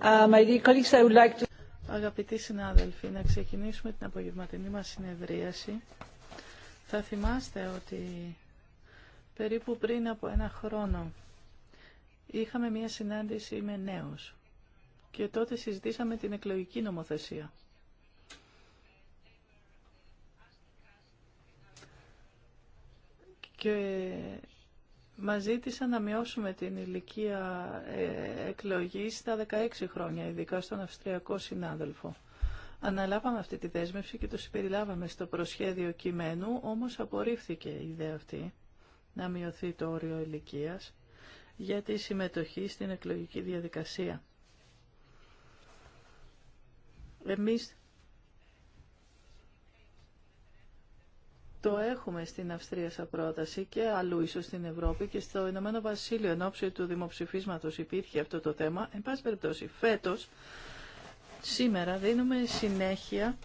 Uh, Αγαπητοί συνάδελφοι, να ξεκινήσουμε την απογευματινή μας συνεδρίαση. Θα θυμάστε ότι περίπου πριν από ένα χρόνο είχαμε μία συνάντηση με νέους και τότε συζητήσαμε την εκλογική νομοθεσία. Και μας ζήτησαν να μειώσουμε την ηλικία ε, εκλογής στα 16 χρόνια, ειδικά στον Αυστριακό συνάδελφο. Αναλάβαμε αυτή τη δέσμευση και το συμπεριλάβαμε στο προσχέδιο κειμένου, όμως απορρίφθηκε η ιδέα αυτή να μειωθεί το όριο ηλικίας για τη συμμετοχή στην εκλογική διαδικασία. Εμείς Το έχουμε στην Αυστρία σαν πρόταση και αλλού ίσως στην Ευρώπη και στο Ηνωμένο Βασίλειο εν ώψη του δημοψηφίσματος υπήρχε αυτό το θέμα. Εν πάση περιπτώσει, φέτος, σήμερα δίνουμε συνέχεια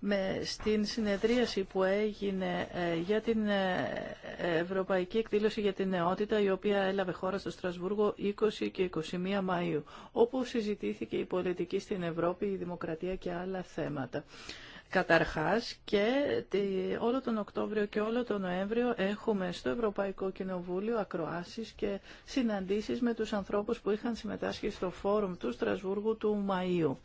με, στην συνεδρίαση που έγινε ε, για την ε, Ευρωπαϊκή Εκδήλωση για την Νεότητα, η οποία έλαβε χώρα στο Στρασβούργο 20 και 21 Μαΐου, όπου συζητήθηκε η πολιτική στην Ευρώπη, η δημοκρατία και άλλα θέματα καταρχάς και όλο τον Οκτώβριο και όλο τον Νοέμβριο έχουμε στο Ευρωπαϊκό Κοινοβούλιο ακροάσεις και συναντήσεις με τους ανθρώπους που είχαν συμμετάσχει στο φόρουμ του Στρασβούργου του Μαΐου.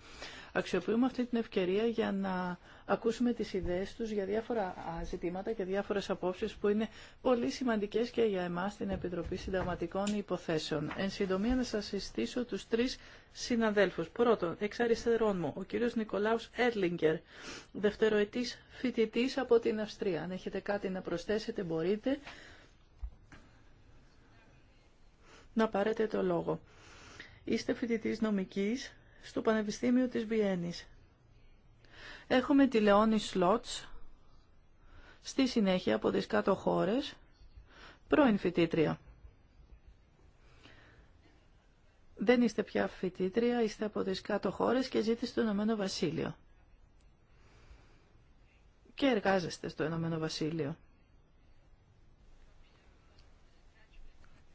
Αξιοποιούμε αυτή την ευκαιρία για να ακούσουμε τις ιδέες τους για διάφορα ζητήματα και διάφορες απόψεις που είναι πολύ σημαντικές και για εμάς την Επιτροπή Συνταγματικών Υποθέσεων. Εν συντομία να σας συστήσω τους τρεις συναδέλφους. Πρώτον, εξ αριστερών μου, ο κύριος Νικολάους Έρλιγκερ, δευτεροετής Φοιτητή από την Αυστρία. Αν έχετε κάτι να προσθέσετε μπορείτε να πάρετε το λόγο. Είστε φοιτητής νομικής στο Πανεπιστήμιο της Βιέννης. Έχουμε τη Λεόνι Σλότς, στη συνέχεια από τις κάτω χώρες, πρώην φοιτήτρια. Δεν είστε πια φοιτήτρια, είστε από τις κάτω χώρες και ζείτε στο Ενωμένο Βασίλειο. Και εργάζεστε στο Ενωμένο Βασίλειο.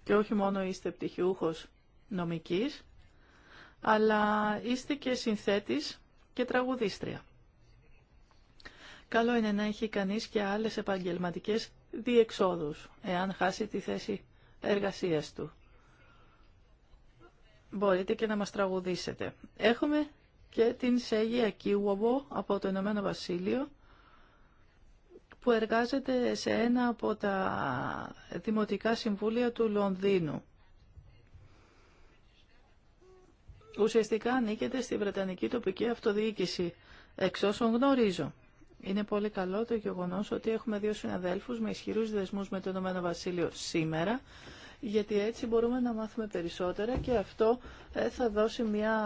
Και όχι μόνο είστε πτυχιούχος νομικής, αλλά είστε και συνθέτης και τραγουδίστρια. Καλό είναι να έχει κανείς και άλλες επαγγελματικές διεξόδους, εάν χάσει τη θέση εργασίας του. Μπορείτε και να μας τραγουδήσετε. Έχουμε και την Σέγια Ακίουαβο από το Ηνωμένο Βασίλειο, που εργάζεται σε ένα από τα Δημοτικά Συμβούλια του Λονδίνου. ουσιαστικά ανήκεται στη Βρετανική τοπική αυτοδιοίκηση, εξ όσων γνωρίζω. Είναι πολύ καλό το γεγονός ότι έχουμε δύο συναδέλφου με ισχυρού δεσμού με το Ηνωμένο Βασίλειο σήμερα, γιατί έτσι μπορούμε να μάθουμε περισσότερα και αυτό ε, θα δώσει μια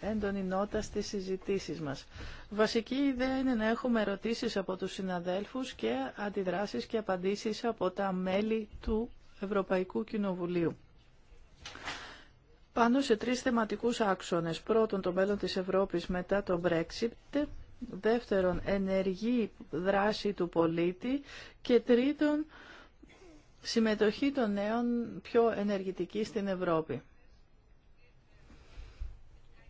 έντονη νότα στις συζητήσεις μας. Βασική ιδέα είναι να έχουμε ερωτήσεις από τους συναδέλφους και αντιδράσεις και απαντήσεις από τα μέλη του Ευρωπαϊκού Κοινοβουλίου πάνω σε τρεις θεματικούς άξονες. Πρώτον, το μέλλον της Ευρώπης μετά το Brexit. Δεύτερον, ενεργή δράση του πολίτη. Και τρίτον, συμμετοχή των νέων πιο ενεργητική στην Ευρώπη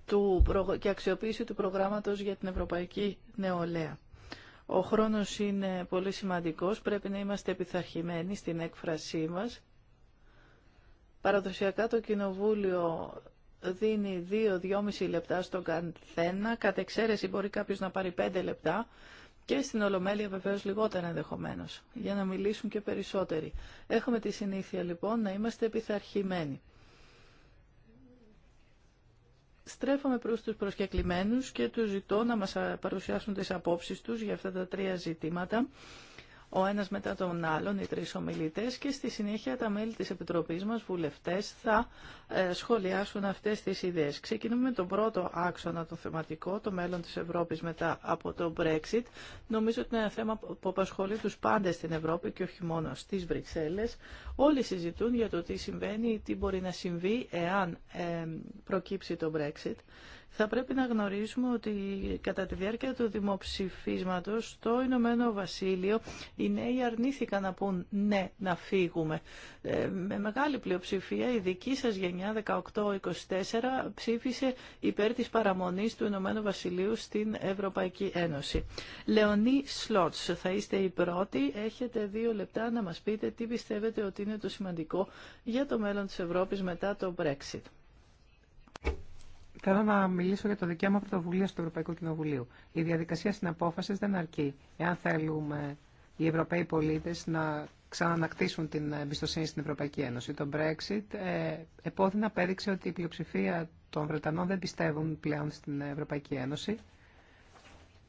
του, και αξιοποίηση του προγράμματος για την Ευρωπαϊκή Νεολαία. Ο χρόνος είναι πολύ σημαντικός, πρέπει να είμαστε επιθαρχημένοι στην έκφρασή μας Παραδοσιακά το Κοινοβούλιο δίνει 2-2,5 λεπτά στον καθένα, κατ' εξαίρεση μπορεί κάποιος να πάρει 5 λεπτά και στην Ολομέλεια βεβαίως λιγότερα ενδεχομένω, για να μιλήσουν και περισσότεροι. Έχουμε τη συνήθεια λοιπόν να είμαστε επιθαρχημένοι. Στρέφομαι προς τους προσκεκλημένους και τους ζητώ να μας παρουσιάσουν τις απόψεις τους για αυτά τα τρία ζητήματα ο ένας μετά τον άλλον, οι τρεις ομιλητές και στη συνέχεια τα μέλη της Επιτροπής μας, βουλευτές, θα ε, σχολιάσουν αυτές τις ιδέες. Ξεκινούμε με τον πρώτο άξονα, το θεματικό, το μέλλον της Ευρώπης μετά από το Brexit. Νομίζω ότι είναι ένα θέμα που απασχολεί τους πάντες στην Ευρώπη και όχι μόνο στις Βρυξέλλες. Όλοι συζητούν για το τι συμβαίνει τι μπορεί να συμβεί εάν ε, προκύψει το Brexit. Θα πρέπει να γνωρίζουμε ότι κατά τη διάρκεια του δημοψηφίσματος στο Ηνωμένο Βασίλειο οι νέοι αρνήθηκαν να πούν ναι να φύγουμε. Ε, με μεγάλη πλειοψηφία η δική σας γενιά 18-24 ψήφισε υπέρ της παραμονής του Ηνωμένου Βασιλείου στην Ευρωπαϊκή Ένωση. Λεωνί Σλότς, θα είστε η πρώτη. Έχετε δύο λεπτά να μας πείτε τι πιστεύετε ότι είναι το σημαντικό για το μέλλον της Ευρώπης μετά το Brexit. Θέλω να μιλήσω για το δικαίωμα πρωτοβουλία του Ευρωπαϊκού Κοινοβουλίου. Η διαδικασία στην δεν αρκεί. Εάν θέλουμε οι Ευρωπαίοι πολίτε να ξανανακτήσουν την εμπιστοσύνη στην Ευρωπαϊκή Ένωση, το Brexit ε, επώδυνα απέδειξε ότι η πλειοψηφία των Βρετανών δεν πιστεύουν πλέον στην Ευρωπαϊκή Ένωση.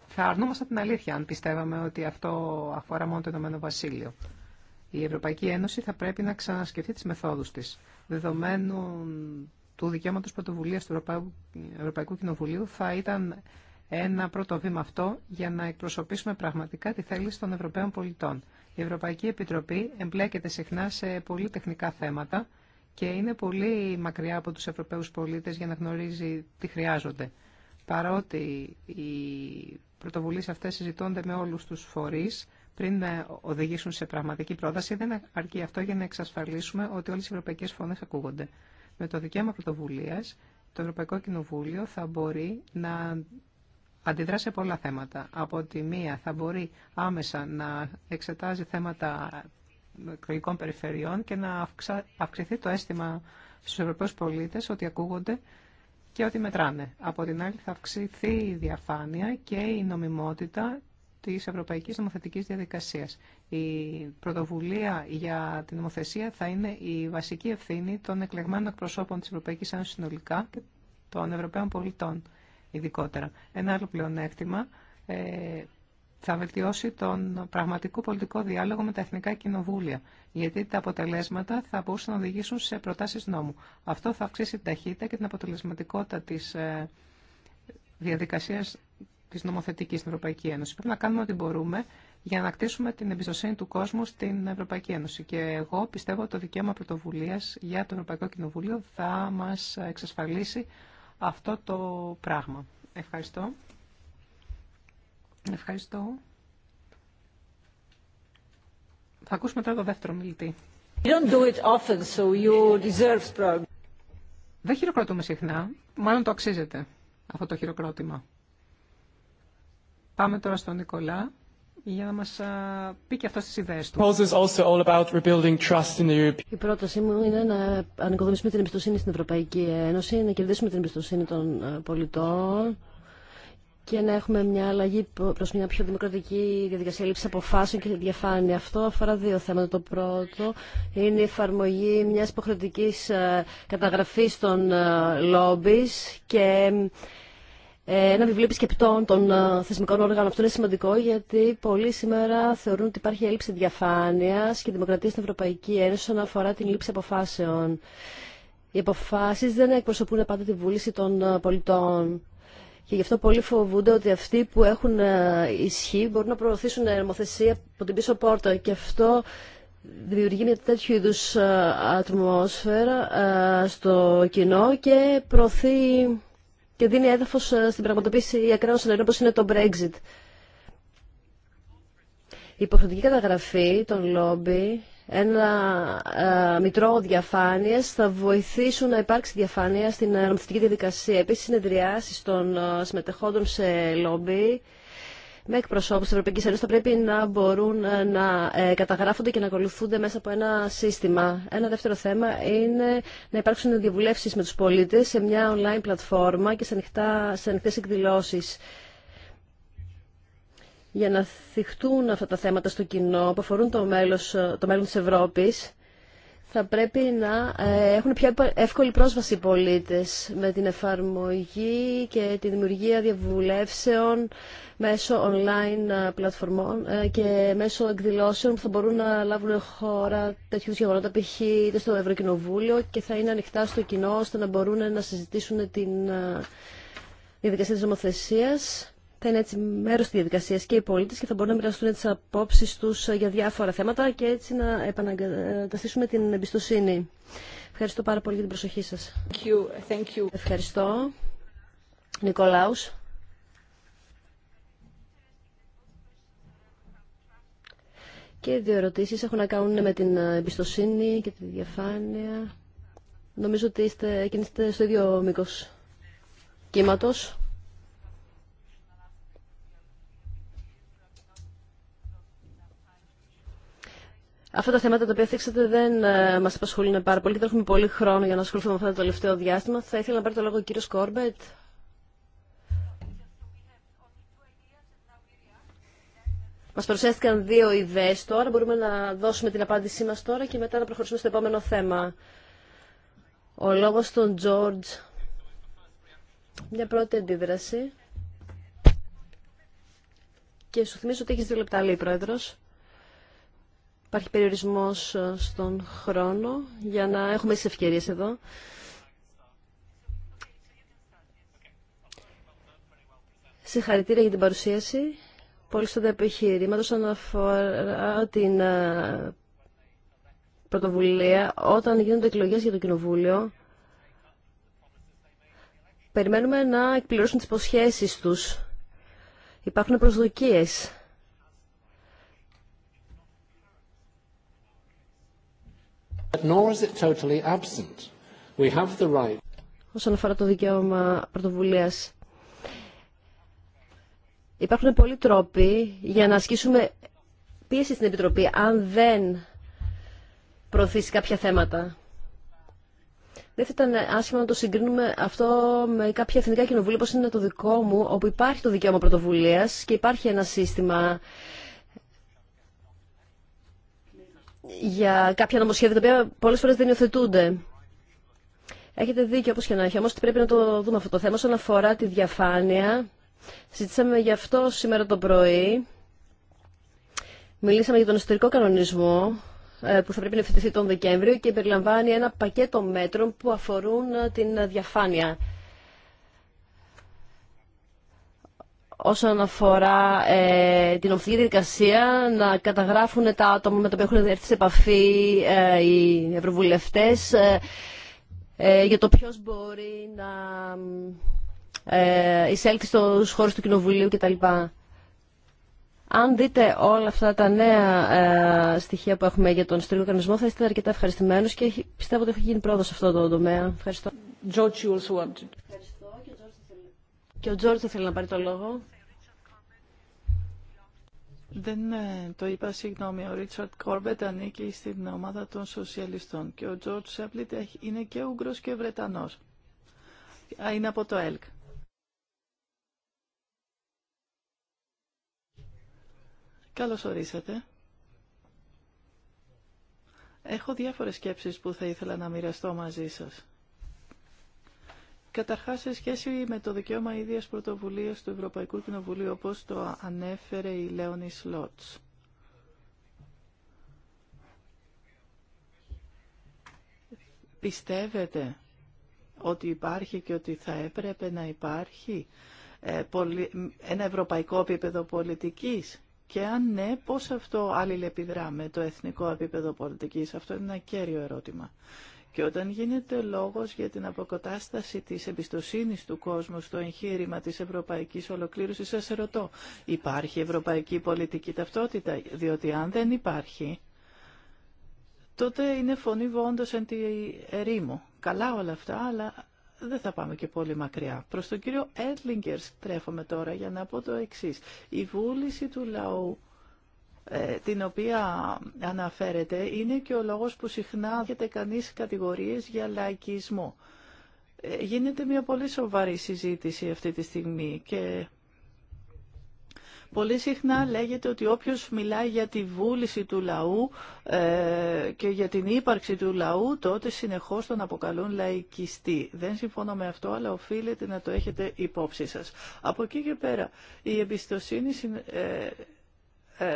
Θα αρνούμαστε την αλήθεια αν πιστεύαμε ότι αυτό αφορά μόνο το Ηνωμένο Βασίλειο. Η Ευρωπαϊκή Ένωση θα πρέπει να ξανασκεφτεί τι μεθόδου τη, δεδομένου του δικαιώματος πρωτοβουλία του Ευρωπαϊκού Κοινοβουλίου θα ήταν ένα πρώτο βήμα αυτό για να εκπροσωπήσουμε πραγματικά τη θέληση των Ευρωπαίων πολιτών. Η Ευρωπαϊκή Επιτροπή εμπλέκεται συχνά σε πολύ τεχνικά θέματα και είναι πολύ μακριά από τους Ευρωπαίους πολίτες για να γνωρίζει τι χρειάζονται. Παρότι οι πρωτοβουλίες αυτές συζητώνται με όλους τους φορείς, πριν οδηγήσουν σε πραγματική πρόταση, δεν αρκεί αυτό για να εξασφαλίσουμε ότι όλες οι ευρωπαϊκές φωνές ακούγονται. Με το δικαίωμα πρωτοβουλία, το Ευρωπαϊκό Κοινοβούλιο θα μπορεί να αντιδράσει σε πολλά θέματα. Από τη μία θα μπορεί άμεσα να εξετάζει θέματα εκλογικών περιφερειών και να αυξηθεί το αίσθημα στους Ευρωπαίους πολίτες ότι ακούγονται και ότι μετράνε. Από την άλλη θα αυξηθεί η διαφάνεια και η νομιμότητα Τη Ευρωπαϊκή Νομοθετική Διαδικασία. Η πρωτοβουλία για την νομοθεσία θα είναι η βασική ευθύνη των εκλεγμένων εκπροσώπων τη Ευρωπαϊκή Ένωση συνολικά και των Ευρωπαίων πολιτών ειδικότερα. Ένα άλλο πλεονέκτημα ε, θα βελτιώσει τον πραγματικό πολιτικό διάλογο με τα εθνικά κοινοβούλια, γιατί τα αποτελέσματα θα μπορούσαν να οδηγήσουν σε προτάσει νόμου. Αυτό θα αυξήσει την ταχύτητα και την αποτελεσματικότητα της ε, διαδικασία της νομοθετικής στην Ευρωπαϊκή Ένωση. Πρέπει να κάνουμε ό,τι μπορούμε για να ανακτήσουμε την εμπιστοσύνη του κόσμου στην Ευρωπαϊκή Ένωση. Και εγώ πιστεύω ότι το δικαίωμα πρωτοβουλία για το Ευρωπαϊκό Κοινοβούλιο θα μας εξασφαλίσει αυτό το πράγμα. Ευχαριστώ. Ευχαριστώ. Θα ακούσουμε τώρα το δεύτερο μιλητή. do it often, so you Δεν χειροκροτούμε συχνά, μάλλον το αξίζεται αυτό το χειροκρότημα. Πάμε τώρα στον Νικολά για να μας πει και αυτό στις ιδέες του. Η πρότασή μου είναι να ανοικοδομήσουμε την εμπιστοσύνη στην Ευρωπαϊκή Ένωση, να κερδίσουμε την εμπιστοσύνη των πολιτών και να έχουμε μια αλλαγή προς μια πιο δημοκρατική διαδικασία λήψης αποφάσεων και διαφάνεια. Αυτό αφορά δύο θέματα. Το πρώτο είναι η εφαρμογή μιας υποχρεωτικής καταγραφής των λόμπις και ένα ε, βιβλίο επισκεπτών των ε, θεσμικών όργανων. Αυτό είναι σημαντικό γιατί πολλοί σήμερα θεωρούν ότι υπάρχει έλλειψη διαφάνεια και δημοκρατία στην Ευρωπαϊκή Ένωση όσον αφορά την λήψη αποφάσεων. Οι αποφάσει δεν εκπροσωπούν πάντα τη βούληση των ε, πολιτών. Και γι' αυτό πολλοί φοβούνται ότι αυτοί που έχουν ισχύ μπορούν να προωθήσουν νομοθεσία από την πίσω πόρτα. Και αυτό δημιουργεί μια τέτοιου είδου ατμόσφαιρα στο κοινό και προωθεί και δίνει έδαφο ε, στην πραγματοποίηση ακραίων σενάριων όπω είναι το Brexit. Η υποχρεωτική καταγραφή των λόμπι, ένα α, ε, μητρό διαφάνεια θα βοηθήσουν να υπάρξει διαφάνεια στην νομοθετική διαδικασία. Επίση, συνεδριάσει των ε, συμμετεχόντων σε λόμπι με εκπροσώπους της Ευρωπαϊκής Ένωσης θα πρέπει να μπορούν ε, να ε, καταγράφονται και να ακολουθούνται μέσα από ένα σύστημα. Ένα δεύτερο θέμα είναι να υπάρξουν διαβουλεύσεις με τους πολίτες σε μια online πλατφόρμα και σε, ανοιχτά, σε εκδηλώσεις για να θυχτούν αυτά τα θέματα στο κοινό που αφορούν το, μέλος, ε, το μέλλον της Ευρώπης θα πρέπει να έχουν πιο εύκολη πρόσβαση οι πολίτες με την εφαρμογή και τη δημιουργία διαβουλεύσεων μέσω online ε, πλατφορμών ε, και μέσω εκδηλώσεων που θα μπορούν να λάβουν χώρα τέτοιου γεγονότα, π.χ. είτε στο Ευρωκοινοβούλιο και θα είναι ανοιχτά στο κοινό ώστε να μπορούν να συζητήσουν την ε, διαδικασία τη νομοθεσία. Θα είναι έτσι μέρο τη διαδικασία και οι πολίτε και θα μπορούν να μοιραστούν τι απόψει του για διάφορα θέματα και έτσι να επαναγκαταστήσουμε την εμπιστοσύνη. Ευχαριστώ πάρα πολύ για την προσοχή σα. Ευχαριστώ. Νικολάου. Και δύο ερωτήσεις έχουν να κάνουν με την ε, εμπιστοσύνη και τη διαφάνεια. Νομίζω ότι είστε, κινείστε στο ίδιο μήκος κύματος. Αυτά τα θέματα τα οποία θέξατε δεν ε, μα απασχολούν πάρα πολύ και δεν έχουμε πολύ χρόνο για να ασχοληθούμε με αυτό το τελευταίο διάστημα. Θα ήθελα να πάρει το λόγο ο κύριο Κόρμπετ, Μα παρουσιάστηκαν δύο ιδέε τώρα, μπορούμε να δώσουμε την απάντησή μα τώρα και μετά να προχωρήσουμε στο επόμενο θέμα. Ο λόγο των Τζόρτζ. Μια πρώτη αντίδραση. Και σου θυμίζω ότι έχει δύο λεπτά, λέει Πρόεδρο. Υπάρχει περιορισμό ε, στον χρόνο για να έχουμε τι ευκαιρίε εδώ. Συγχαρητήρια για την παρουσίαση πολύ στον επιχείρημα όσον αφορά την ε, πρωτοβουλία όταν γίνονται εκλογές για το Κοινοβούλιο περιμένουμε να εκπληρώσουν τις υποσχέσεις τους. Υπάρχουν προσδοκίες. Όσον αφορά το δικαίωμα πρωτοβουλίας Υπάρχουν πολλοί τρόποι για να ασκήσουμε πίεση στην Επιτροπή αν δεν προωθήσει κάποια θέματα. Δεν θα ήταν άσχημα να το συγκρίνουμε αυτό με κάποια εθνικά κοινοβούλια όπως είναι το δικό μου, όπου υπάρχει το δικαίωμα πρωτοβουλίας και υπάρχει ένα σύστημα για κάποια νομοσχέδια τα οποία πολλές φορές δεν υιοθετούνται. Έχετε δίκιο όπως και να έχει, όμως πρέπει να το δούμε αυτό το θέμα όσον αφορά τη διαφάνεια. Συζητήσαμε γι' αυτό σήμερα το πρωί. Μιλήσαμε για τον εσωτερικό κανονισμό ε, που θα πρέπει να ευθυνθεί τον Δεκέμβριο και περιλαμβάνει ένα πακέτο μέτρων που αφορούν ε, την διαφάνεια. όσον αφορά ε, την ομφυλική διαδικασία να καταγράφουν τα άτομα με τα οποία έχουν έρθει σε επαφή οι ευρωβουλευτές για το ποιος μπορεί να εισέλθει στους χώρους του Κοινοβουλίου κτλ. Αν δείτε όλα αυτά τα νέα ε, στοιχεία που έχουμε για τον ιστορικό κανονισμό, θα είστε αρκετά ευχαριστημένους και πιστεύω ότι έχει γίνει πρόοδο σε αυτό το τομέα. Ευχαριστώ. George, you wanted. Και ο George θα θέλει να πάρει το λόγο. Δεν ε, το είπα, συγγνώμη. Ο Ρίτσαρτ Κόρμπετ ανήκει στην ομάδα των σοσιαλιστών και ο Τζορτ Σέπλιτ είναι και Ούγγρος και Βρετανός. Είναι από το ΕΛΚ. Καλώς ορίσατε. Έχω διάφορες σκέψεις που θα ήθελα να μοιραστώ μαζί σας. Καταρχάς, σε σχέση με το δικαίωμα ίδιας πρωτοβουλίας του Ευρωπαϊκού Κοινοβουλίου, όπως το ανέφερε η Λέωνη Σλότς. Πιστεύετε ότι υπάρχει και ότι θα έπρεπε να υπάρχει ε, ένα ευρωπαϊκό επίπεδο πολιτικής και αν ναι, πώς αυτό αλληλεπιδρά με το εθνικό επίπεδο πολιτικής. Αυτό είναι ένα κέριο ερώτημα. Και όταν γίνεται λόγος για την αποκατάσταση της εμπιστοσύνης του κόσμου στο εγχείρημα της ευρωπαϊκής ολοκλήρωσης, σας ρωτώ, υπάρχει ευρωπαϊκή πολιτική ταυτότητα, διότι αν δεν υπάρχει, τότε είναι φωνή βόντος εν τη ερήμο. Καλά όλα αυτά, αλλά δεν θα πάμε και πολύ μακριά. Προς τον κύριο Έντλιγκερ τρέφομαι τώρα για να πω το εξής. Η βούληση του λαού ε, την οποία αναφέρεται είναι και ο λόγος που συχνά έχετε κανείς κατηγορίες για λαϊκισμό. Ε, γίνεται μια πολύ σοβαρή συζήτηση αυτή τη στιγμή και Πολύ συχνά λέγεται ότι όποιος μιλάει για τη βούληση του λαού ε, και για την ύπαρξη του λαού, τότε συνεχώς τον αποκαλούν λαϊκιστή. Δεν συμφωνώ με αυτό, αλλά οφείλετε να το έχετε υπόψη σας. Από εκεί και πέρα, η εμπιστοσύνη... Ε, ε,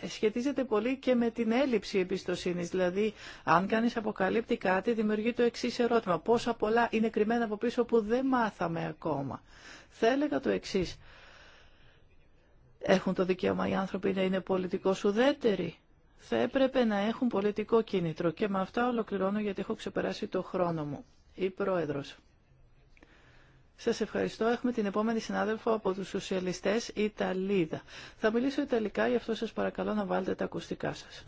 ε, σχετίζεται πολύ και με την έλλειψη εμπιστοσύνης. Δηλαδή, αν κανείς αποκαλύπτει κάτι, δημιουργεί το εξή ερώτημα. Πόσα πολλά είναι κρυμμένα από πίσω που δεν μάθαμε ακόμα. Θα έλεγα το εξή. Έχουν το δικαίωμα οι άνθρωποι να είναι πολιτικώς ουδέτεροι. Θα έπρεπε να έχουν πολιτικό κίνητρο και με αυτά ολοκληρώνω γιατί έχω ξεπεράσει το χρόνο μου. Η Πρόεδρος. Σας ευχαριστώ. Έχουμε την επόμενη συνάδελφο από τους σοσιαλιστές Ιταλίδα. Θα μιλήσω Ιταλικά, γι' αυτό σας παρακαλώ να βάλετε τα ακουστικά σας.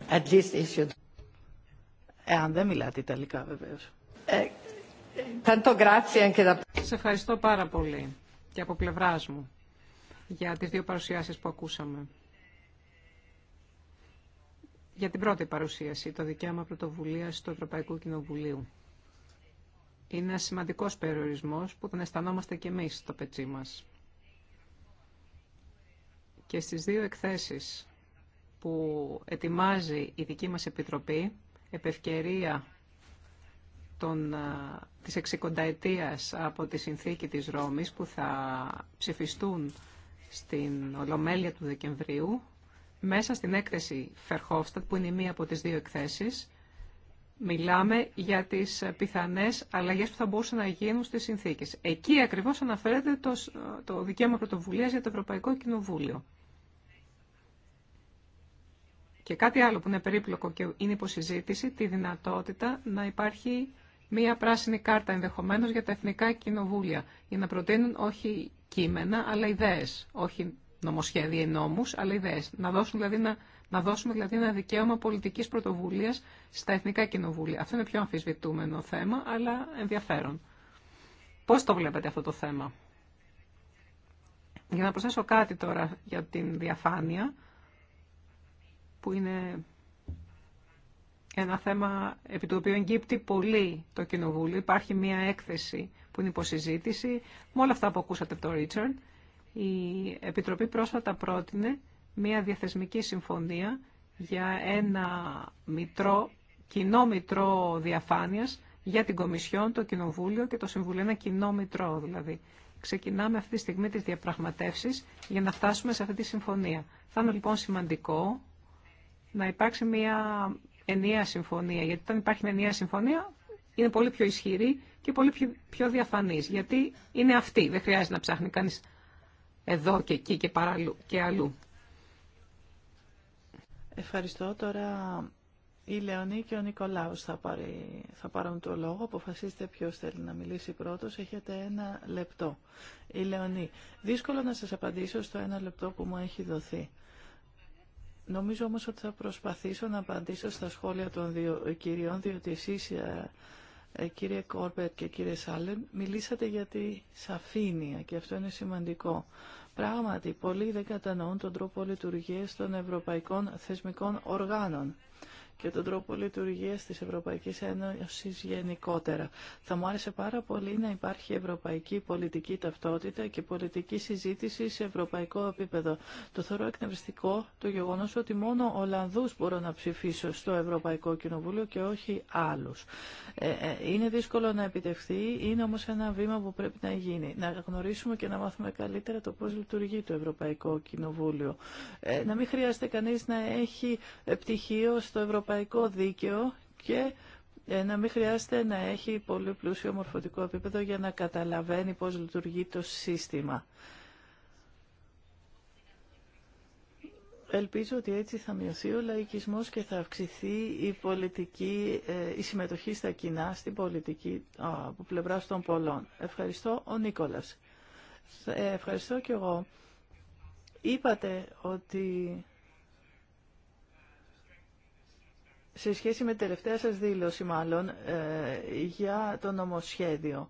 Εάν δεν μιλάτε Ιταλικά βεβαίως. Ε, ε, Σα ευχαριστώ πάρα πολύ και από πλευράς μου για τις δύο παρουσιάσεις που ακούσαμε. Για την πρώτη παρουσίαση, το δικαίωμα πρωτοβουλία του Ευρωπαϊκού Κοινοβουλίου. Είναι ένα σημαντικός περιορισμός που τον αισθανόμαστε και εμείς στο πετσί μα. Και στις δύο εκθέσεις που ετοιμάζει η δική μας Επιτροπή, επευκαιρία των, της εξικονταετίας από τη συνθήκη της Ρώμης που θα ψηφιστούν στην Ολομέλεια του Δεκεμβρίου, μέσα στην έκθεση Φερχόφστατ, που είναι μία από τις δύο εκθέσεις, μιλάμε για τις πιθανές αλλαγές που θα μπορούσαν να γίνουν στις συνθήκες. Εκεί ακριβώς αναφέρεται το, το δικαίωμα πρωτοβουλίας για το Ευρωπαϊκό Κοινοβούλιο. Και κάτι άλλο που είναι περίπλοκο και είναι υποσυζήτηση, τη δυνατότητα να υπάρχει μία πράσινη κάρτα ενδεχομένως για τα εθνικά κοινοβούλια, για να προτείνουν όχι κείμενα, αλλά ιδέε, όχι νομοσχέδια ή νόμους, αλλά ιδέε. Να, δηλαδή, να, να δώσουμε δηλαδή ένα δικαίωμα πολιτικής πρωτοβουλία στα εθνικά κοινοβούλια. Αυτό είναι πιο αμφισβητούμενο θέμα, αλλά ενδιαφέρον. Πώς το βλέπετε αυτό το θέμα. Για να προσθέσω κάτι τώρα για την διαφάνεια, που είναι ένα θέμα επί του οποίου εγκύπτει πολύ το Κοινοβούλιο. Υπάρχει μία έκθεση που είναι υποσυζήτηση, με όλα αυτά που ακούσατε από τον Ρίτσαρντ, η Επιτροπή πρόσφατα πρότεινε μια διαθεσμική συμφωνία για ένα μητρό, κοινό μητρό διαφάνειας για την Κομισιόν, το Κοινοβούλιο και το Συμβουλίο, ένα κοινό μητρό δηλαδή. Ξεκινάμε αυτή τη στιγμή τις διαπραγματεύσεις για να φτάσουμε σε αυτή τη συμφωνία. Θα είναι λοιπόν σημαντικό να υπάρξει μια ενιαία συμφωνία, γιατί όταν υπάρχει μια ενιαία συμφωνία είναι πολύ πιο ισχυρή και πολύ πιο διαφανής, γιατί είναι αυτή, δεν χρειάζεται να ψάχνει κανείς εδώ και εκεί και, παραλού, και αλλού. Ευχαριστώ. Τώρα η Λεωνή και ο Νικολάου θα, πάρει, θα πάρουν το λόγο. Αποφασίστε ποιο θέλει να μιλήσει πρώτος. Έχετε ένα λεπτό. Η Λεωνή. Δύσκολο να σας απαντήσω στο ένα λεπτό που μου έχει δοθεί. Νομίζω όμως ότι θα προσπαθήσω να απαντήσω στα σχόλια των δύο κυρίων, διότι εσείς ε, ε, κύριε Κόρπετ και κύριε Σάλεν, μιλήσατε για τη σαφήνεια και αυτό είναι σημαντικό. Πράγματι, πολλοί δεν κατανοούν τον τρόπο λειτουργίας των ευρωπαϊκών θεσμικών οργάνων και τον τρόπο λειτουργίας της Ευρωπαϊκής Ένωσης γενικότερα. Θα μου άρεσε πάρα πολύ να υπάρχει ευρωπαϊκή πολιτική ταυτότητα και πολιτική συζήτηση σε ευρωπαϊκό επίπεδο. Το θεωρώ εκνευριστικό το γεγονός ότι μόνο Ολλανδούς μπορώ να ψηφίσω στο Ευρωπαϊκό Κοινοβούλιο και όχι άλλους. Ε, ε, είναι δύσκολο να επιτευχθεί, είναι όμως ένα βήμα που πρέπει να γίνει. Να γνωρίσουμε και να μάθουμε καλύτερα το πώς λειτουργεί το Ευρωπαϊκό Κοινοβούλιο. Ε, να μην χρειάζεται κανείς να έχει πτυχίο στο Ευρωπαϊκό ευρωπαϊκό δίκαιο και ε, να μην χρειάζεται να έχει πολύ πλούσιο μορφωτικό επίπεδο για να καταλαβαίνει πώς λειτουργεί το σύστημα. Ελπίζω ότι έτσι θα μειωθεί ο λαϊκισμός και θα αυξηθεί η, πολιτική, ε, η συμμετοχή στα κοινά στην πολιτική από πλευρά των πολλών. Ευχαριστώ ο Νίκολας. Ε, ευχαριστώ κι εγώ. Είπατε ότι σε σχέση με τελευταία σας δήλωση μάλλον ε, για το νομοσχέδιο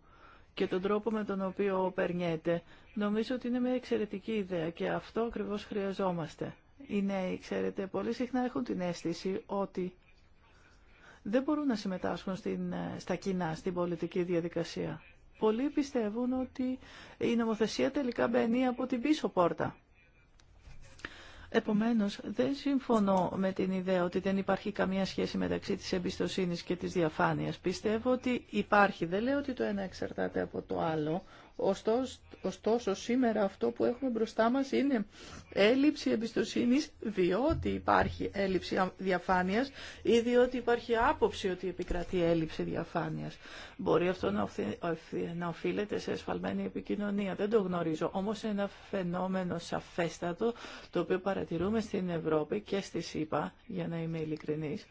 και τον τρόπο με τον οποίο περνιέται, νομίζω ότι είναι μια εξαιρετική ιδέα και αυτό ακριβώς χρειαζόμαστε. Οι νέοι, ξέρετε, πολύ συχνά έχουν την αίσθηση ότι δεν μπορούν να συμμετάσχουν στην, ε, στα κοινά, στην πολιτική διαδικασία. Πολλοί πιστεύουν ότι η νομοθεσία τελικά μπαίνει από την πίσω πόρτα. Επομένως, δεν συμφωνώ με την ιδέα ότι δεν υπάρχει καμία σχέση μεταξύ της εμπιστοσύνη και της διαφάνειας. Πιστεύω ότι υπάρχει. Δεν λέω ότι το ένα εξαρτάται από το άλλο. Ωστόσο, ωστόσο σήμερα αυτό που έχουμε μπροστά μας είναι έλλειψη εμπιστοσύνης διότι υπάρχει έλλειψη διαφάνειας ή διότι υπάρχει άποψη ότι επικρατεί έλλειψη διαφάνειας. Μπορεί αυτό να οφείλεται σε εσφαλμένη επικοινωνία, δεν το γνωρίζω. Όμως ένα φαινόμενο σαφέστατο το οποίο παρατηρούμε στην Ευρώπη και στη ΣΥΠΑ, για να είμαι ειλικρινής,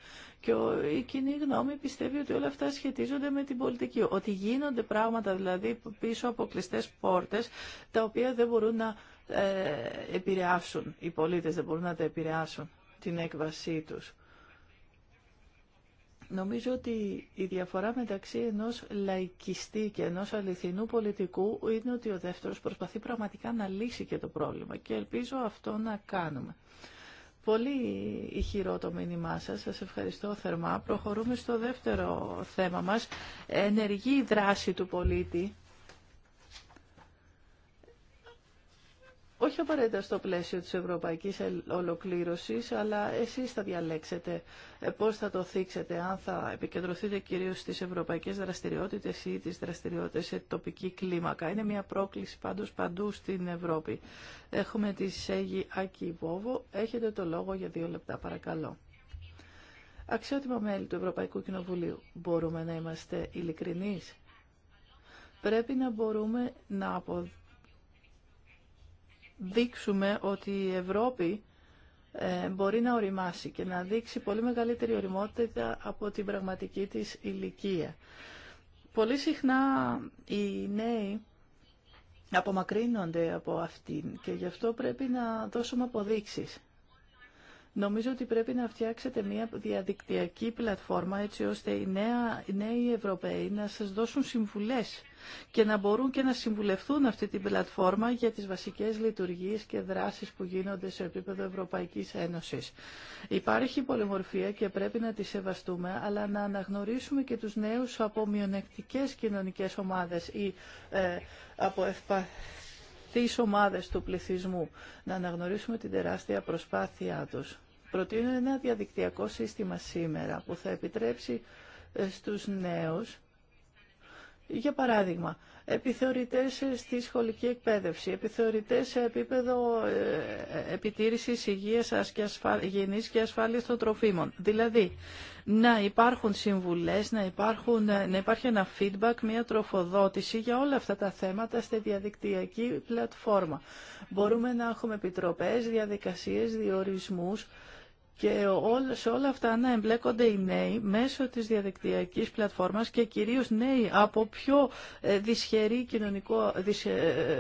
και η κοινή γνώμη πιστεύει ότι όλα αυτά σχετίζονται με την πολιτική. Ότι γίνονται πράγματα δηλαδή πίσω από κλειστέ πόρτε, τα οποία δεν μπορούν να ε, επηρεάσουν. Οι πολίτε δεν μπορούν να τα επηρεάσουν την έκβασή του. Νομίζω ότι η διαφορά μεταξύ ενός λαϊκιστή και ενός αληθινού πολιτικού είναι ότι ο δεύτερος προσπαθεί πραγματικά να λύσει και το πρόβλημα και ελπίζω αυτό να κάνουμε. Πολύ ηχηρό το μήνυμά σας. Σας ευχαριστώ θερμά. Προχωρούμε στο δεύτερο θέμα μας. Ενεργή δράση του πολίτη όχι απαραίτητα στο πλαίσιο της ευρωπαϊκής ολοκλήρωσης, αλλά εσείς θα διαλέξετε ε, πώς θα το θίξετε, αν θα επικεντρωθείτε κυρίως στις ευρωπαϊκές δραστηριότητες ή τις δραστηριότητες σε τοπική κλίμακα. Είναι μια πρόκληση πάντως παντού στην Ευρώπη. Έχουμε τη Σέγη Άκη Βόβο. Έχετε το λόγο για δύο λεπτά, παρακαλώ. Αξιότιμα μέλη του Ευρωπαϊκού Κοινοβουλίου, μπορούμε να είμαστε ειλικρινείς. Πρέπει να μπορούμε να αποδείξουμε δείξουμε ότι η Ευρώπη ε, μπορεί να οριμάσει και να δείξει πολύ μεγαλύτερη οριμότητα από την πραγματική της ηλικία. Πολύ συχνά οι νέοι απομακρύνονται από αυτήν και γι' αυτό πρέπει να δώσουμε αποδείξεις. Νομίζω ότι πρέπει να φτιάξετε μια διαδικτυακή πλατφόρμα έτσι ώστε οι, νέα, νέοι Ευρωπαίοι να σας δώσουν συμβουλές και να μπορούν και να συμβουλευτούν αυτή την πλατφόρμα για τις βασικές λειτουργίες και δράσεις που γίνονται σε επίπεδο Ευρωπαϊκής Ένωσης. Υπάρχει πολυμορφία και πρέπει να τη σεβαστούμε, αλλά να αναγνωρίσουμε και τους νέους από μειονεκτικές κοινωνικές ομάδες ή ε, από ευπα τις ομάδες του πληθυσμού, να αναγνωρίσουμε την τεράστια προσπάθειά τους προτείνω ένα διαδικτυακό σύστημα σήμερα που θα επιτρέψει ε, στους νέους, για παράδειγμα, επιθεωρητές ε, στη σχολική εκπαίδευση, επιθεωρητές σε επίπεδο ε, επιτήρησης υγείας και ασφα... και ασφάλειας των τροφίμων. Δηλαδή, να υπάρχουν συμβουλές, να, υπάρχουν, να υπάρχει ένα feedback, μια τροφοδότηση για όλα αυτά τα θέματα στη διαδικτυακή πλατφόρμα. Μπορούμε να έχουμε επιτροπές, διαδικασίες, διορισμούς, και σε όλα αυτά να εμπλέκονται οι νέοι μέσω της διαδικτυακής πλατφόρμας και κυρίως νέοι από πιο ε, δυσχερή ε,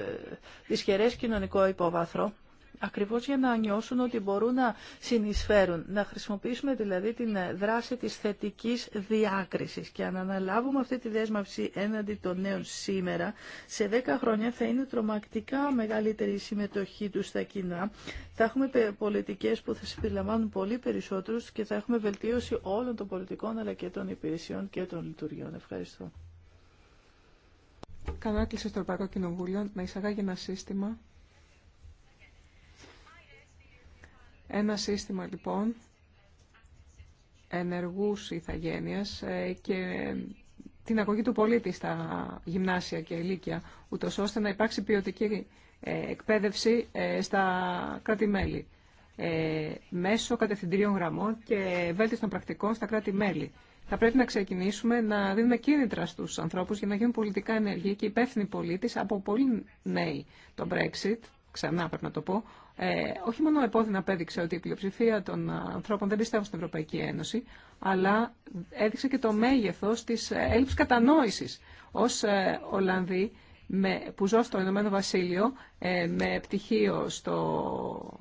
δυσχερές κοινωνικό υπόβαθρο ακριβώς για να νιώσουν ότι μπορούν να συνεισφέρουν. Να χρησιμοποιήσουμε δηλαδή την ε, δράση της θετικής διάκρισης και αν αναλάβουμε αυτή τη δέσμευση έναντι των νέων σήμερα, σε 10 χρόνια θα είναι τρομακτικά μεγαλύτερη η συμμετοχή τους στα κοινά. Θα έχουμε πολιτικές που θα συμπεριλαμβάνουν πολύ περισσότερους και θα έχουμε βελτίωση όλων των πολιτικών αλλά και των υπηρεσιών και των λειτουργιών. Ευχαριστώ. Κανάκλησε στο Ευρωπαϊκό Κοινοβούλιο να εισαγάγει ένα σύστημα Ένα σύστημα λοιπόν ενεργούς ηθαγένειας ε, και την αγωγή του πολίτη στα γυμνάσια και ηλίκια, ούτω ώστε να υπάρξει ποιοτική ε, εκπαίδευση ε, στα κράτη-μέλη μέσω κατευθυντηρίων γραμμών και βέλτιστων πρακτικών στα κράτη-μέλη. Θα πρέπει να ξεκινήσουμε να δίνουμε κίνητρα στους ανθρώπους για να γίνουν πολιτικά ενεργοί και υπεύθυνοι πολίτης από πολλοί νέοι. Το Brexit, ξανά πρέπει να το πω, ε, όχι μόνο επώδυνα απέδειξε ότι η πλειοψηφία των ανθρώπων δεν πιστεύουν στην Ευρωπαϊκή Ένωση, αλλά έδειξε και το μέγεθος της ε, έλλειψης κατανόησης. Ως ε, με, που ζω στο Ηνωμένο Βασίλειο ε, με πτυχίο στο,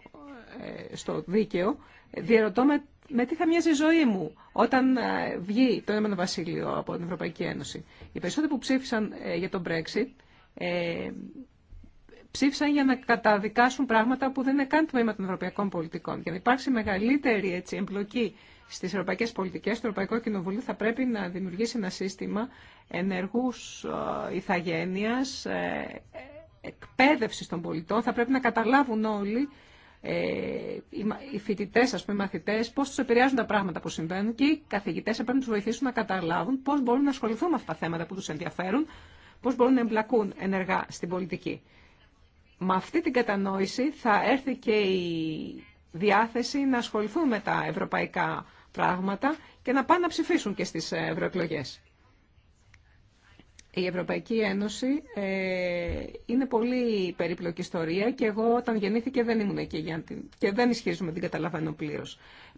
ε, στο δίκαιο, διαρωτώ με, με τι θα μοιάζει η ζωή μου όταν βγει το Ηνωμένο Βασίλειο από την Ευρωπαϊκή Ένωση. Οι περισσότεροι που ψήφισαν για τον Brexit ψήφισαν για να καταδικάσουν πράγματα που δεν είναι καν τμήμα των ευρωπαϊκών πολιτικών. Για να υπάρξει μεγαλύτερη έτσι, εμπλοκή στι ευρωπαϊκέ πολιτικέ, το Ευρωπαϊκό Κοινοβούλιο θα πρέπει να δημιουργήσει ένα σύστημα ενεργού ε, ηθαγένεια, ε, εκπαίδευση των πολιτών. Θα πρέπει να καταλάβουν όλοι ε, οι φοιτητέ, α πούμε, οι μαθητέ, πώ του επηρεάζουν τα πράγματα που συμβαίνουν και οι καθηγητέ θα πρέπει να του βοηθήσουν να καταλάβουν πώ μπορούν να ασχοληθούν με αυτά τα θέματα που του ενδιαφέρουν, πώ μπορούν να εμπλακούν ενεργά στην πολιτική. Με αυτή την κατανόηση θα έρθει και η διάθεση να ασχοληθούν με τα ευρωπαϊκά πράγματα και να πάνε να ψηφίσουν και στις ε, ευρωεκλογέ. Η Ευρωπαϊκή Ένωση ε, είναι πολύ περίπλοκη ιστορία και εγώ όταν γεννήθηκε δεν ήμουν εκεί για την... και δεν ισχυρίζομαι την καταλαβαίνω πλήρω.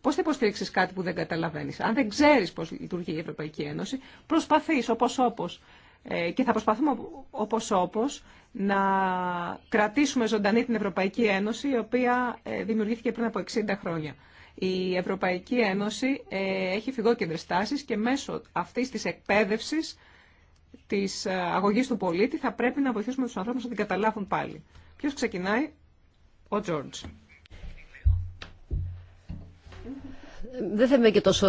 Πώ θα υποστηρίξει κάτι που δεν καταλαβαίνει. Αν δεν ξέρει πώ λειτουργεί η Ευρωπαϊκή Ένωση, προσπαθεί όπω όπω ε, και θα προσπαθούμε όπως όπως να κρατήσουμε ζωντανή την Ευρωπαϊκή Ένωση, η οποία ε, δημιουργήθηκε πριν από 60 χρόνια. Η Ευρωπαϊκή Ένωση ε, έχει φυγόκεντρες τάσεις και μέσω αυτής της εκπαίδευσης της αγωγής του πολίτη θα πρέπει να βοηθήσουμε τους ανθρώπους να την καταλάβουν πάλι. Ποιος ξεκινάει? Ο Τζόρτζ. Δεν θα και τόσο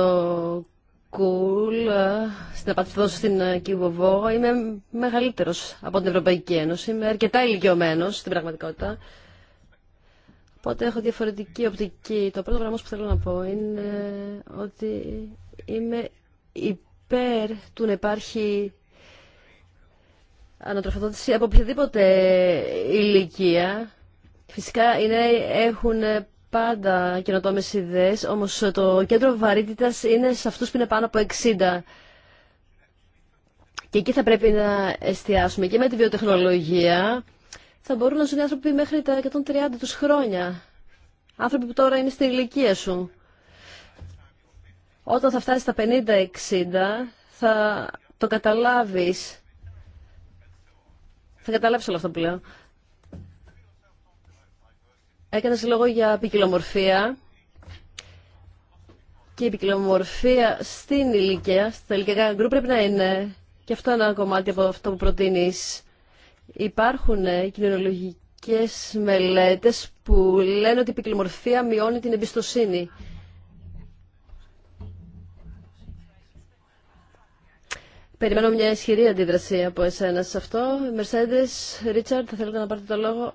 Κουλ, ε, στην απαντηθώ στην ε, Κιβοβό, είμαι μεγαλύτερος από την Ευρωπαϊκή Ένωση. Είμαι αρκετά ηλικιωμένο στην πραγματικότητα. Οπότε έχω διαφορετική οπτική. Το πρώτο πράγμα που θέλω να πω είναι ότι είμαι υπέρ του να υπάρχει ανατροφοδότηση από οποιαδήποτε ηλικία. Φυσικά είναι, έχουν πάντα καινοτόμε ιδέε, όμω το κέντρο βαρύτητα είναι σε αυτού που είναι πάνω από 60. Και εκεί θα πρέπει να εστιάσουμε και με τη βιοτεχνολογία. Θα μπορούν να ζουν άνθρωποι μέχρι τα 130 τους χρόνια. Άνθρωποι που τώρα είναι στην ηλικία σου. Όταν θα φτάσει στα 50-60 θα το καταλάβεις. Θα καταλάβεις όλο αυτό που λέω. Έκανες λόγο για ποικιλομορφία και η ποικιλομορφία στην ηλικία, στα ηλικιακά γκρου πρέπει να είναι και αυτό είναι ένα κομμάτι από αυτό που προτείνεις. Υπάρχουν ε, κοινωνιολογικές μελέτες που λένε ότι η ποικιλομορφία μειώνει την εμπιστοσύνη. Περιμένω μια ισχυρή αντίδραση από εσένα σε αυτό. Μερσέντες, Ρίτσαρντ, θα θέλετε να πάρετε το λόγο.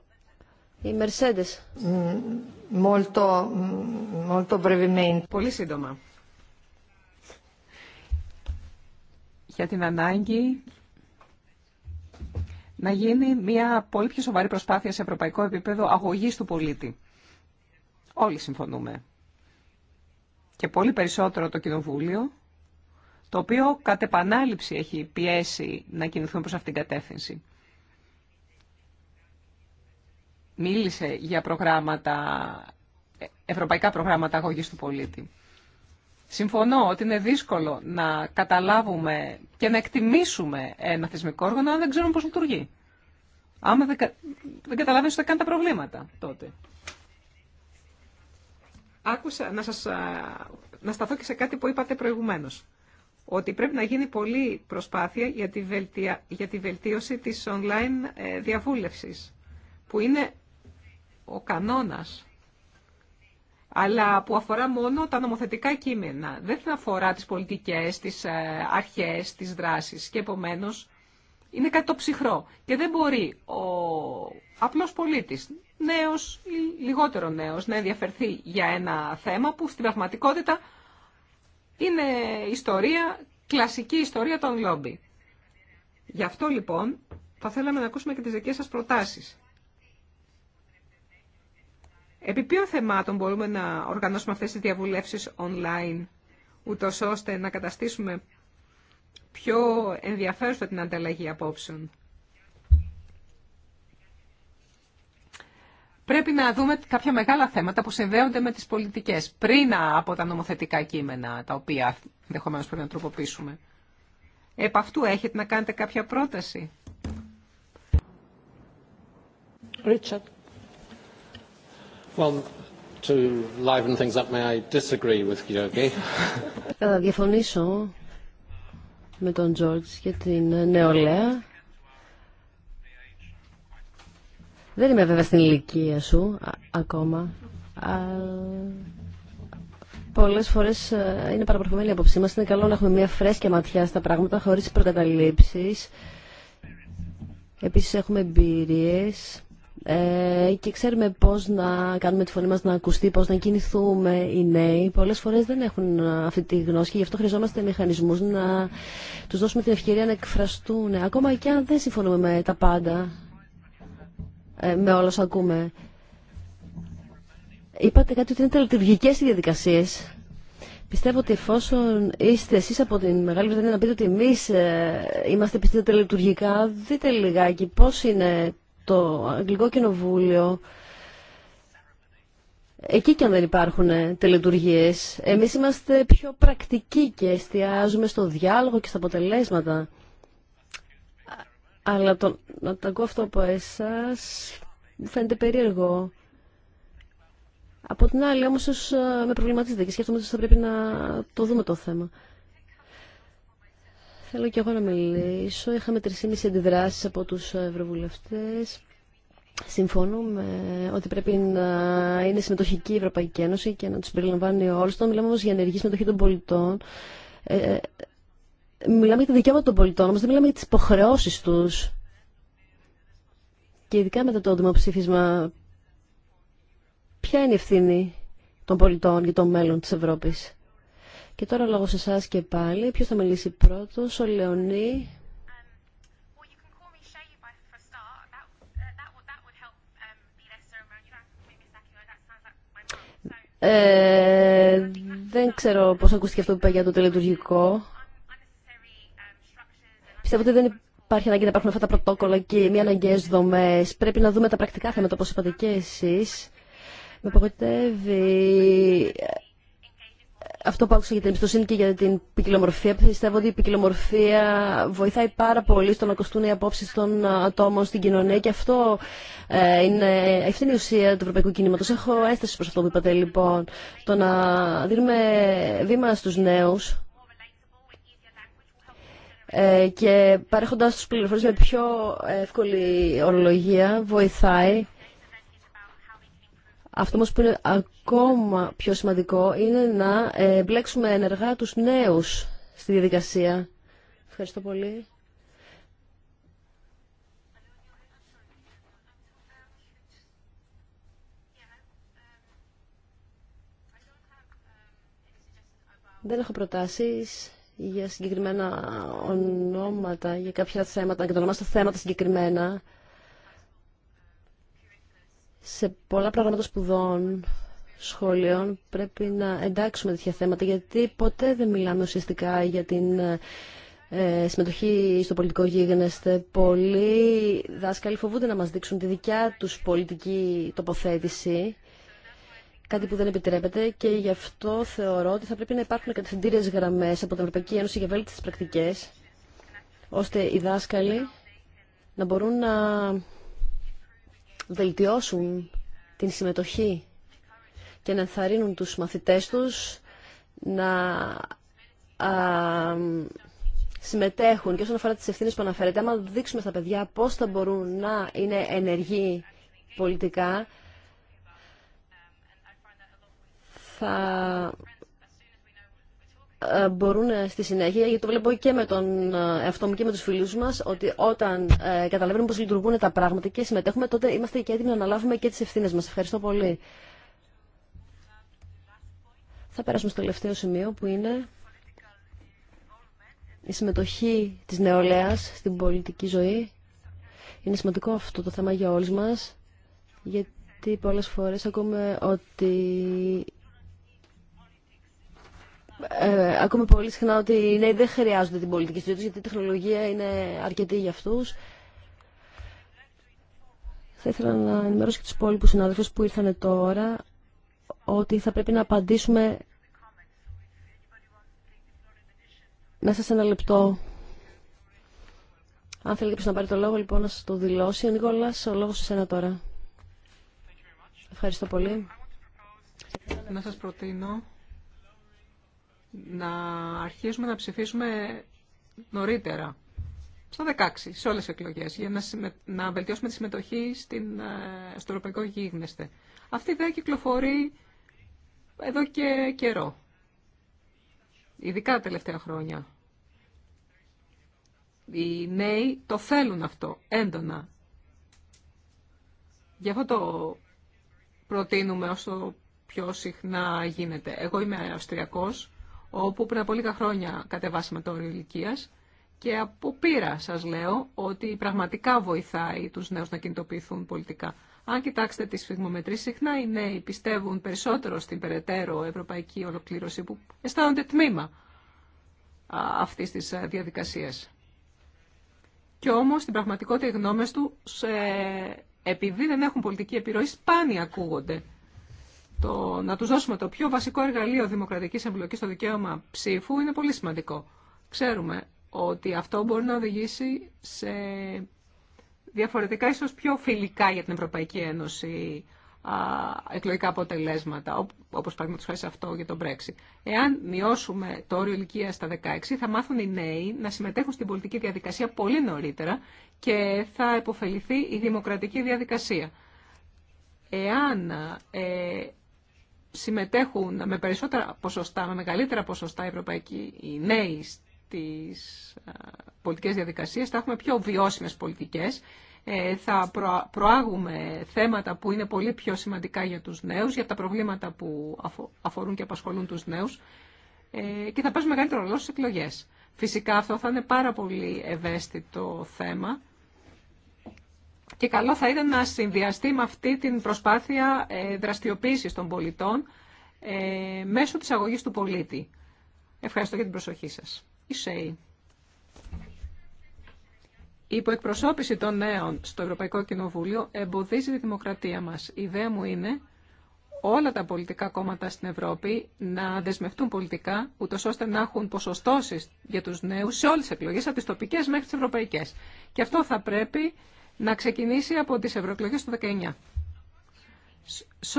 Η Mercedes. Mm, molto, mm, molto brevemente. Πολύ σύντομα. Για την ανάγκη να γίνει μια πολύ πιο σοβαρή προσπάθεια σε ευρωπαϊκό επίπεδο αγωγής του πολίτη. Όλοι συμφωνούμε. Και πολύ περισσότερο το Κοινοβούλιο, το οποίο κατ' επανάληψη έχει πιέσει να κινηθούν προς αυτήν την κατεύθυνση μίλησε για προγράμματα, ευρωπαϊκά προγράμματα αγωγής του πολίτη. Συμφωνώ ότι είναι δύσκολο να καταλάβουμε και να εκτιμήσουμε ένα θεσμικό όργανο αν δεν ξέρουμε πώς λειτουργεί. Άμα δεν, κα... δεν καταλαβαίνεις καν τα προβλήματα τότε. Άκουσα να, σας, να σταθώ και σε κάτι που είπατε προηγουμένως. Ότι πρέπει να γίνει πολλή προσπάθεια για τη, βελτια... για τη βελτίωση της online ε, διαβούλευσης. Που είναι ο κανόνας, αλλά που αφορά μόνο τα νομοθετικά κείμενα. Δεν θα αφορά τις πολιτικές, τις ε, αρχές, τις δράσεις και επομένως είναι κάτι το ψυχρό και δεν μπορεί ο απλός πολίτης, νέος ή λιγότερο νέος, να ενδιαφερθεί για ένα θέμα που στην πραγματικότητα είναι ιστορία, κλασική ιστορία των λόμπι. Γι' αυτό λοιπόν θα θέλαμε να ακούσουμε και τις δικές σας προτάσεις Επί ποιων θεμάτων μπορούμε να οργανώσουμε αυτές τις διαβουλεύσεις online, ούτω ώστε να καταστήσουμε πιο ενδιαφέρουσα την ανταλλαγή απόψεων. Πρέπει να δούμε κάποια μεγάλα θέματα που συνδέονται με τις πολιτικές, πριν από τα νομοθετικά κείμενα, τα οποία ενδεχομένω πρέπει να τροποποιήσουμε. Επ' αυτού έχετε να κάνετε κάποια πρόταση. Richard. Well, to liven things up, may I disagree with Θα διαφωνήσω με τον Τζόρτζ για την νεολαία. Δεν είμαι βέβαια στην ηλικία σου ακόμα. Πολλέ πολλές φορές ε, είναι παραπροχωμένη η απόψη μας. Είναι καλό να έχουμε μια φρέσκια ματιά στα πράγματα χωρίς προκαταλήψεις. Επίσης έχουμε εμπειρίες ε, και ξέρουμε πώς να κάνουμε τη φωνή μας να ακουστεί, πώς να κινηθούμε οι νέοι. Πολλές φορές δεν έχουν αυτή τη γνώση και γι' αυτό χρειαζόμαστε μηχανισμούς να τους δώσουμε την ευκαιρία να εκφραστούν. Ακόμα και αν δεν συμφωνούμε με τα πάντα, ε, με όλα όσα ακούμε. Είπατε κάτι ότι είναι τελετουργικές οι διαδικασίες. Πιστεύω ότι εφόσον είστε εσείς από την Μεγάλη Βρετανία να πείτε ότι εμείς ε, είμαστε πιστεύετε τελετουργικά, δείτε λιγάκι πώς είναι το Αγγλικό Κοινοβούλιο, εκεί και αν δεν υπάρχουν ε, τελετουργίες, εμείς είμαστε πιο πρακτικοί και εστιάζουμε στο διάλογο και στα αποτελέσματα. Αλλά το, να τα ακούω αυτό από εσάς μου φαίνεται περίεργο. Από την άλλη όμως ε, με προβληματίζετε και σκέφτομαι ότι θα πρέπει να το δούμε το θέμα. Θέλω και εγώ να μιλήσω. Είχαμε 3,5 αντιδράσεις από τους ευρωβουλευτές. Συμφωνούμε ότι πρέπει να είναι συμμετοχική η Ευρωπαϊκή Ένωση και να τους περιλαμβάνει όλους. Όταν μιλάμε όμως για ενεργή συμμετοχή των πολιτών, ε, ε, μιλάμε για τα δικαιώματα των πολιτών, όμως δεν μιλάμε για τις υποχρεώσεις τους. Και ειδικά μετά το δημοψήφισμα, ποια είναι η ευθύνη των πολιτών για το μέλλον της Ευρώπης. Και τώρα λόγω σε εσά και πάλι, Ποιο θα μιλήσει πρώτος, ο Λεωνί. Ε, δεν ξέρω πώς ακούστηκε αυτό που είπα για το τελετουργικό. Πιστεύω ότι δεν υπάρχει ανάγκη να υπάρχουν αυτά τα πρωτόκολλα και μη αναγκαίε δομέ. Πρέπει να δούμε τα πρακτικά θέματα, όπω είπατε και εσείς. Με απογοητεύει αυτό που άκουσα για την εμπιστοσύνη και για την ποικιλομορφία, πιστεύω ότι η ποικιλομορφία βοηθάει πάρα πολύ στο να ακουστούν οι απόψει των ατόμων στην κοινωνία και αυτό ε, είναι, αυτή η ουσία του ευρωπαϊκού κινήματο. Έχω αίσθηση προ αυτό που είπατε λοιπόν. Το να δίνουμε βήμα στου νέου ε, και παρέχοντα του πληροφορίε με πιο εύκολη ορολογία βοηθάει αυτό όμως που είναι ακόμα πιο σημαντικό είναι να ε, μπλέξουμε ενεργά τους νέους στη διαδικασία. Ευχαριστώ πολύ. Δεν έχω προτάσεις για συγκεκριμένα ονόματα, για κάποια θέματα, για το ονομάστε θέματα συγκεκριμένα σε πολλά πράγματα σπουδών, σχολείων πρέπει να εντάξουμε τέτοια θέματα γιατί ποτέ δεν μιλάμε ουσιαστικά για την ε, συμμετοχή στο πολιτικό γίγνεσθε. Πολλοί δάσκαλοι φοβούνται να μας δείξουν τη δικιά τους πολιτική τοποθέτηση κάτι που δεν επιτρέπεται και γι' αυτό θεωρώ ότι θα πρέπει να υπάρχουν κατευθυντήριες γραμμές από την Ευρωπαϊκή Ένωση για βέλτιστες πρακτικές ώστε οι δάσκαλοι να μπορούν να βελτιώσουν την συμμετοχή και να ενθαρρύνουν τους μαθητές τους να α, συμμετέχουν και όσον αφορά τις ευθύνες που αναφέρεται. Άμα δείξουμε στα παιδιά πώς θα μπορούν να είναι ενεργοί πολιτικά, θα ε, μπορούν ε, στη συνέχεια, γιατί το βλέπω και με τον ε, εαυτό μου και με τους φίλους μας, ότι όταν καταλαβαίνουμε πώς λειτουργούν τα πράγματα και συμμετέχουμε, τότε είμαστε και έτοιμοι να αναλάβουμε και τις ευθύνες μας. Ευχαριστώ πολύ. Θα περάσουμε στο τελευταίο σημείο που είναι η συμμετοχή της νεολαίας στην πολιτική ζωή. Είναι σημαντικό αυτό το θέμα για όλους μας, γιατί πολλές φορές ακούμε ότι ε, ακούμε πολύ συχνά ότι οι ναι, νέοι δεν χρειάζονται την πολιτική στήριξη γιατί η τεχνολογία είναι αρκετή για αυτούς. Θα ήθελα να ενημερώσω και τους υπόλοιπους συναδέλφους που ήρθαν τώρα ότι θα πρέπει να απαντήσουμε μέσα σε ένα λεπτό. Αν θέλει να πάρει το λόγο, λοιπόν, να σας το δηλώσει. Ο Νίκολας, ο λόγος σε σένα τώρα. Ευχαριστώ πολύ. Να σας προτείνω να αρχίσουμε να ψηφίσουμε νωρίτερα, στο 16, σε όλες τις εκλογές, για να, να βελτιώσουμε τη συμμετοχή στην, ε, στο Ευρωπαϊκό Γίγνεσθε. Αυτή η ιδέα κυκλοφορεί εδώ και καιρό, ειδικά τα τελευταία χρόνια. Οι νέοι το θέλουν αυτό έντονα. Γι' αυτό το προτείνουμε όσο πιο συχνά γίνεται. Εγώ είμαι Αυστριακός όπου πριν από λίγα χρόνια κατεβάσαμε το όριο ηλικία. Και από πείρα σας λέω ότι πραγματικά βοηθάει τους νέους να κινητοποιηθούν πολιτικά. Αν κοιτάξετε τις φιγμομετρήσει, συχνά οι νέοι πιστεύουν περισσότερο στην περαιτέρω ευρωπαϊκή ολοκλήρωση που αισθάνονται τμήμα αυτής της ε, διαδικασία. Και όμως στην πραγματικότητα οι γνώμε του, ε, επειδή δεν έχουν πολιτική επιρροή, σπάνια ακούγονται το, να τους δώσουμε το πιο βασικό εργαλείο δημοκρατικής εμπλοκής στο δικαίωμα ψήφου είναι πολύ σημαντικό. Ξέρουμε ότι αυτό μπορεί να οδηγήσει σε διαφορετικά, ίσως πιο φιλικά για την Ευρωπαϊκή Ένωση α, εκλογικά αποτελέσματα, όπως παραδείγματος χάρη σε αυτό για τον Brexit. Εάν μειώσουμε το όριο ηλικία στα 16, θα μάθουν οι νέοι να συμμετέχουν στην πολιτική διαδικασία πολύ νωρίτερα και θα υποφεληθεί η δημοκρατική διαδικασία. Εάν ε, συμμετέχουν με περισσότερα ποσοστά, με μεγαλύτερα ποσοστά οι ευρωπαϊκοί οι νέοι στις ε, πολιτικές διαδικασίες, θα έχουμε πιο βιώσιμες πολιτικές, ε, θα προάγουμε θέματα που είναι πολύ πιο σημαντικά για τους νέους, για τα προβλήματα που αφορούν και απασχολούν τους νέους ε, και θα παίζουν μεγαλύτερο ρόλο στις εκλογές. Φυσικά αυτό θα είναι πάρα πολύ ευαίσθητο θέμα και καλό θα ήταν να συνδυαστεί με αυτή την προσπάθεια ε, δραστηριοποίησης των πολιτών ε, μέσω της αγωγής του πολίτη. Ευχαριστώ για την προσοχή σας. Η η υποεκπροσώπηση των νέων στο Ευρωπαϊκό Κοινοβούλιο εμποδίζει τη δημοκρατία μας. Η ιδέα μου είναι όλα τα πολιτικά κόμματα στην Ευρώπη να δεσμευτούν πολιτικά, ούτω ώστε να έχουν ποσοστώσει για του νέου σε όλε τι εκλογέ, από τι τοπικέ μέχρι τι ευρωπαϊκέ. Και αυτό θα πρέπει να ξεκινήσει από τις ευρωεκλογέ του 19. Σ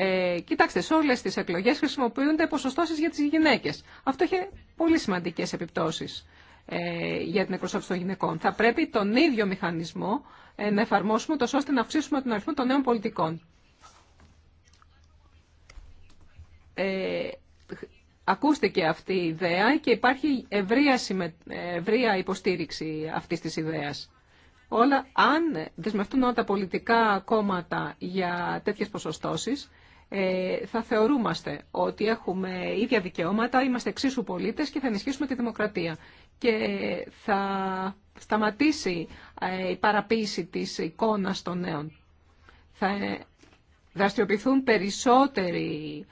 ε, κοιτάξτε, σε όλες τις εκλογές χρησιμοποιούνται ποσοστώσεις για τις γυναίκες. Αυτό είχε πολύ σημαντικές επιπτώσεις ε, για την εκπροσώπηση των γυναικών. Θα πρέπει τον ίδιο μηχανισμό ε, να εφαρμόσουμε τόσο ώστε να αυξήσουμε τον αριθμό των νέων πολιτικών. Ε, Ακούστηκε αυτή η ιδέα και υπάρχει ευρεία, ευρεία υποστήριξη αυτής της ιδέας. Όλα, αν δεσμευτούν όλα τα πολιτικά κόμματα για τέτοιες ποσοστώσεις, ε, θα θεωρούμαστε ότι έχουμε ίδια δικαιώματα, είμαστε εξίσου πολίτες και θα ενισχύσουμε τη δημοκρατία. Και θα σταματήσει ε, η παραποίηση της εικόνας των νέων. Θα ε, δραστηριοποιηθούν περισσότεροι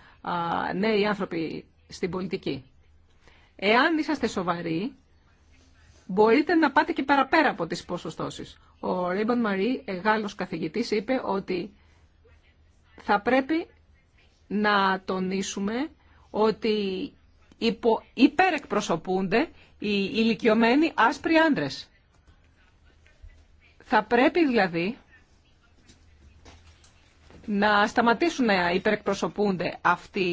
νέοι άνθρωποι στην πολιτική. Εάν είσαστε σοβαροί, μπορείτε να πάτε και παραπέρα από τις ποσοστώσεις. Ο Ρίμπαν Μαρί, ε, Γάλλος καθηγητής, είπε ότι θα πρέπει να τονίσουμε ότι υπο, υπερεκπροσωπούνται οι ηλικιωμένοι άσπροι άντρες. Θα πρέπει δηλαδή να σταματήσουν να υπερεκπροσωπούνται αυτή,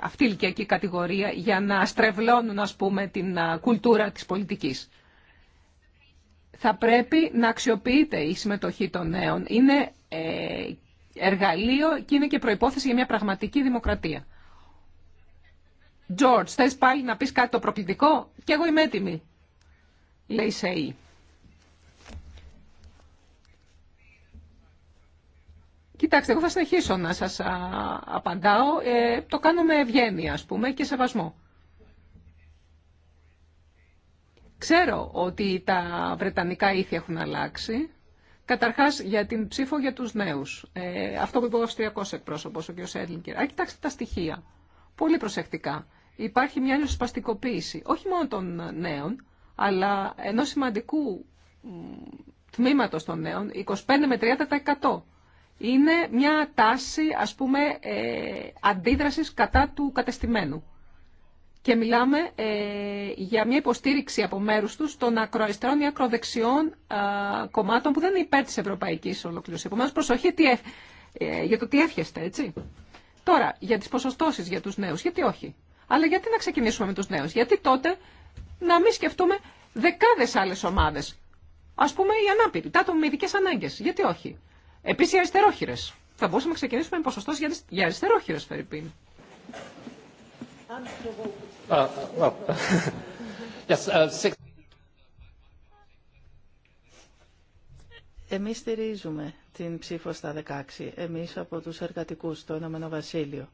αυτή η ηλικιακή κατηγορία για να στρεβλώνουν ας πούμε την κουλτούρα της πολιτικής. Θα πρέπει να αξιοποιείται η συμμετοχή των νέων. Είναι ε, εργαλείο και είναι και προϋπόθεση για μια πραγματική δημοκρατία. George, θες πάλι να πεις κάτι το προκλητικό και εγώ είμαι έτοιμη, λέει Σέι. Κοιτάξτε, εγώ θα συνεχίσω να σας απαντάω. Ε, το κάνω με ευγένεια, ας πούμε, και σεβασμό. Ξέρω ότι τα βρετανικά ήθη έχουν αλλάξει. Καταρχάς, για την ψήφο για τους νέους. Ε, αυτό που είπε ο αυστριακός εκπρόσωπος, ο κ. Σέρλιγκερ. Α, κοιτάξτε τα στοιχεία. Πολύ προσεκτικά. Υπάρχει μια ριζοσπαστικοποίηση, όχι μόνο των νέων, αλλά ενός σημαντικού τμήματος των νέων, 25 με 30% είναι μια τάση, ας πούμε, ε, αντίδρασης κατά του κατεστημένου. Και μιλάμε ε, για μια υποστήριξη από μέρους τους των ακροαριστερών ή ακροδεξιών κομμάτων που δεν είναι υπέρ της ευρωπαϊκής ολοκλήρωσης. Επομένως, προσοχή ε, για το τι εύχεστε, έτσι. Τώρα, για τις ποσοστώσεις για τους νέους, γιατί όχι. Αλλά γιατί να ξεκινήσουμε με τους νέους, γιατί τότε να μην σκεφτούμε δεκάδες άλλες ομάδες. Ας πούμε οι ανάπηροι, τα άτομα με ειδικές ανάγκες, γιατί όχι. Επίση, οι αριστερόχειρε. Θα μπορούσαμε να ξεκινήσουμε με ποσοστό για αριστερόχειρε, Φερρυπίν. Uh, uh, uh, εμείς στηρίζουμε την ψήφο στα 16, εμείς από τους εργατικούς στο Ηνωμένο Βασίλειο.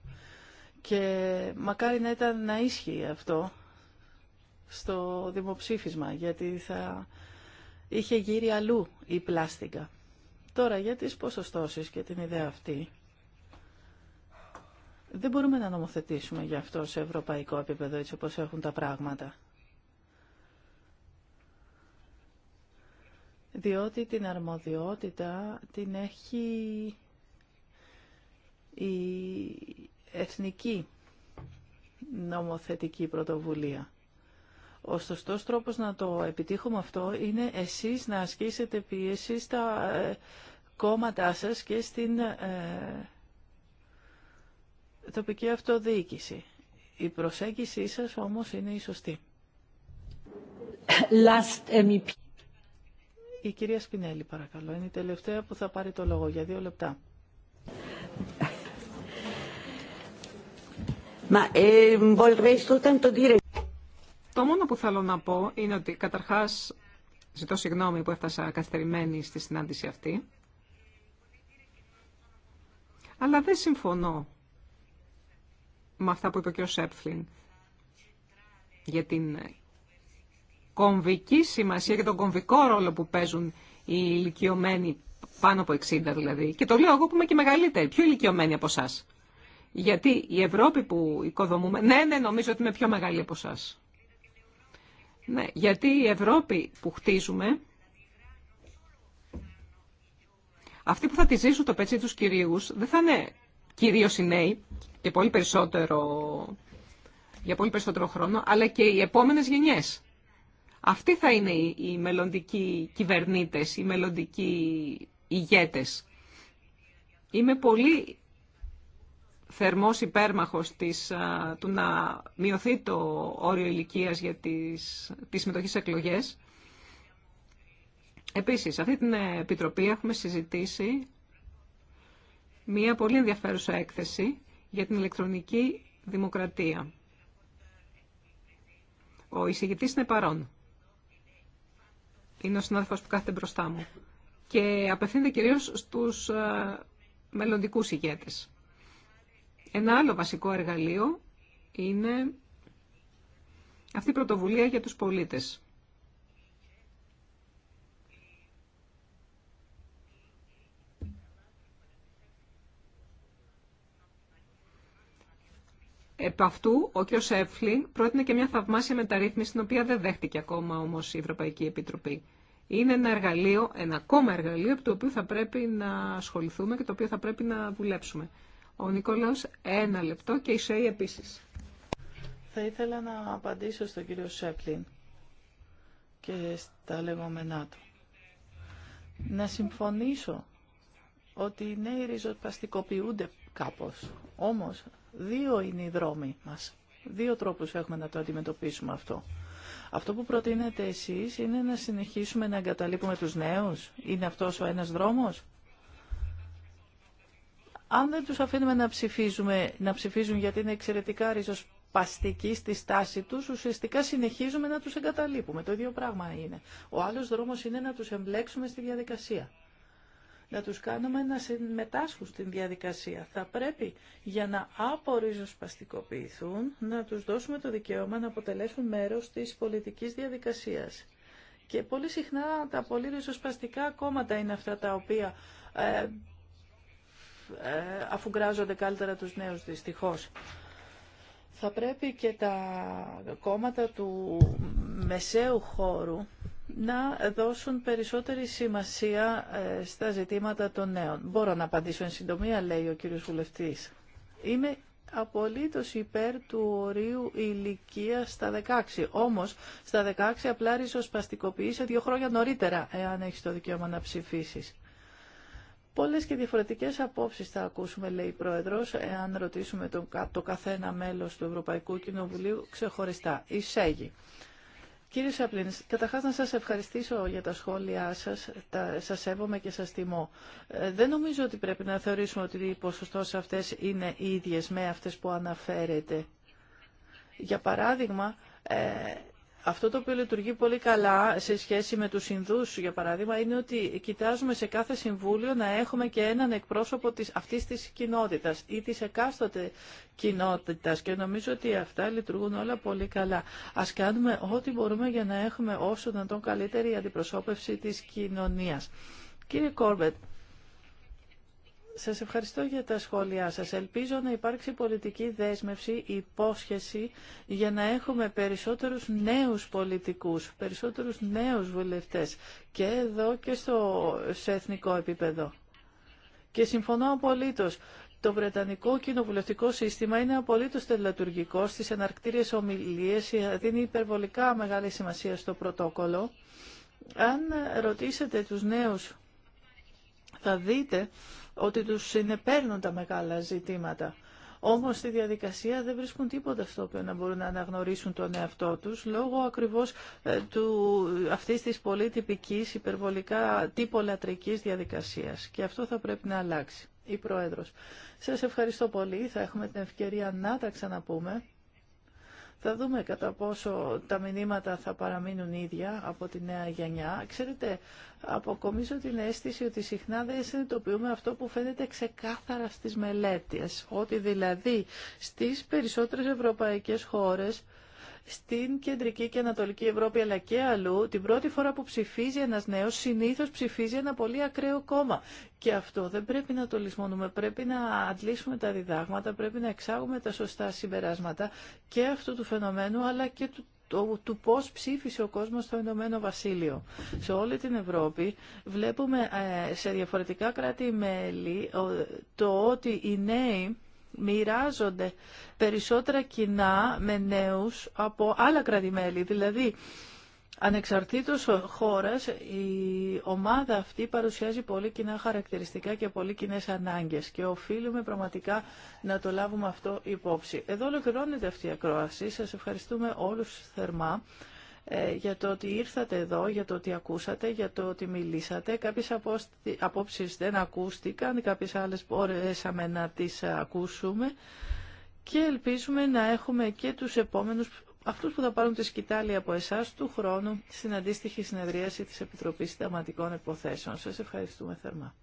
Και μακάρι να ήταν να ίσχυε αυτό στο δημοψήφισμα, γιατί θα είχε γύρει αλλού η πλάστικα. Τώρα για τις ποσοστώσεις και την ιδέα αυτή. Δεν μπορούμε να νομοθετήσουμε γι' αυτό σε ευρωπαϊκό επίπεδο έτσι όπως έχουν τα πράγματα. Διότι την αρμοδιότητα την έχει η εθνική νομοθετική πρωτοβουλία. Ο σωστό τρόπος να το επιτύχουμε αυτό είναι εσείς να ασκήσετε πίεση στα ε, κόμματά σας και στην ε, τοπική αυτοδιοίκηση. Η προσέγγιση σας όμως είναι η σωστή. Last MEP. Η κυρία Σπινέλη παρακαλώ. Είναι η τελευταία που θα πάρει το λόγο για δύο λεπτά. Μα, ε, το μόνο που θέλω να πω είναι ότι καταρχάς ζητώ συγγνώμη που έφτασα καθυστερημένη στη συνάντηση αυτή. Αλλά δεν συμφωνώ με αυτά που είπε και ο κ. Σέπφλιν για την κομβική σημασία και τον κομβικό ρόλο που παίζουν οι ηλικιωμένοι πάνω από 60 δηλαδή. Και το λέω εγώ που είμαι και μεγαλύτερη, πιο ηλικιωμένη από εσά. Γιατί η Ευρώπη που οικοδομούμε, ναι, ναι, νομίζω ότι είμαι πιο μεγάλη από εσά. Ναι, γιατί η Ευρώπη που χτίζουμε, αυτοί που θα τη ζήσουν το πετσί τους κυρίους, δεν θα είναι κυρίως οι νέοι και πολύ περισσότερο, για πολύ περισσότερο χρόνο, αλλά και οι επόμενες γενιές. Αυτοί θα είναι οι μελλοντικοί κυβερνήτες, οι μελλοντικοί ηγέτες. Είμαι πολύ θερμός υπέρμαχος του να μειωθεί το όριο ηλικίας για τις, τη συμμετοχή εκλογές. Επίσης, αυτή την επιτροπή έχουμε συζητήσει μία πολύ ενδιαφέρουσα έκθεση για την ηλεκτρονική δημοκρατία. Ο εισηγητής είναι παρόν. Είναι ο συνάδελφος που κάθεται μπροστά μου. Και απευθύνεται κυρίως στους μελλοντικούς ηγέτες. Ένα άλλο βασικό εργαλείο είναι αυτή η πρωτοβουλία για τους πολίτες. Επ' αυτού, ο κ. Σέφλιν πρότεινε και μια θαυμάσια μεταρρύθμιση, την οποία δεν δέχτηκε ακόμα όμως η Ευρωπαϊκή Επιτροπή. Είναι ένα εργαλείο, ένα ακόμα εργαλείο, από το οποίο θα πρέπει να ασχοληθούμε και το οποίο θα πρέπει να δουλέψουμε. Ο Νικόλαος ένα λεπτό και η ΣΕΙ επίσης. Θα ήθελα να απαντήσω στον κύριο Σέπλιν και στα λεγόμενά του. Να συμφωνήσω ότι οι νέοι ριζοσπαστικοποιούνται κάπως. Όμως, δύο είναι οι δρόμοι μας. Δύο τρόπους έχουμε να το αντιμετωπίσουμε αυτό. Αυτό που προτείνετε εσείς είναι να συνεχίσουμε να εγκαταλείπουμε τους νέους. Είναι αυτός ο ένας δρόμος. Αν δεν τους αφήνουμε να, ψηφίζουμε, να ψηφίζουν γιατί είναι εξαιρετικά ριζοσπαστικοί στη στάση τους, ουσιαστικά συνεχίζουμε να τους εγκαταλείπουμε. Το ίδιο πράγμα είναι. Ο άλλος δρόμος είναι να τους εμπλέξουμε στη διαδικασία να τους κάνουμε να συμμετάσχουν στην διαδικασία. Θα πρέπει για να απορριζοσπαστικοποιηθούν να τους δώσουμε το δικαίωμα να αποτελέσουν μέρος της πολιτικής διαδικασίας. Και πολύ συχνά τα πολύ ριζοσπαστικά κόμματα είναι αυτά τα οποία ε, ε, αφού γράζονται καλύτερα τους νέους δυστυχώς. Θα πρέπει και τα κόμματα του μεσαίου χώρου να δώσουν περισσότερη σημασία ε, στα ζητήματα των νέων. Μπορώ να απαντήσω εν συντομία, λέει ο κύριος Βουλευτής. Είμαι απολύτως υπέρ του ορίου ηλικία στα 16. Όμως, στα 16 απλά σε δύο χρόνια νωρίτερα, εάν έχεις το δικαίωμα να ψηφίσεις. Πολλές και διαφορετικές απόψεις θα ακούσουμε, λέει η Πρόεδρος, εάν ρωτήσουμε τον, το καθένα μέλος του Ευρωπαϊκού Κοινοβουλίου ξεχωριστά. Εισέγει. Κύριε Σαπλίν, καταρχά να σας ευχαριστήσω για τα σχόλιά σας, Σα σας σέβομαι και σας τιμώ. Ε, δεν νομίζω ότι πρέπει να θεωρήσουμε ότι οι ποσοστό αυτές είναι ίδιε με αυτέ που αναφέρετε. Για παράδειγμα, ε, αυτό το οποίο λειτουργεί πολύ καλά σε σχέση με τους Ινδούς, για παράδειγμα, είναι ότι κοιτάζουμε σε κάθε συμβούλιο να έχουμε και έναν εκπρόσωπο της, αυτής της κοινότητας ή της εκάστοτε κοινότητας και νομίζω ότι αυτά λειτουργούν όλα πολύ καλά. Ας κάνουμε ό,τι μπορούμε για να έχουμε όσο να τον καλύτερη αντιπροσώπευση της κοινωνίας. Κύριε Κόρμπετ, σας ευχαριστώ για τα σχόλιά σας. Ελπίζω να υπάρξει πολιτική δέσμευση, υπόσχεση για να έχουμε περισσότερους νέους πολιτικούς, περισσότερους νέους βουλευτές και εδώ και στο, σε εθνικό επίπεδο. Και συμφωνώ απολύτως. Το Βρετανικό κοινοβουλευτικό σύστημα είναι απολύτω τελετουργικό στι εναρκτήριε ομιλίε, δίνει υπερβολικά μεγάλη σημασία στο πρωτόκολλο. Αν ρωτήσετε τους νέους, θα δείτε ότι τους συνεπέρνουν τα μεγάλα ζητήματα. Όμως στη διαδικασία δεν βρίσκουν τίποτα στο οποίο να μπορούν να αναγνωρίσουν τον εαυτό τους λόγω ακριβώς ε, του, αυτής της πολύ τυπικής, υπερβολικά τύπολατρικής διαδικασίας. Και αυτό θα πρέπει να αλλάξει. Η Πρόεδρος. Σας ευχαριστώ πολύ. Θα έχουμε την ευκαιρία να τα ξαναπούμε. Θα δούμε κατά πόσο τα μηνύματα θα παραμείνουν ίδια από τη νέα γενιά. Ξέρετε, αποκομίζω την αίσθηση ότι συχνά δεν συνειδητοποιούμε αυτό που φαίνεται ξεκάθαρα στις μελέτες. Ότι δηλαδή στις περισσότερες ευρωπαϊκές χώρες στην κεντρική και ανατολική Ευρώπη αλλά και αλλού, την πρώτη φορά που ψηφίζει ένας νέος, συνήθως ψηφίζει ένα πολύ ακραίο κόμμα. Και αυτό δεν πρέπει να το λησμονούμε, πρέπει να αντλήσουμε τα διδάγματα, πρέπει να εξάγουμε τα σωστά συμπεράσματα και αυτού του φαινομένου αλλά και του, του, πώς ψήφισε ο κόσμος στο Ηνωμένο Βασίλειο. Σε όλη την Ευρώπη βλέπουμε ε, σε διαφορετικά κράτη-μέλη το ότι οι νέοι μοιράζονται περισσότερα κοινά με νέους από άλλα κρατημέλη. Δηλαδή, ανεξαρτήτως χώρας, η ομάδα αυτή παρουσιάζει πολύ κοινά χαρακτηριστικά και πολύ κοινέ ανάγκες και οφείλουμε πραγματικά να το λάβουμε αυτό υπόψη. Εδώ ολοκληρώνεται αυτή η ακρόαση. Σας ευχαριστούμε όλους θερμά. Ε, για το ότι ήρθατε εδώ, για το ότι ακούσατε, για το ότι μιλήσατε. Κάποιες απόψεις δεν ακούστηκαν, κάποιες άλλες μπορέσαμε να τις ακούσουμε και ελπίζουμε να έχουμε και τους επόμενους αυτούς που θα πάρουν τη σκητάλη από εσάς του χρόνου στην αντίστοιχη συνεδρίαση της Επιτροπής Συνταγματικών Εποθέσεων. Σας ευχαριστούμε θερμά.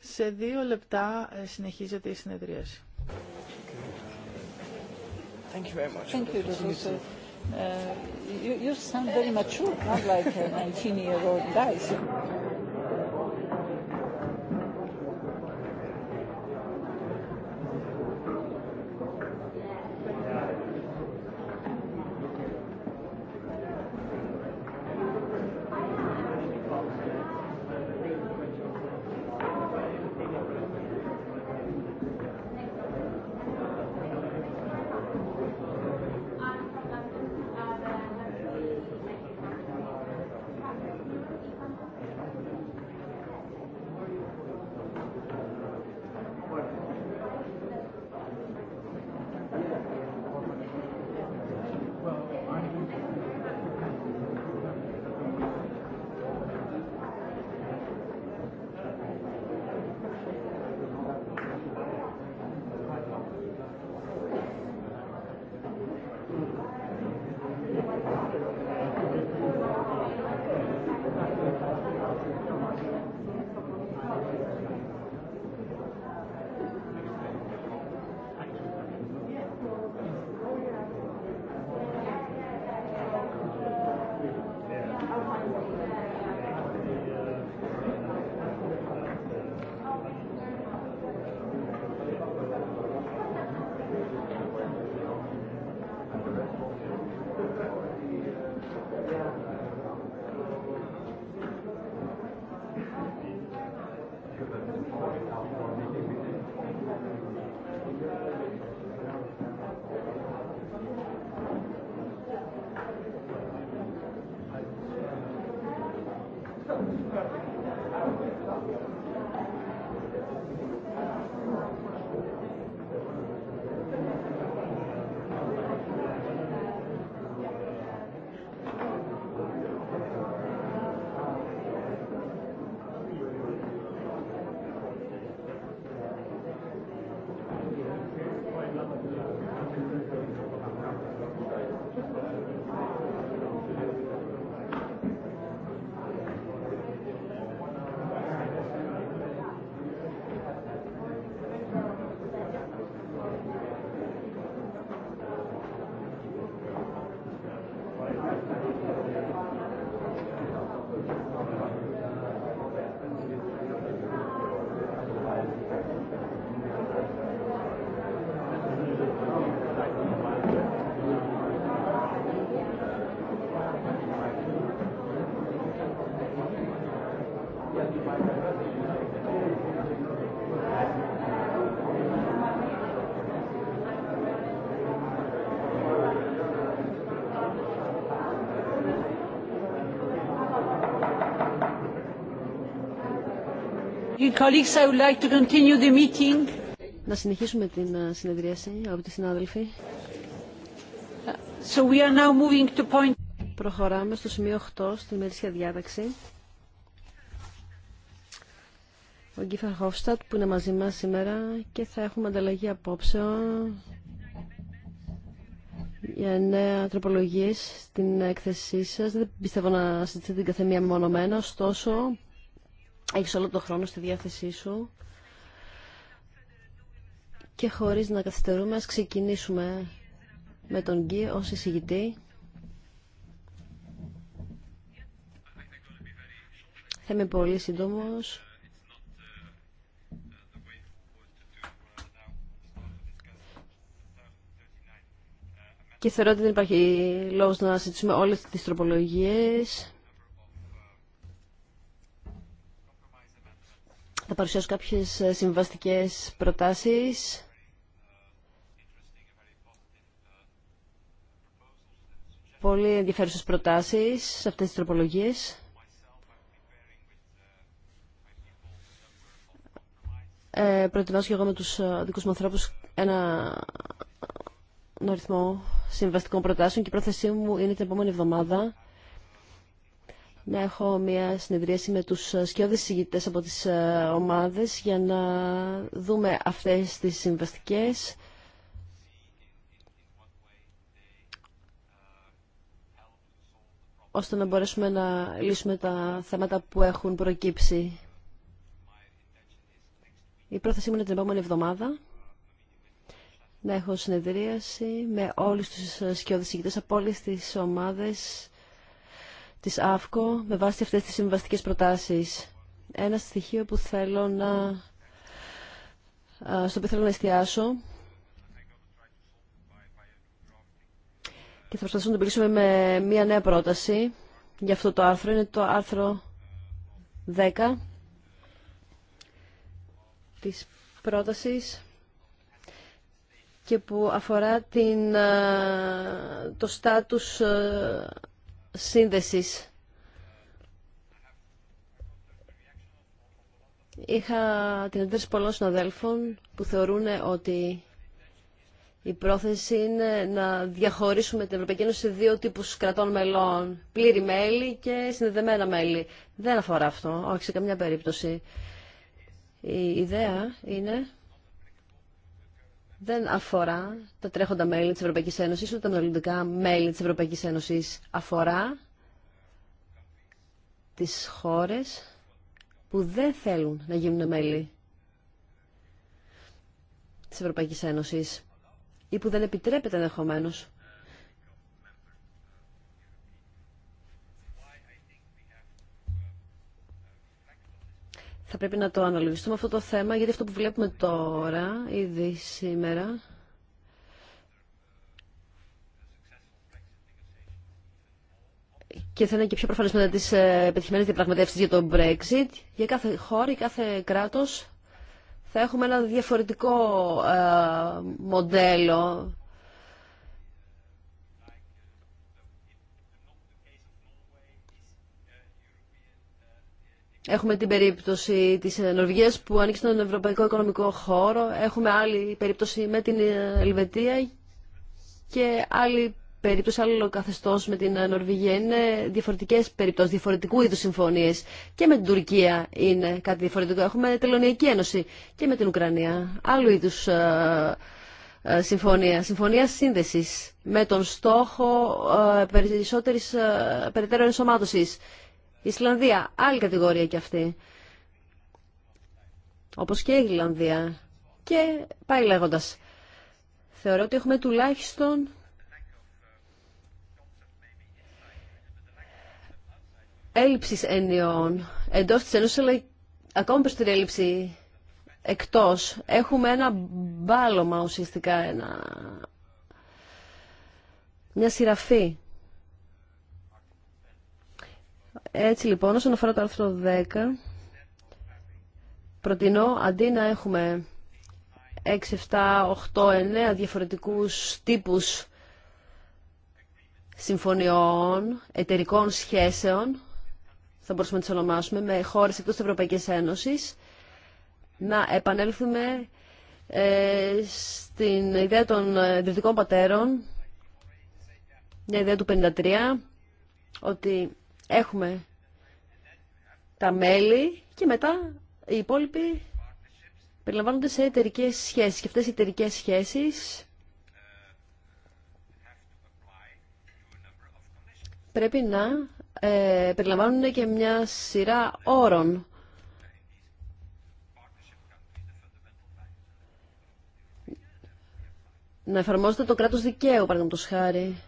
Σε δύο λεπτά ε, συνεχίζεται η συνεδρίαση. Thank you very much. Thank you, you sound very mature, not like a 19-year-old guy. Thank you. Να συνεχίσουμε την ε, συνεδρίαση, αγαπητοί συνάδελφοι. So we are now moving to point... Προχωράμε στο σημείο 8, στην μερίσια διάταξη. Ο Γκίφερ Χόφστατ που είναι μαζί μας σήμερα και θα έχουμε ανταλλαγή απόψεων για νέα τροπολογίες στην έκθεσή σας. Δεν πιστεύω να συζητήσετε την καθεμία μεμονωμένα, ωστόσο Έχεις όλο τον χρόνο στη διάθεσή σου και χωρίς να καθυστερούμε ας ξεκινήσουμε με τον Γκί ως εισηγητή. Θα είμαι πολύ σύντομος. Και θεωρώ ότι δεν υπάρχει λόγος να συζητήσουμε όλες τις τροπολογίες. Θα παρουσιάσω κάποιες ε, συμβαστικές προτάσεις. Πολύ ενδιαφέρουσες προτάσεις σε αυτές τις τροπολογίες. Ε, προετοιμάζω και εγώ με τους ε, δικούς μου ανθρώπους ένα, ε, ένα αριθμό συμβαστικών προτάσεων και η πρόθεσή μου είναι την επόμενη εβδομάδα να έχω μια συνεδρίαση με τους ε, σκιώδες από τις ε, ομάδες για να δούμε αυτές τις συμβαστικές ώστε να μπορέσουμε να λύσουμε τα θέματα που έχουν προκύψει. Η πρόθεσή μου είναι την επόμενη εβδομάδα να έχω συνεδρίαση με όλους τους ε, σκιώδες συγκητές από όλες τις ομάδες της ΑΦΚΟ με βάση αυτές τις συμβαστικές προτάσεις. Ένα στοιχείο που θέλω να, στο οποίο θέλω να εστιάσω και θα προσπαθήσω να το πλήσουμε με μία νέα πρόταση για αυτό το άρθρο. Είναι το άρθρο 10 της πρότασης και που αφορά την, το στάτους σύνδεσης. Είχα την αντίθεση πολλών συναδέλφων που θεωρούν ότι η πρόθεση είναι να διαχωρίσουμε την Ευρωπαϊκή Ένωση σε δύο τύπους κρατών μελών. Πλήρη μέλη και συνδεδεμένα μέλη. Δεν αφορά αυτό, όχι σε καμιά περίπτωση. Η ιδέα είναι δεν αφορά τα τρέχοντα μέλη της Ευρωπαϊκής Ένωσης, ούτε τα μελλοντικά μέλη της Ευρωπαϊκής Ένωσης. Αφορά τις χώρες που δεν θέλουν να γίνουν μέλη της Ευρωπαϊκής Ένωσης ή που δεν επιτρέπεται ενδεχομένω. θα πρέπει να το αναλογιστούμε αυτό το θέμα, γιατί αυτό που βλέπουμε τώρα, ήδη σήμερα, και θα είναι και πιο προφανές μετά τις ε, επιτυχημένες διαπραγματεύσεις για το Brexit, για κάθε χώρα ή κάθε κράτος θα έχουμε ένα διαφορετικό ε, μοντέλο Έχουμε την περίπτωση της Νορβηγίας που ανήκει στον Ευρωπαϊκό Οικονομικό Χώρο. Έχουμε άλλη περίπτωση με την Ελβετία και άλλη περίπτωση, άλλο καθεστώ με την Νορβηγία. Είναι διαφορετικέ περιπτώσει, διαφορετικού είδου συμφωνίε. Και με την Τουρκία είναι κάτι διαφορετικό. Έχουμε τελωνιακή ένωση και με την Ουκρανία. Άλλου είδου ε, ε, συμφωνία. Συμφωνία σύνδεση με τον στόχο ε, περισσότερη περαιτέρω ενσωμάτωση. Ισλανδία, άλλη κατηγορία κι αυτή. Όπως και η Ισλανδία. Και πάει λέγοντας. Θεωρώ ότι έχουμε τουλάχιστον έλλειψης έννοιων. εντός της ενός, αλλά ακόμα την έλλειψη εκτός. Έχουμε ένα μπάλωμα ουσιαστικά, ένα... μια σειραφή. Έτσι λοιπόν, όσον αφορά το άρθρο 10, προτείνω αντί να έχουμε 6, 7, 8, 9 διαφορετικούς τύπους συμφωνιών, εταιρικών σχέσεων, θα μπορούσαμε να τις ονομάσουμε, με χώρες εκτός της Ευρωπαϊκής Ένωσης, να επανέλθουμε ε, στην ιδέα των ιδρυτικών πατέρων, μια ιδέα του 53, ότι Έχουμε τα μέλη και μετά οι υπόλοιποι περιλαμβάνονται σε εταιρικέ σχέσεις. Και αυτές οι εταιρικέ σχέσεις πρέπει να ε, περιλαμβάνουν και μια σειρά όρων. Να εφαρμόζεται το κράτος δικαίου, παραδείγματος χάρη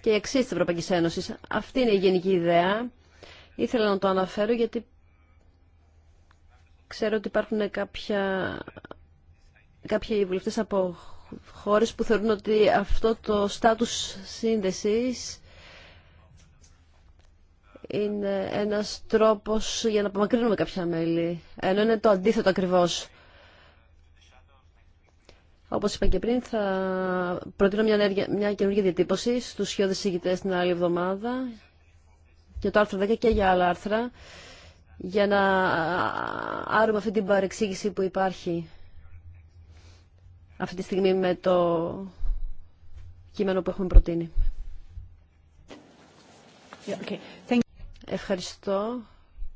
και η εξή τη Ευρωπαϊκή Ένωση. Αυτή είναι η γενική ιδέα. Ήθελα να το αναφέρω γιατί ξέρω ότι υπάρχουν κάποια, κάποιοι βουλευτές από χώρες που θεωρούν ότι αυτό το στάτους σύνδεσης είναι ένας τρόπος για να απομακρύνουμε κάποια μέλη. Ενώ είναι το αντίθετο ακριβώς. Όπω είπα και πριν, θα προτείνω μια, μια καινούργια διατύπωση στου σχεδόν συγκητέ την άλλη εβδομάδα για το άρθρο 10 και για άλλα άρθρα για να άρουμε αυτή την παρεξήγηση που υπάρχει αυτή τη στιγμή με το κείμενο που έχουμε προτείνει. Okay. Thank Ευχαριστώ,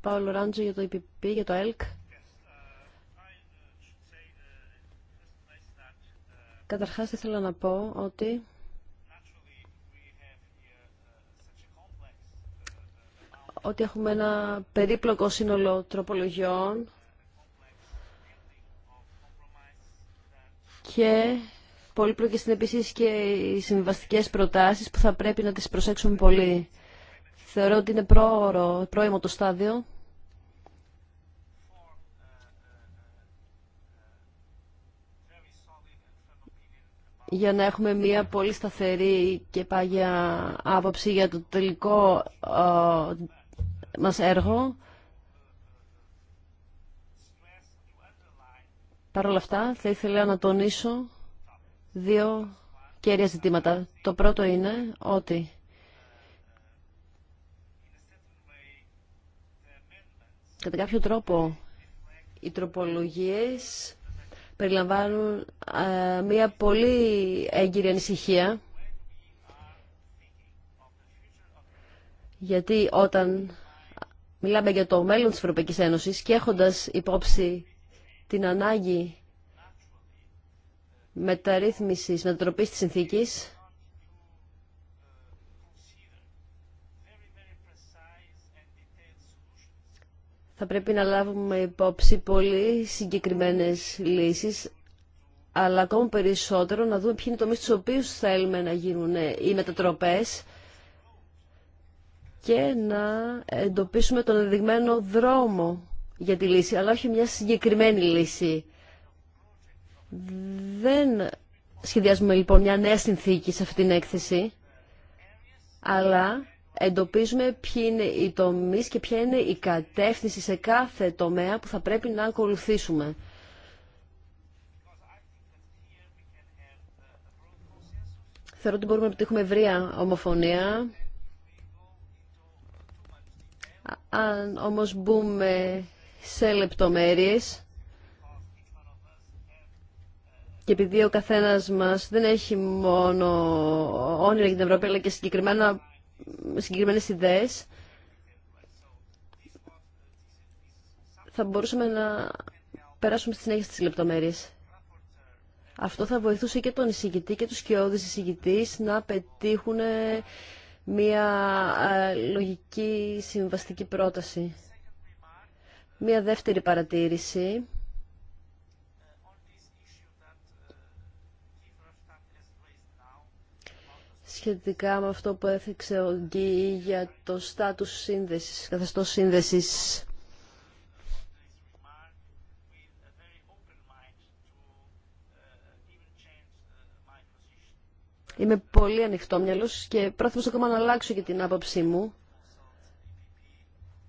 Παύλο Ράντζο, για το EPP, για το ΕΛΚ. Καταρχάς ήθελα να πω ότι ότι έχουμε ένα περίπλοκο σύνολο τροπολογιών και πολύπλοκες είναι επίσης και οι συμβαστικές προτάσεις που θα πρέπει να τις προσέξουμε πολύ. Θεωρώ ότι είναι πρόωρο, πρόημο το στάδιο για να έχουμε μια πολύ σταθερή και πάγια άποψη για το τελικό ε, μας έργο. Παρ' όλα αυτά, θα ήθελα να τονίσω δύο κέρια ζητήματα. Το πρώτο είναι ότι κατά κάποιο τρόπο οι τροπολογίες περιλαμβάνουν ε, μια πολύ έγκυρη ανησυχία γιατί όταν μιλάμε για το μέλλον της Ευρωπαϊκής Ένωσης και έχοντας υπόψη την ανάγκη μεταρρύθμισης, μετατροπής της συνθήκης θα πρέπει να λάβουμε υπόψη πολύ συγκεκριμένες λύσεις, αλλά ακόμα περισσότερο να δούμε ποιοι είναι οι τομείς στους οποίους θέλουμε να γίνουν οι μετατροπές και να εντοπίσουμε τον ενδειγμένο δρόμο για τη λύση, αλλά όχι μια συγκεκριμένη λύση. Δεν σχεδιάζουμε λοιπόν μια νέα συνθήκη σε αυτή την έκθεση, αλλά εντοπίζουμε ποιοι είναι οι τομεί και ποια είναι η κατεύθυνση σε κάθε τομέα που θα πρέπει να ακολουθήσουμε. Θεωρώ ότι μπορούμε να πετύχουμε ευρεία ομοφωνία. Αν όμως μπούμε σε λεπτομέρειες και επειδή ο καθένας μας δεν έχει μόνο όνειρα για την Ευρώπη αλλά και συγκεκριμένα συγκεκριμένε ιδέε, θα μπορούσαμε να περάσουμε στη συνέχεια στι λεπτομέρειε. Αυτό θα βοηθούσε και τον εισηγητή και τους σκιώδει εισηγητή να πετύχουν ε, μια ε, λογική συμβαστική πρόταση. Μια δεύτερη παρατήρηση σχετικά με αυτό που έθιξε ο Γκί για το στάτους σύνδεσης, καθεστώς σύνδεσης. Είμαι πολύ ανοιχτόμυαλος και πρόθυμος ακόμα να αλλάξω και την άποψή μου.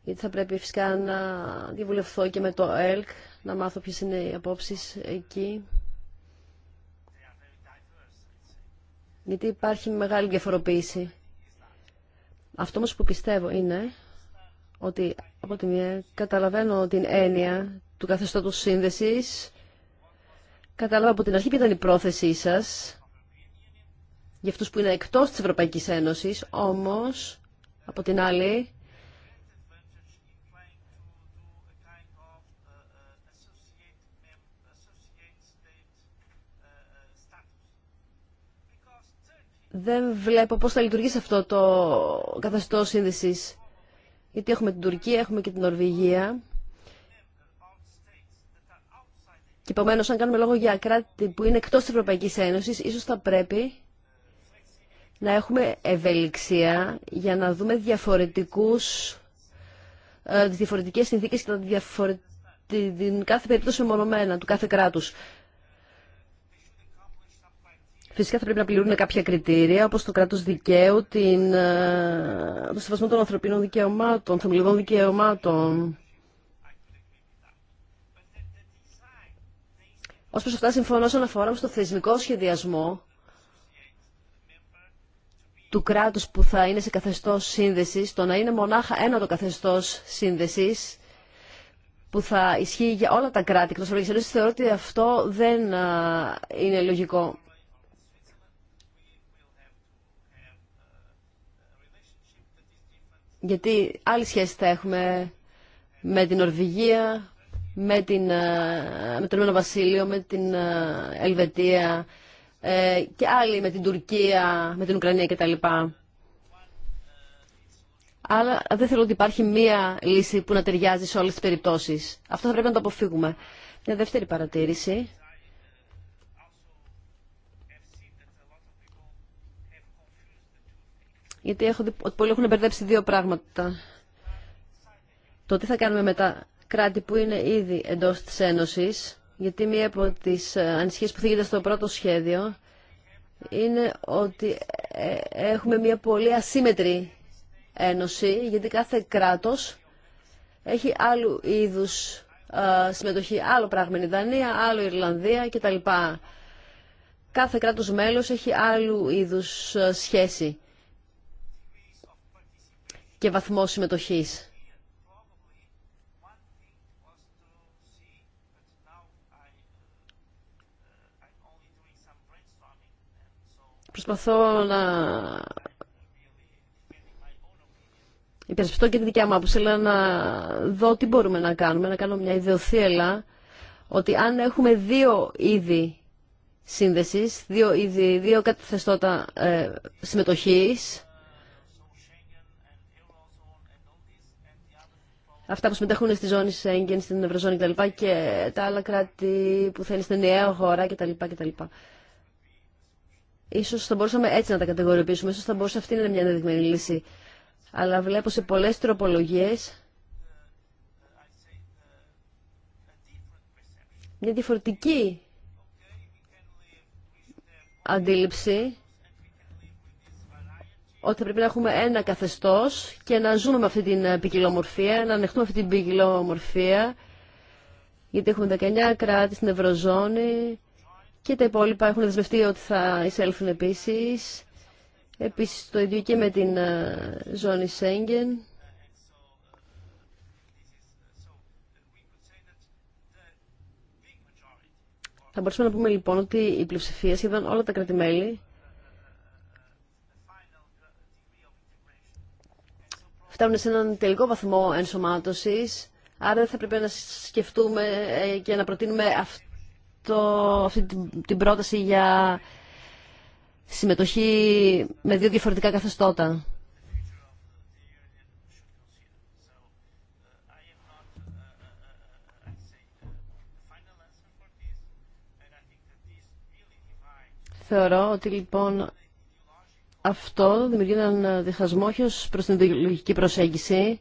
Γιατί θα πρέπει φυσικά να διαβουλευθώ και με το ΕΛΚ, να μάθω ποιες είναι οι απόψεις εκεί. γιατί υπάρχει μεγάλη διαφοροποίηση. Αυτό όμως που πιστεύω είναι ότι από τη μία καταλαβαίνω την έννοια του καθεστώτου σύνδεσης, κατάλαβα από την αρχή ποια ήταν η πρόθεσή σας για αυτούς που είναι εκτός της Ευρωπαϊκής Ένωσης, όμως από την άλλη δεν βλέπω πώς θα λειτουργήσει αυτό το καθεστώ σύνδεσης. Γιατί έχουμε την Τουρκία, έχουμε και την Νορβηγία. Και επομένω, αν κάνουμε λόγο για κράτη που είναι εκτός της Ευρωπαϊκής Ένωσης, ίσως θα πρέπει να έχουμε ευελιξία για να δούμε διαφορετικούς, ε, διαφορετικές συνθήκες και τα διαφορετικά την κάθε περίπτωση μονομένα του κάθε κράτους. Φυσικά θα πρέπει να πληρούν κάποια κριτήρια, όπως το κράτος δικαίου, την, ε, το σεβασμό των ανθρωπίνων δικαιωμάτων, θεμελιωδών δικαιωμάτων. Ως προς αυτά συμφωνώ όσον αφορά στο θεσμικό σχεδιασμό του κράτους που θα είναι σε καθεστώς σύνδεσης, το να είναι μονάχα ένα το καθεστώς σύνδεσης, που θα ισχύει για όλα τα κράτη εκτός Ευρωπαϊκής Ένωσης, θεωρώ ότι αυτό δεν ε, είναι λογικό. γιατί άλλη σχέση θα έχουμε με την Ορβηγία, με, την, ε, με το Ρωμανό Βασίλειο, με την ε, Ελβετία ε, και άλλοι με την Τουρκία, με την Ουκρανία κτλ. Αλλά δεν θέλω ότι υπάρχει μία λύση που να ταιριάζει σε όλες τις περιπτώσεις. Αυτό θα πρέπει να το αποφύγουμε. Μια δεύτερη παρατήρηση γιατί ότι πολλοί έχουν μπερδέψει δύο πράγματα. Το τι θα κάνουμε με τα κράτη που είναι ήδη εντό τη Ένωσης, γιατί μία από τι ε, ανησυχιε που θίγεται στο πρώτο σχέδιο είναι ότι ε, έχουμε μία πολύ ασύμετρη Ένωση, γιατί κάθε κράτο έχει άλλου είδου ε, συμμετοχή, άλλο πράγμα είναι η Δανία, άλλο η Ιρλανδία κτλ. Κάθε κράτος μέλος έχει άλλου είδους σχέση και βαθμό συμμετοχής. Προσπαθώ να υπερασπιστώ και την δικιά μου άποψη, αλλά να δω τι μπορούμε να κάνουμε, να κάνω μια ιδεοθύελα ότι αν έχουμε δύο είδη σύνδεσης, δύο είδη, δύο καταθεστώτα ε, συμμετοχής, αυτά που συμμετέχουν στη ζώνη Σέγγεν, στην Ευρωζώνη κτλ. και τα άλλα κράτη που θέλει στην νέα αγορά κτλ. κτλ. Ίσως θα μπορούσαμε έτσι να τα κατηγοριοποιήσουμε, ίσως θα μπορούσε αυτή να είναι μια ενδεδειγμένη λύση. Αλλά βλέπω σε πολλές τροπολογίες μια διαφορετική αντίληψη ότι πρέπει να έχουμε ένα καθεστώς και να ζούμε με αυτή την ε, ποικιλομορφία, να ανεχτούμε αυτή την ποικιλομορφία, γιατί έχουμε 19 κράτη στην Ευρωζώνη και τα υπόλοιπα έχουν δεσμευτεί ότι θα εισέλθουν επίσης. Επίσης το ίδιο και με την ε, ζώνη Σέγγεν. Θα μπορούσαμε να πούμε λοιπόν ότι η πλειοψηφία, σχεδόν όλα τα κράτη-μέλη φτάνουν σε έναν τελικό βαθμό ενσωμάτωσης, άρα θα πρέπει να σκεφτούμε ε, και να προτείνουμε αυτό, αυτή την πρόταση για συμμετοχή με δύο διαφορετικά καθεστώτα. Θεωρώ ότι λοιπόν αυτό δημιουργεί έναν ε, διχασμό όχι ως προς την ιδεολογική προσέγγιση,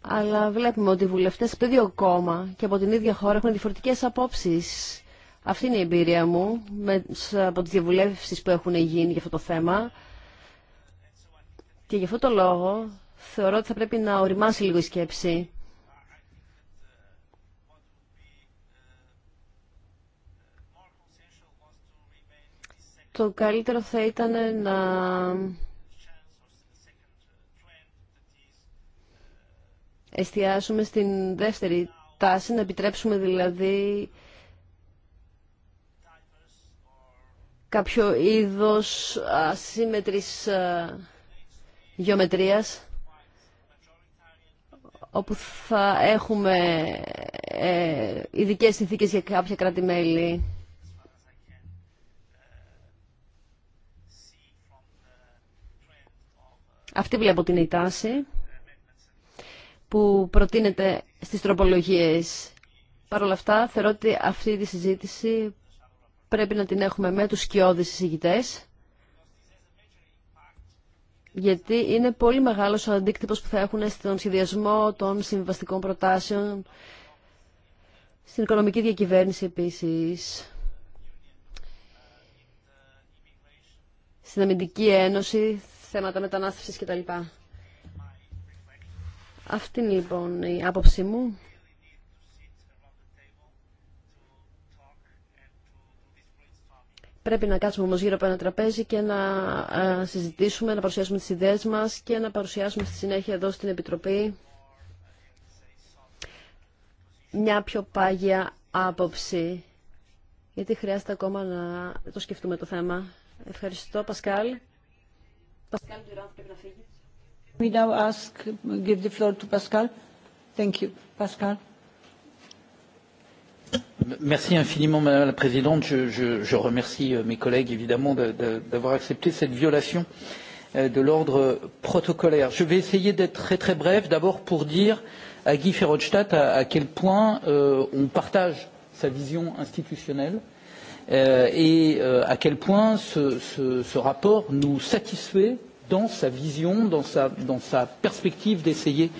αλλά βλέπουμε ότι οι βουλευτές από το ίδιο κόμμα και από την ίδια χώρα έχουν διαφορετικές απόψεις. Αυτή είναι η εμπειρία μου από τις διαβουλεύσεις που έχουν γίνει για αυτό το θέμα. Και γι' αυτό το λόγο θεωρώ ότι θα πρέπει να οριμάσει λίγο η σκέψη το καλύτερο θα ήταν να εστιάσουμε στην δεύτερη τάση, να επιτρέψουμε δηλαδή κάποιο είδος ασύμμετρης ε, γεωμετρίας όπου θα έχουμε ε, ειδικές συνθήκες για κάποια κράτη-μέλη. Αυτή βλέπω την τάση που προτείνεται στις τροπολογίες. Παρ' όλα αυτά, θεωρώ ότι αυτή τη συζήτηση πρέπει να την έχουμε με τους σκιώδεις συζητητές, γιατί είναι πολύ μεγάλος ο αντίκτυπος που θα έχουν στον σχεδιασμό των συμβαστικών προτάσεων, στην οικονομική διακυβέρνηση επίσης, στην αμυντική ένωση θέματα μετανάστευσης κτλ. Αυτή είναι λοιπόν η άποψή μου. Πρέπει να κάτσουμε όμως γύρω από ένα τραπέζι και να ε, συζητήσουμε, να παρουσιάσουμε τις ιδέες μας και να παρουσιάσουμε στη συνέχεια εδώ στην Επιτροπή μια πιο πάγια άποψη. Γιατί χρειάζεται ακόμα να το σκεφτούμε το θέμα. Ευχαριστώ, Πασκάλ. Merci infiniment, Madame la Présidente. Je, je, je remercie mes collègues, évidemment, d'avoir accepté cette violation de l'ordre protocolaire. Je vais essayer d'être très très bref, d'abord pour dire à Guy Ferrochstadt à quel point on partage sa vision institutionnelle et à quel point ce rapport nous satisfait dans sa vision, dans sa perspective d'essayer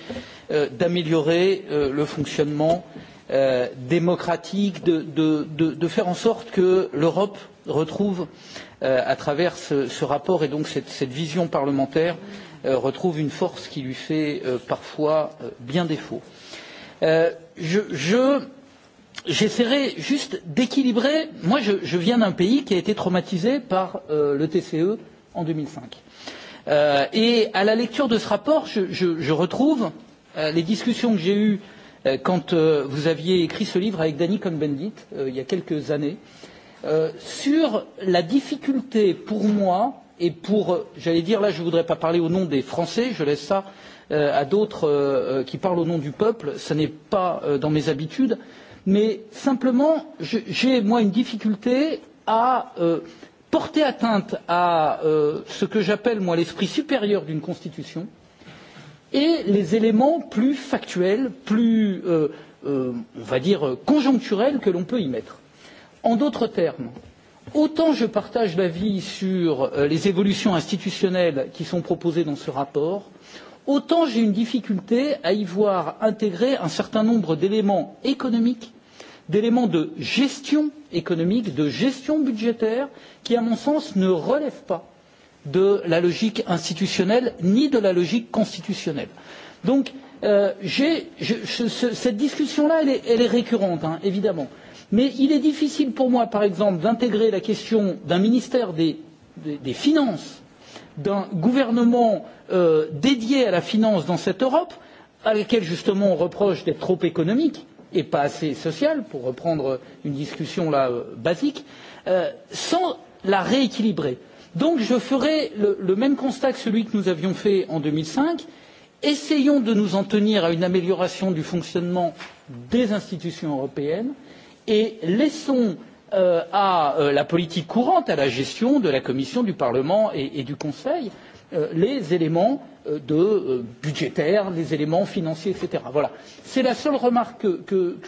d'améliorer le fonctionnement démocratique, de faire en sorte que l'Europe retrouve, à travers ce rapport et donc cette vision parlementaire, retrouve une force qui lui fait parfois bien défaut. Je J'essaierai juste d'équilibrer. Moi, je, je viens d'un pays qui a été traumatisé par le TCE en 2005. Euh, et à la lecture de ce rapport, je, je, je retrouve les discussions que j'ai eues quand vous aviez écrit ce livre avec Danny Cohn-Bendit, il y a quelques années, sur la difficulté pour moi et pour, j'allais dire, là je ne voudrais pas parler au nom des Français, je laisse ça à d'autres qui parlent au nom du peuple, ce n'est pas dans mes habitudes, mais simplement j'ai moi une difficulté à porter atteinte à ce que j'appelle moi l'esprit supérieur d'une constitution et les éléments plus factuels plus on va dire conjoncturels que l'on peut y mettre en d'autres termes autant je partage l'avis sur les évolutions institutionnelles qui sont proposées dans ce rapport autant j'ai une difficulté à y voir intégrer un certain nombre d'éléments économiques d'éléments de gestion économique, de gestion budgétaire, qui, à mon sens, ne relèvent pas de la logique institutionnelle ni de la logique constitutionnelle. Donc, cette discussion-là, elle est récurrente, évidemment. Mais il est difficile pour moi, par exemple, d'intégrer la question d'un ministère des Finances, d'un gouvernement dédié à la finance dans cette Europe, à laquelle, justement, on reproche d'être trop économique, et pas assez sociale, pour reprendre une discussion là basique, sans la rééquilibrer. Donc je ferai le même constat que celui que nous avions fait en 2005. Essayons de nous en tenir à une amélioration du fonctionnement des institutions européennes et laissons à la politique courante, à la gestion de la Commission, du Parlement et du Conseil, les éléments de budgétaires, les éléments financiers, etc. Voilà. C'est la seule remarque que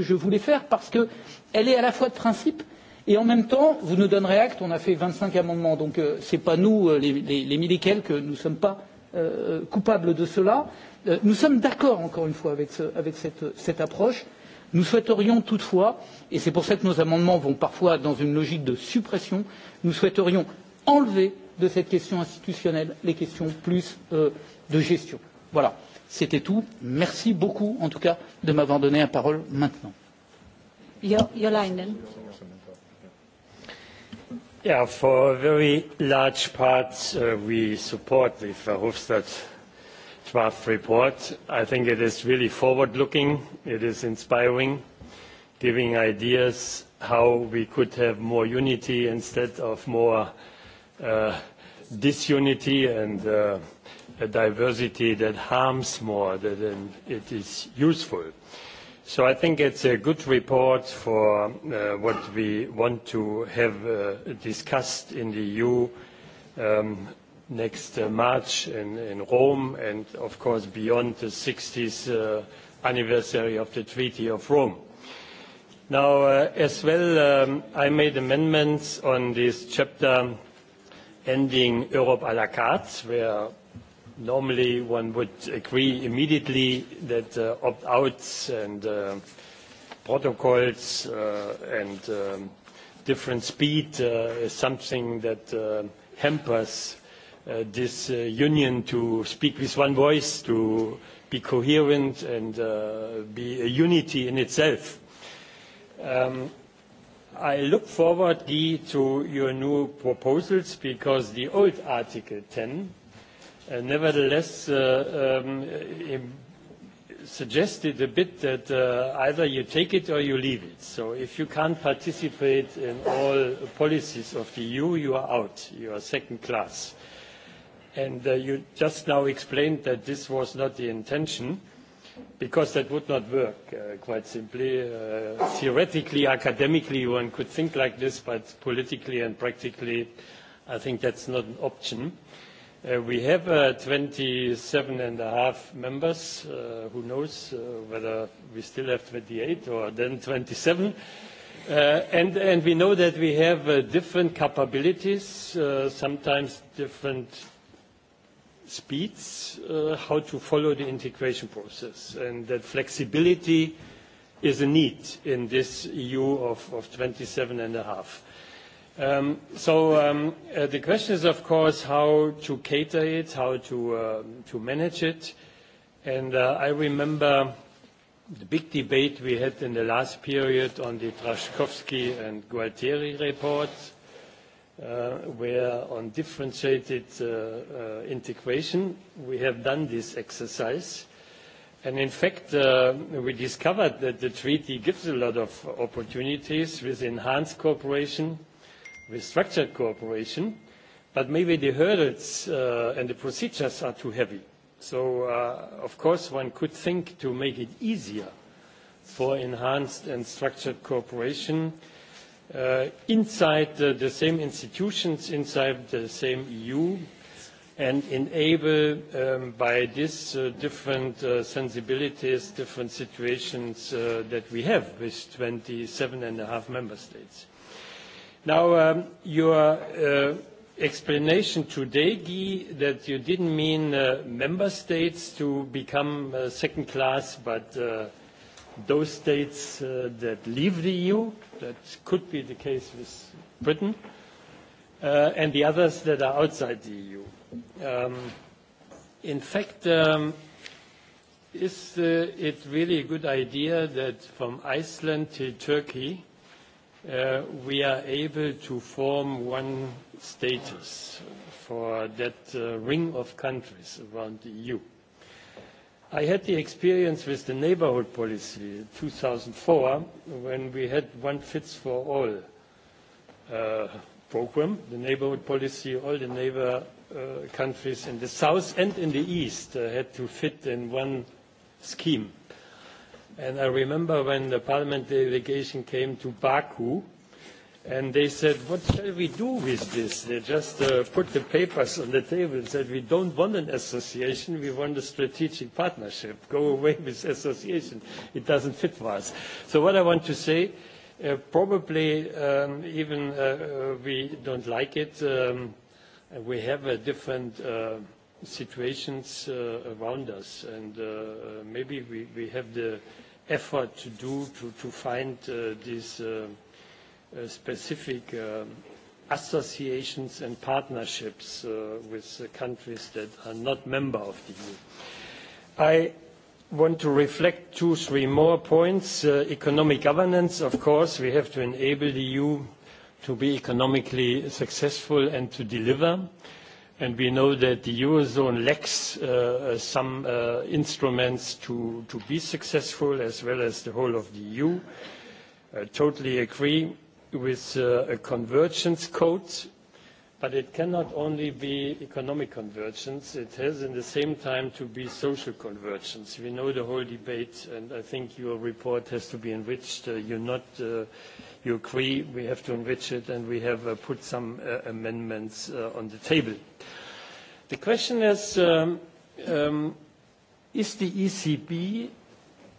je voulais faire parce qu'elle est à la fois de principe et en même temps, vous nous donnerez acte, on a fait 25 amendements, donc ce n'est pas nous, les mille et quelques, nous ne sommes pas coupables de cela. Nous sommes d'accord, encore une fois, avec cette approche. Nous souhaiterions toutefois, et c'est pour ça que nos amendements vont parfois dans une logique de suppression, nous souhaiterions enlever de cette question institutionnelle les questions plus de gestion. Voilà, c'était tout. Merci beaucoup, en tout cas, de m'avoir donné la parole maintenant. Yeah, for large we support the Verhofstadt draft report. I think it is really forward-looking. It is inspiring, giving ideas how we could have more unity instead of more disunity and a diversity that harms more than it is useful. So I think it's a good report for what we want to have discussed in the EU next March in Rome and, of course, beyond the 60th anniversary of the Treaty of Rome. Now, as well, I made amendments on this chapter ending Europe à la carte, where normally one would agree immediately that opt-outs and protocols and different speed is something that hampers this union to speak with one voice, to be coherent and be a unity in itself. I look forward to your new proposals because the old Article 10 nevertheless suggested a bit that either you take it or you leave it. So if you can't participate in all policies of the EU, you are out. You are second class. And you just now explained that this was not the intention because that would not work, quite simply. Theoretically, academically, one could think like this, but politically and practically, I think that's not an option. We have 27 and a half members. Who knows whether we still have 28 or then 27. And we know that we have different capabilities, sometimes different speeds, how to follow the integration process, and that flexibility is a need in this EU of 27 and a half. So the question is, of course, how to cater it, how to manage it. And I remember the big debate we had in the last period on the Trzaskowski and Gualtieri reports where on differentiated integration we have done this exercise. And in fact, we discovered that the treaty gives a lot of opportunities with enhanced cooperation, with structured cooperation, but maybe the hurdles and the procedures are too heavy. So, of course, one could think to make it easier for enhanced and structured cooperation inside the same institutions, inside the same EU, and enable by this different sensibilities, different situations that we have with 27 and a half member states. Now, your explanation today, Guy, that you didn't mean member states to become second class, but those states that leave the EU, that could be the case with Britain, and the others that are outside the EU. In fact, is it really a good idea that from Iceland to Turkey, we are able to form one status for that ring of countries around the EU? I had the experience with the neighborhood policy in 2004 when we had one fits for all programme. the neighborhood policy, all the neighbor countries in the south and in the east had to fit in one scheme. And I remember when the parliament delegation came to Baku, And they said, what shall we do with this? They just put the papers on the table and said, we don't want an association, we want a strategic partnership. Go away with association. It doesn't fit for us. So what I want to say, probably even we don't like it. We have different situations around us. And maybe we we have the effort to do to to find this specific associations and partnerships with countries that are not member of the EU. I want to reflect two, three more points. Economic governance, of course, we have to enable the EU to be economically successful and to deliver. And we know that the Eurozone lacks some instruments to be successful, as well as the whole of the EU. I totally agree with a convergence code, but it cannot only be economic convergence. It has in the same time to be social convergence. We know the whole debate, and I think your report has to be enriched. not, you agree, we have to enrich it, and we have put some amendments on the table. The question is, is the ECB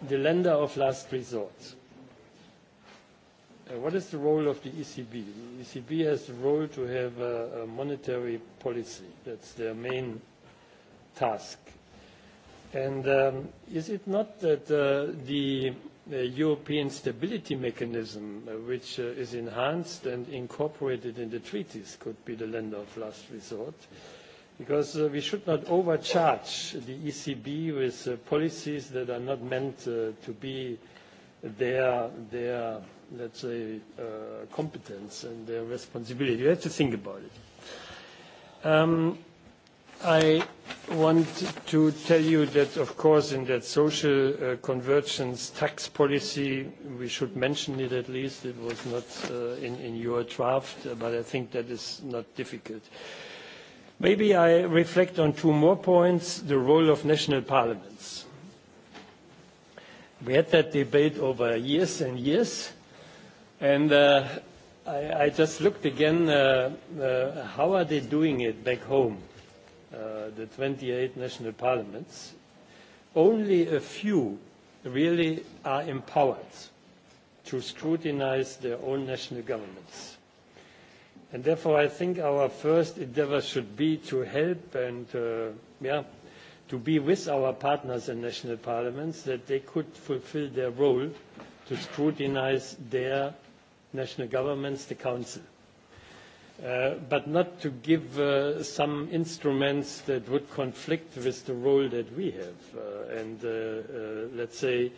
the lender of last resort? What is the role of the ECB? The ECB has the role to have a monetary policy. That's their main task. And is it not that the European stability mechanism, which is enhanced and incorporated in the treaties, could be the lender of last resort? Because we should not overcharge the ECB with policies that are not meant to be their let's say, competence and their responsibility. You have to think about it. I want to tell you that, of course, in that social convergence tax policy, we should mention it at least. It was not in your draft, but I think that is not difficult. Maybe I reflect on two more points, the role of national parliaments. We had that debate over years and years. And I just looked again, how are they doing it back home, the 28 national parliaments? Only a few really are empowered to scrutinize their own national governments. And therefore I think our first endeavor should be to help and yeah, to be with our partners in national parliaments that they could fulfill their role to scrutinize their national governments, the Council, but not to give some instruments that would conflict with the role that we have and, let's say,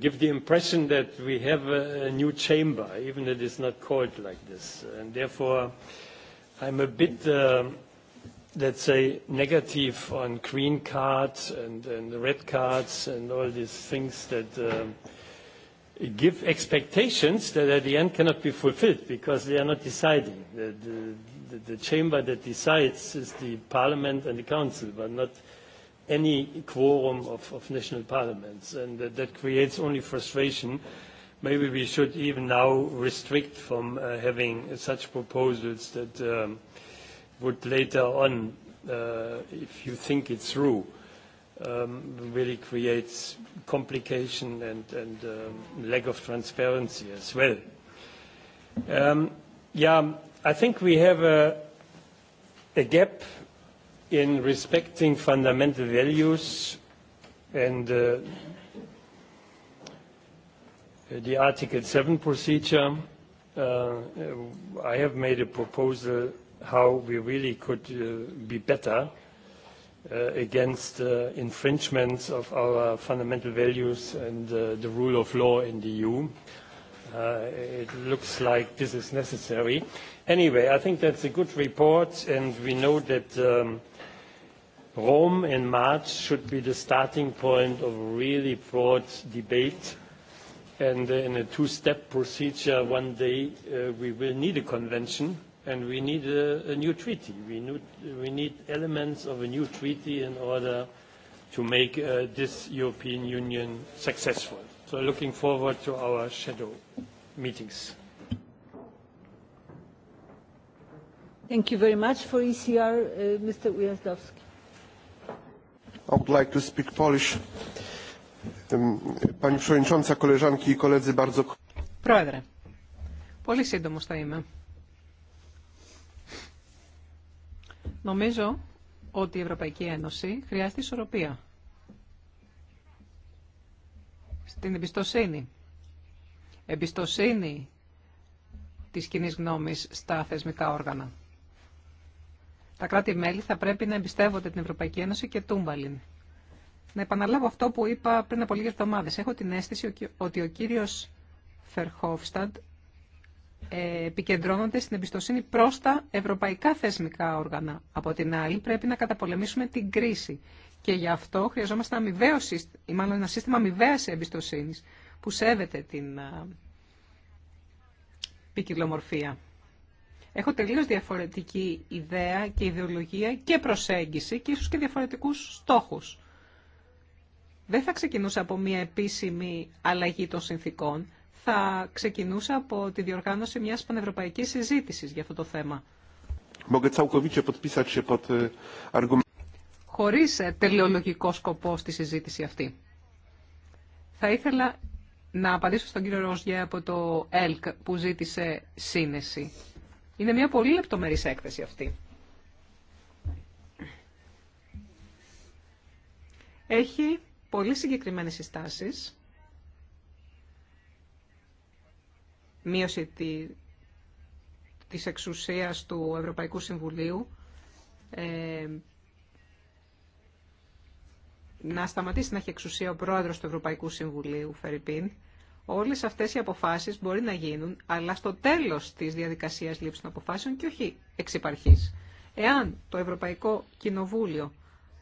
give the impression that we have a new chamber, even if it is not called like this. And therefore, I'm a bit let's say, negative on green cards and red cards and all these things that give expectations that at the end cannot be fulfilled because they are not deciding. The chamber that decides is the parliament and the council, but not any quorum of national parliaments. And that creates only frustration. Maybe we should even now restrict from having such proposals that would later on, if you think it through, really creates complication and lack of transparency as well. Yeah, I think we have a gap in respecting fundamental values and the Article 7 procedure. I have made a proposal how we really could be better against infringements of our fundamental values and the rule of law in the EU. It looks like this is necessary. Anyway, I think that's a good report, and we know that Rome in March should be the starting point of a really broad debate. And in a two-step procedure, one day we will need a convention and we need a new treaty. We need elements of a new treaty in order to make this European Union successful. So looking forward to our shadow meetings. Thank you very much. For ECR, Mr. Ujazdowski. I would like to speak Polish. Pani Przewodnicząca, koleżanki i koledzy, bardzo... Πρόεδρε, πολύ σύντομος θα είμαι. Νομίζω ότι η Ευρωπαϊκή Ένωση χρειάζεται ισορροπία στην εμπιστοσύνη. Εμπιστοσύνη της κοινή γνώμης στα θεσμικά όργανα. Τα κράτη-μέλη θα πρέπει να εμπιστεύονται την Ευρωπαϊκή Ένωση και τούμπαλιν. Να επαναλάβω αυτό που είπα πριν από λίγες εβδομάδες. Έχω την αίσθηση ότι ο κύριος Φερχόφσταντ επικεντρώνονται στην εμπιστοσύνη προ τα ευρωπαϊκά θεσμικά όργανα. Από την άλλη πρέπει να καταπολεμήσουμε την κρίση και γι' αυτό χρειαζόμαστε ένα, αμοιβαίο, ή μάλλον ένα σύστημα αμοιβαία εμπιστοσύνη που σέβεται την ποικιλομορφία. Έχω τελείως διαφορετική ιδέα και ιδεολογία και προσέγγιση και ίσω και διαφορετικού στόχου. Δεν θα ξεκινούσα από μια επίσημη αλλαγή των συνθήκων θα ξεκινούσα από τη διοργάνωση μιας πανευρωπαϊκής συζήτησης για αυτό το θέμα. E, Χωρίς ε, τελεολογικό σκοπό στη συζήτηση αυτή. Θα ήθελα να απαντήσω στον κύριο Ροζιέ από το ΕΛΚ που ζήτησε σύνεση. Είναι μια πολύ λεπτομερής έκθεση αυτή. Έχει πολύ συγκεκριμένες συστάσεις μείωση της εξουσίας του Ευρωπαϊκού Συμβουλίου, ε, να σταματήσει να έχει εξουσία ο πρόεδρος του Ευρωπαϊκού Συμβουλίου, Φερρυπίν. Όλες αυτές οι αποφάσεις μπορεί να γίνουν, αλλά στο τέλος της διαδικασίας λήψης των αποφάσεων και όχι εξ Εάν το Ευρωπαϊκό Κοινοβούλιο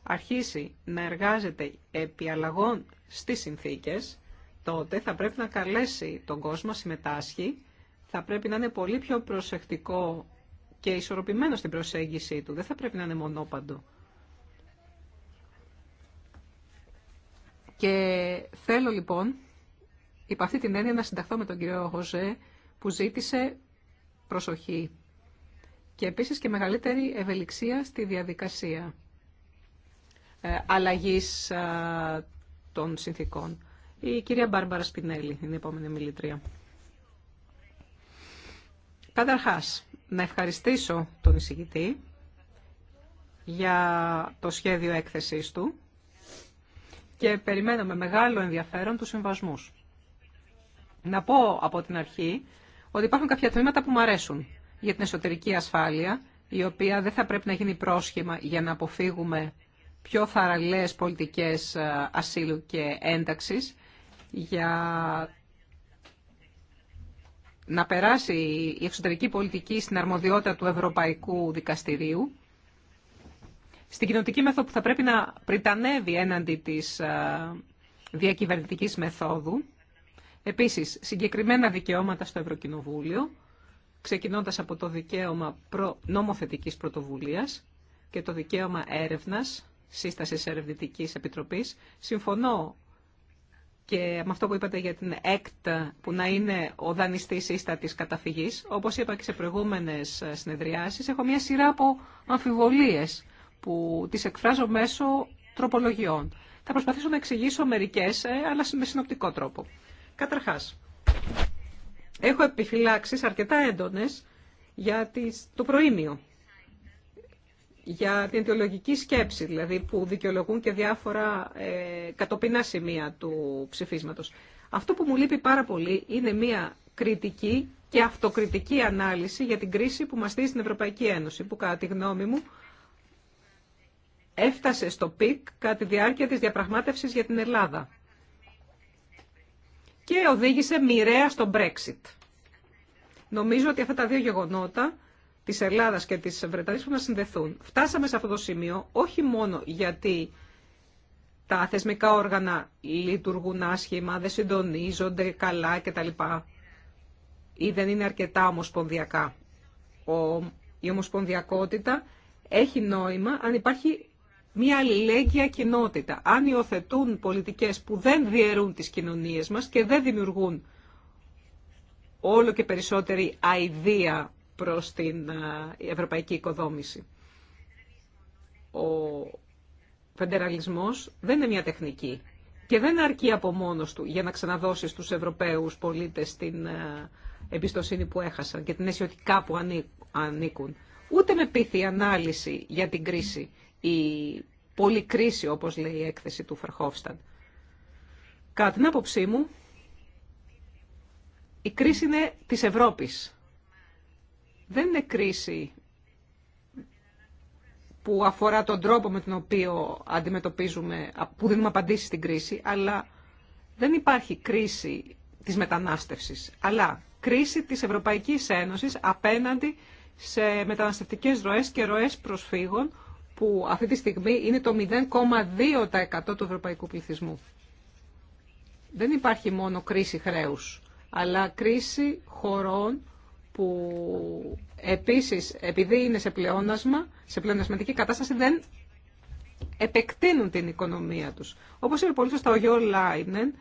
αρχίσει να εργάζεται επί αλλαγών στις συνθήκες, τότε θα πρέπει να καλέσει τον κόσμο να συμμετάσχει, θα πρέπει να είναι πολύ πιο προσεκτικό και ισορροπημένο στην προσέγγιση του. Δεν θα πρέπει να είναι μονόπαντο. Και θέλω λοιπόν, υπ' αυτή την έννοια, να συνταχθώ με τον κύριο Χωζέ που ζήτησε προσοχή και επίσης και μεγαλύτερη ευελιξία στη διαδικασία ε, αλλαγής ε, των συνθήκων. Η κυρία Μπάρμπαρα Σπινέλη είναι η επόμενη μιλήτρια. Καταρχάς, να ευχαριστήσω τον εισηγητή για το σχέδιο έκθεσής του και περιμένω με μεγάλο ενδιαφέρον τους συμβασμούς. Να πω από την αρχή ότι υπάρχουν κάποια τμήματα που μου αρέσουν για την εσωτερική ασφάλεια, η οποία δεν θα πρέπει να γίνει πρόσχημα για να αποφύγουμε πιο θαραλέες πολιτικές ε, ασύλου και ένταξης, για να περάσει η εξωτερική πολιτική στην αρμοδιότητα του Ευρωπαϊκού Δικαστηρίου, στην κοινωτική μέθοδο που θα πρέπει να πριτανεύει έναντι της ε, διακυβερνητικής μεθόδου, επίσης συγκεκριμένα δικαιώματα στο Ευρωκοινοβούλιο, ξεκινώντας από το δικαίωμα προ νομοθετικής πρωτοβουλίας και το δικαίωμα έρευνας, σύστασης ερευνητικής επιτροπής. Συμφωνώ και με αυτό που είπατε για την ΕΚΤ που να είναι ο δανειστής ίστατη της καταφυγής, όπως είπα και σε προηγούμενε συνεδριάσεις, έχω μια σειρά από αμφιβολίε που τις εκφράζω μέσω τροπολογιών. Θα προσπαθήσω να εξηγήσω μερικές, ε, αλλά με συνοπτικό τρόπο. Καταρχάς, έχω επιφυλάξεις αρκετά έντονες για το προήμιο για την αιτιολογική σκέψη, δηλαδή που δικαιολογούν και διάφορα ε, κατοπινά σημεία του ψηφίσματος. Αυτό που μου λείπει πάρα πολύ είναι μια κριτική και αυτοκριτική ανάλυση για την κρίση που μας δίνει στην Ευρωπαϊκή Ένωση, που κατά τη γνώμη μου έφτασε στο πικ κατά τη διάρκεια της διαπραγμάτευσης για την Ελλάδα και οδήγησε μοιραία στο Brexit. Νομίζω ότι αυτά τα δύο γεγονότα Τη Ελλάδα και τη Βρετανία που να συνδεθούν. Φτάσαμε σε αυτό το σημείο όχι μόνο γιατί τα θεσμικά όργανα λειτουργούν άσχημα, δεν συντονίζονται καλά κτλ. ή δεν είναι αρκετά ομοσπονδιακά. Ο, η ομοσπονδιακότητα έχει νόημα αν υπάρχει μια αλληλέγγυα κοινότητα. Αν υιοθετούν πολιτικές που δεν διαιρούν τις κοινωνίες μας και δεν δημιουργούν όλο και περισσότερη αηδία προς την ευρωπαϊκή οικοδόμηση. Ο φεντεραλισμός δεν είναι μια τεχνική και δεν αρκεί από μόνος του για να ξαναδώσει στους Ευρωπαίους πολίτες την εμπιστοσύνη που έχασαν και την αισιοτικά που ανήκουν. Ούτε με πείθει ανάλυση για την κρίση, η πολυκρίση όπως λέει η έκθεση του Φερχόφσταντ. Κατά την άποψή μου, η κρίση είναι της Ευρώπης δεν είναι κρίση που αφορά τον τρόπο με τον οποίο αντιμετωπίζουμε, που δίνουμε απαντήσεις στην κρίση, αλλά δεν υπάρχει κρίση της μετανάστευσης, αλλά κρίση της Ευρωπαϊκής Ένωσης απέναντι σε μεταναστευτικές ροές και ροές προσφύγων, που αυτή τη στιγμή είναι το 0,2% του ευρωπαϊκού πληθυσμού. Δεν υπάρχει μόνο κρίση χρέους, αλλά κρίση χωρών που επίσης επειδή είναι σε πλεόνασμα, σε πλεονασματική κατάσταση δεν επεκτείνουν την οικονομία τους. Όπως είπε πολύ σωστά ο Γιώργο Λάινεν,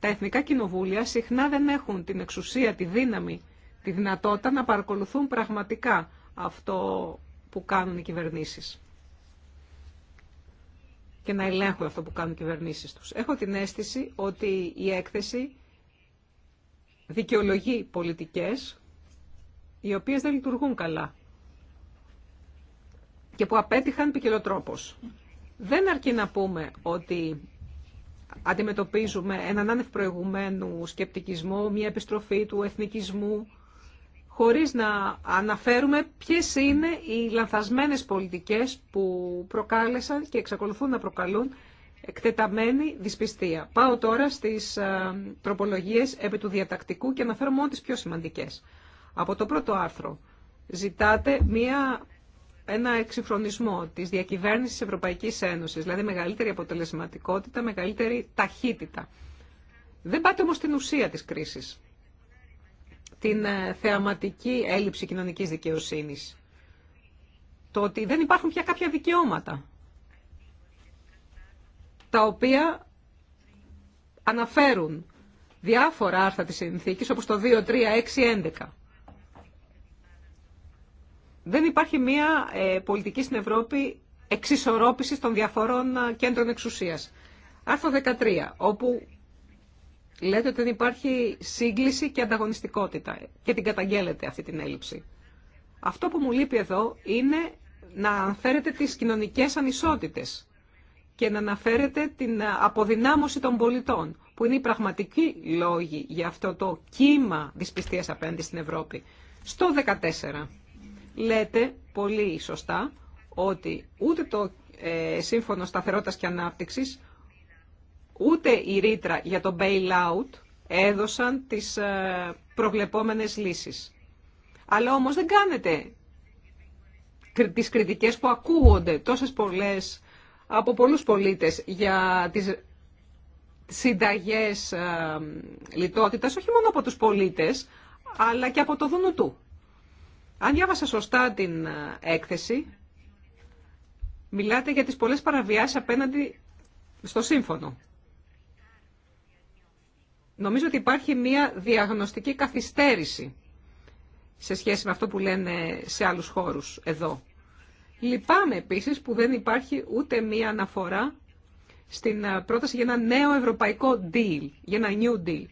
τα εθνικά κοινοβούλια συχνά δεν έχουν την εξουσία, τη δύναμη, τη δυνατότητα να παρακολουθούν πραγματικά αυτό που κάνουν οι κυβερνήσεις και να ελέγχουν αυτό που κάνουν οι κυβερνήσεις τους. Έχω την αίσθηση ότι η έκθεση δικαιολογεί πολιτικές οι οποίες δεν λειτουργούν καλά και που απέτυχαν ποικιλοτρόπως. Δεν αρκεί να πούμε ότι αντιμετωπίζουμε έναν άνευ προηγουμένου σκεπτικισμό, μια επιστροφή του εθνικισμού, χωρίς να αναφέρουμε ποιες είναι οι λανθασμένες πολιτικές που προκάλεσαν και εξακολουθούν να προκαλούν εκτεταμένη δυσπιστία. Πάω τώρα στις ε, τροπολογίες επί του διατακτικού και αναφέρω μόνο τις πιο σημαντικές. Από το πρώτο άρθρο ζητάτε μία, ένα εξυγχρονισμό της διακυβέρνησης Ευρωπαϊκής Ένωσης, δηλαδή μεγαλύτερη αποτελεσματικότητα, μεγαλύτερη ταχύτητα. Δεν πάτε όμως στην ουσία της κρίσης, την ε, θεαματική έλλειψη κοινωνικής δικαιοσύνης, το ότι δεν υπάρχουν πια κάποια δικαιώματα, τα οποία αναφέρουν διάφορα άρθρα της συνθήκης, όπως το 2, 3, 6, 11 δεν υπάρχει μία ε, πολιτική στην Ευρώπη εξισορρόπηση των διαφορών ε, κέντρων εξουσίας. Άρθρο 13, όπου λέτε ότι δεν υπάρχει σύγκληση και ανταγωνιστικότητα και την καταγγέλλετε αυτή την έλλειψη. Αυτό που μου λείπει εδώ είναι να αναφέρετε τις κοινωνικές ανισότητες και να αναφέρετε την ε, αποδυνάμωση των πολιτών, που είναι η πραγματική λόγοι για αυτό το κύμα δυσπιστίας απέναντι στην Ευρώπη. Στο 14 Λέτε πολύ σωστά ότι ούτε το ε, Σύμφωνο Σταθερότητας και Ανάπτυξης, ούτε η ρήτρα για το bailout έδωσαν τις ε, προβλεπόμενες λύσεις. Αλλά όμως δεν κάνετε τις κριτικές που ακούγονται τόσες πολλές από πολλούς πολίτες για τις συνταγές ε, λιτότητας, όχι μόνο από τους πολίτες, αλλά και από το δουνού του. Αν διάβασα σωστά την ε, έκθεση, μιλάτε για τις πολλές παραβιάσεις απέναντι στο σύμφωνο. Νομίζω ότι υπάρχει μία διαγνωστική καθυστέρηση σε σχέση με αυτό που λένε σε άλλους χώρους εδώ. Λυπάμαι επίσης που δεν υπάρχει ούτε μία αναφορά στην ε, πρόταση για ένα νέο ευρωπαϊκό deal, για ένα new deal.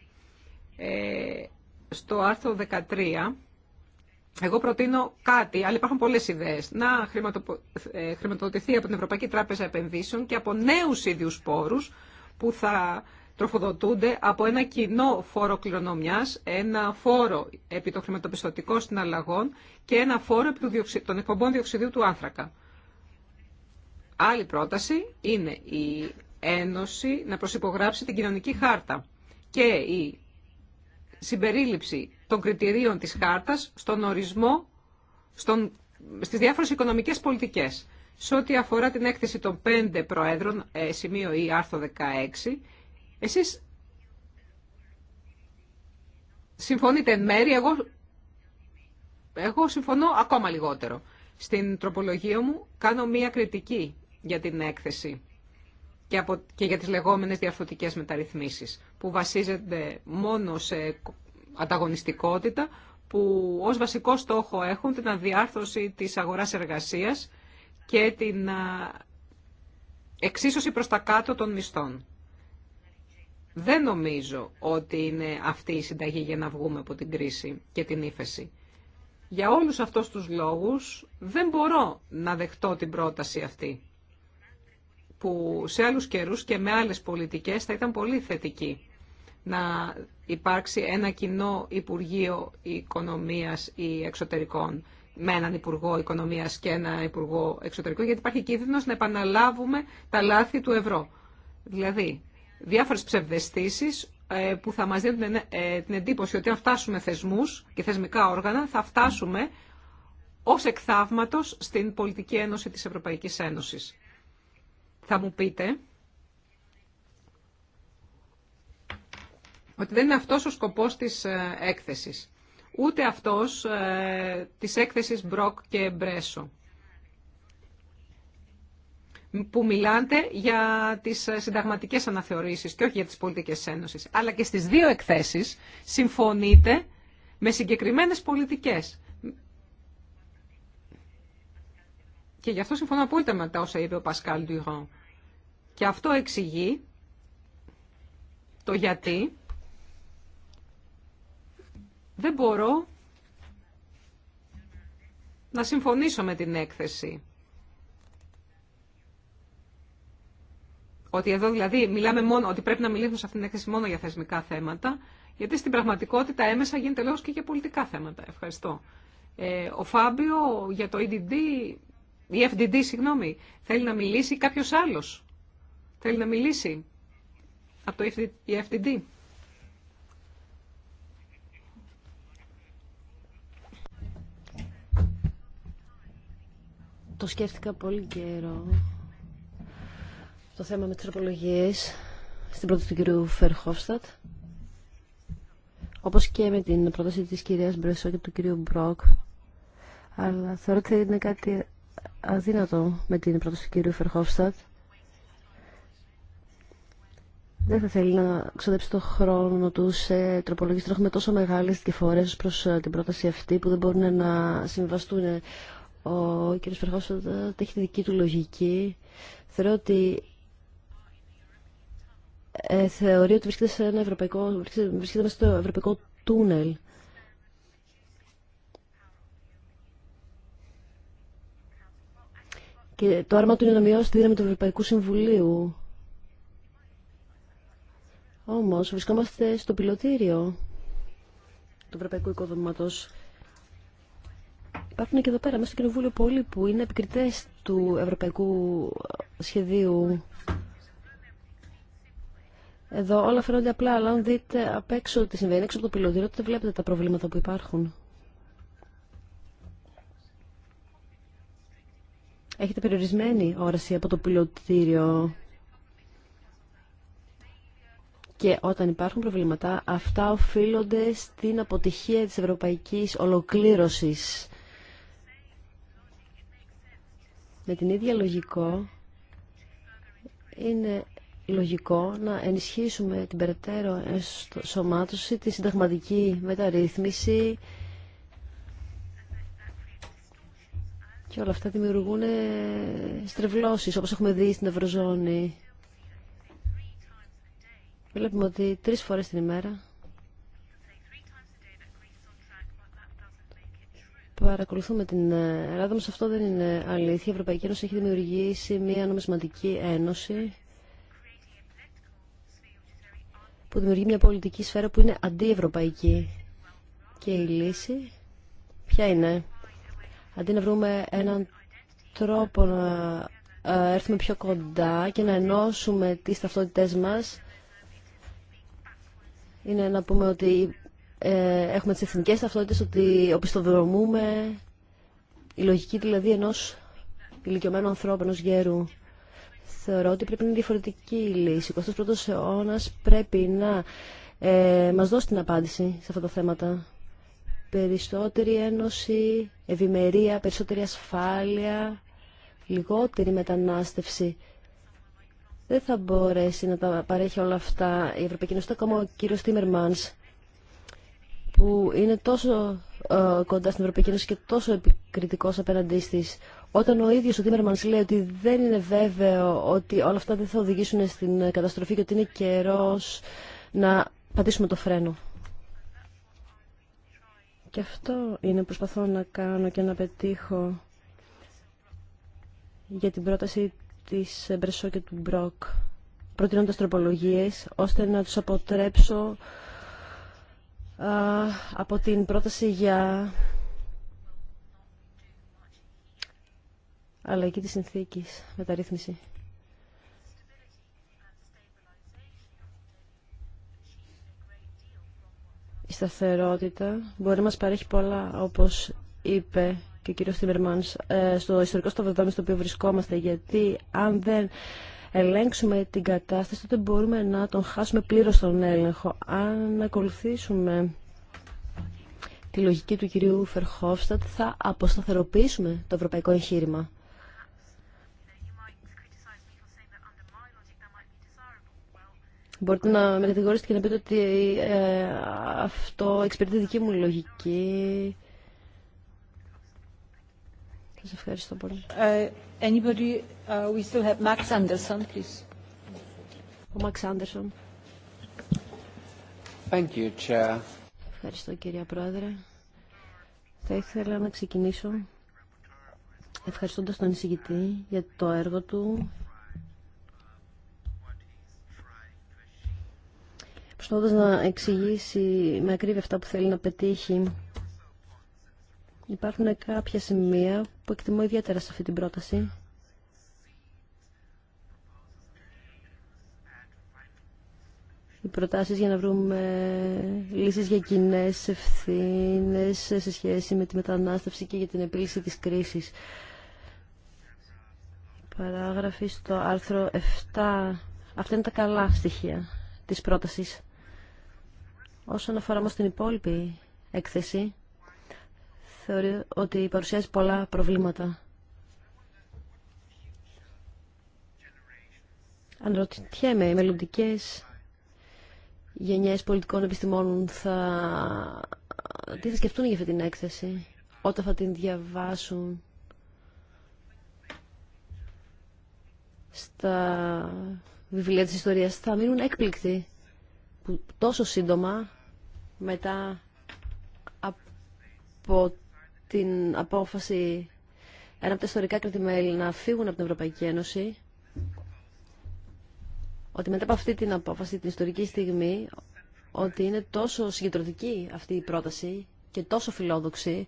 Ε, στο άρθρο 13 εγώ προτείνω κάτι, αλλά υπάρχουν πολλές ιδέες. Να ε, χρηματοδοτηθεί από την Ευρωπαϊκή Τράπεζα Επενδύσεων και από νέους ίδιους πόρους που θα τροφοδοτούνται από ένα κοινό φόρο κληρονομιάς, ένα φόρο επί των χρηματοπιστωτικών συναλλαγών και ένα φόρο επί των εκπομπών διοξιδίου του άνθρακα. Άλλη πρόταση είναι η Ένωση να προσυπογράψει την κοινωνική χάρτα και η συμπερίληψη των κριτηρίων της χάρτας στον ορισμό, στον, στις διάφορες οικονομικές πολιτικές. Σε ό,τι αφορά την έκθεση των πέντε προέδρων, ε, σημείο ή e, άρθρο 16, εσείς συμφωνείτε εν μέρη, εγώ, εγώ συμφωνώ ακόμα λιγότερο. Στην τροπολογία μου κάνω μία κριτική για την έκθεση και, από, και για τις λεγόμενες διαρθωτικές μεταρρυθμίσεις, που βασίζονται μόνο σε ανταγωνιστικότητα, που ως βασικό στόχο έχουν την αδιάρθρωση της αγοράς εργασίας και την εξίσωση προς τα κάτω των μισθών. Δεν νομίζω ότι είναι αυτή η συνταγή για να βγούμε από την κρίση και την ύφεση. Για όλους αυτούς τους λόγους δεν μπορώ να δεχτώ την πρόταση αυτή που σε άλλους καιρούς και με άλλες πολιτικές θα ήταν πολύ θετική να υπάρξει ένα κοινό Υπουργείο Οικονομίας ή Εξωτερικών με έναν Υπουργό Οικονομίας και ένα Υπουργό Εξωτερικών, γιατί υπάρχει κίνδυνος να επαναλάβουμε τα λάθη του ευρώ. Δηλαδή, διάφορες ψευδεστήσεις ε, που θα μας δίνουν ε, την εντύπωση ότι αν φτάσουμε θεσμούς και θεσμικά όργανα, θα φτάσουμε ως εκθαύματος στην Πολιτική Ένωση της Ευρωπαϊκής Ένωσης θα μου πείτε ότι δεν είναι αυτός ο σκοπός της ε, έκθεσης. Ούτε αυτός ε, της έκθεσης Μπροκ και Μπρέσο που μιλάτε για τις ε, συνταγματικές αναθεωρήσεις και όχι για τις πολιτικές ένωσης. Αλλά και στις δύο εκθέσεις συμφωνείτε με συγκεκριμένες πολιτικές. Και γι' αυτό συμφωνώ απόλυτα με τα όσα είπε ο Πασκάλ Και αυτό εξηγεί το γιατί δεν μπορώ να συμφωνήσω με την έκθεση. Ότι εδώ δηλαδή μιλάμε μόνο, ότι πρέπει να μιλήσουμε σε αυτήν την έκθεση μόνο για θεσμικά θέματα, γιατί στην πραγματικότητα έμεσα γίνεται λόγος και για πολιτικά θέματα. Ευχαριστώ. Ε, ο Φάμπιο για το EDD η FDD, συγγνώμη, θέλει να μιλήσει κάποιος άλλος. Θέλει να μιλήσει από το FDD. Το σκέφτηκα πολύ καιρό. Το θέμα με τις τροπολογίες στην πρόταση του κυρίου Φερχόφστατ. Όπως και με την πρόταση της κυρίας Μπρεσό και του κυρίου Μπρόκ. Αλλά θεωρώ ότι είναι κάτι αδύνατο με την πρόταση του κύριου Φερχόφστατ. Δεν θα θέλει να ξοδέψει το χρόνο του σε τροπολογίε. έχουμε τόσο μεγάλε διαφορέ προ ε, την πρόταση αυτή που δεν μπορούν να συμβαστούν. Ε, ο κ. Φερχόφστατ ε, έχει τη δική του λογική. Θεωρώ ότι ε, θεωρεί ότι βρίσκεται, ένα ευρωπαϊκό, βρίσκεται μέσα στο ευρωπαϊκό τούνελ. Και το άρμα του είναι να μειώσει τη δύναμη του Ευρωπαϊκού Συμβουλίου. Όμως βρισκόμαστε στο πιλωτήριο του Ευρωπαϊκού Οικοδομήματος. Υπάρχουν και εδώ πέρα μέσα στο Κοινοβούλιο πολλοί που είναι επικριτές του Ευρωπαϊκού Σχεδίου. Εδώ όλα φαίνονται απλά, αλλά αν δείτε απ' έξω τι συμβαίνει, έξω από το πιλωτήριο, τότε βλέπετε τα προβλήματα που υπάρχουν. Έχετε περιορισμένη όραση από το πιλωτήριο και όταν υπάρχουν προβλήματα αυτά οφείλονται στην αποτυχία της ευρωπαϊκής ολοκλήρωσης. Με την ίδια λογικό είναι λογικό να ενισχύσουμε την περαιτέρω σωμάτωση, τη συνταγματική μεταρρύθμιση Και όλα αυτά δημιουργούν ε, στρεβλώσεις, όπως έχουμε δει στην Ευρωζώνη. Βλέπουμε ότι τρεις φορές την ημέρα παρακολουθούμε την ε, Ελλάδα, όμως αυτό δεν είναι αλήθεια. Η Ευρωπαϊκή Ένωση έχει δημιουργήσει μια νομισματική ένωση που δημιουργεί μια πολιτική σφαίρα που είναι αντιευρωπαϊκή. Και η λύση ποια είναι αντί να βρούμε έναν τρόπο να ε, έρθουμε πιο κοντά και να ενώσουμε τις ταυτότητές μας, είναι να πούμε ότι ε, έχουμε τις εθνικές ταυτότητες, ότι οπισθοδρομούμε η λογική δηλαδή ενός ηλικιωμένου ανθρώπου, ενός γέρου. Θεωρώ ότι πρέπει να είναι διαφορετική η λύση. Ο 21ος αιώνας πρέπει να ε, μας δώσει την απάντηση σε αυτά τα θέματα περισσότερη ένωση, ευημερία, περισσότερη ασφάλεια, λιγότερη μετανάστευση. Δεν θα μπορέσει να τα παρέχει όλα αυτά η Ευρωπαϊκή Ένωση, ακόμα ο κύριος Τίμερμανς, που είναι τόσο ε, κοντά στην Ευρωπαϊκή Ένωση και τόσο επικριτικός απέναντί της. Όταν ο ίδιος ο Τίμερμανς λέει ότι δεν είναι βέβαιο ότι όλα αυτά δεν θα οδηγήσουν στην καταστροφή και ότι είναι καιρός να πατήσουμε το φρένο. Και αυτό είναι που προσπαθώ να κάνω και να πετύχω για την πρόταση της Μπρεσό και του Μπροκ, προτείνοντας τροπολογίες, ώστε να τους αποτρέψω από την πρόταση για αλλαγή της συνθήκης, μεταρρύθμιση. Η σταθερότητα μπορεί να μας παρέχει πολλά, όπως είπε και ο κύριος Τιμερμάνς, ε, στο ιστορικό σταυροδόμιο στο οποίο βρισκόμαστε, γιατί αν δεν ελέγξουμε την κατάσταση, τότε μπορούμε να τον χάσουμε πλήρως τον έλεγχο. Αν ακολουθήσουμε τη λογική του κυρίου Φερχόφστατ, θα αποσταθεροποιήσουμε το ευρωπαϊκό εγχείρημα. Μπορείτε να με κατηγορήσετε και να πείτε ότι ε, αυτό εξυπηρετεί δική μου λογική. Σας ευχαριστώ πολύ. Ε, anybody, ε, we still have Max Anderson, please. Ο Max Anderson. Thank you, Chair. Ευχαριστώ, κυρία Πρόεδρε. Θα ήθελα να ξεκινήσω ευχαριστώντας τον εισηγητή για το έργο του, προσπαθώντας να εξηγήσει με ακρίβεια αυτά που θέλει να πετύχει. Υπάρχουν κάποια σημεία που εκτιμώ ιδιαίτερα σε αυτή την πρόταση. Οι προτάσεις για να βρούμε λύσεις για κοινέ ευθύνε σε σχέση με τη μετανάστευση και για την επίλυση της κρίσης. Παράγραφη στο άρθρο 7. Αυτά είναι τα καλά στοιχεία της πρότασης. Όσον αφορά όμως την υπόλοιπη έκθεση, θεωρεί ότι παρουσιάζει πολλά προβλήματα. Αν Αναρωτιέμαι, οι μελλοντικέ γενιές πολιτικών επιστημόνων θα... τι θα σκεφτούν για αυτή την έκθεση όταν θα την διαβάσουν στα βιβλία της ιστορίας θα μείνουν έκπληκτοι που τόσο σύντομα μετά από την απόφαση ένα από τα ιστορικά κρατημέλη να φύγουν από την Ευρωπαϊκή Ένωση ότι μετά από αυτή την απόφαση, την ιστορική στιγμή ότι είναι τόσο συγκεντρωτική αυτή η πρόταση και τόσο φιλόδοξη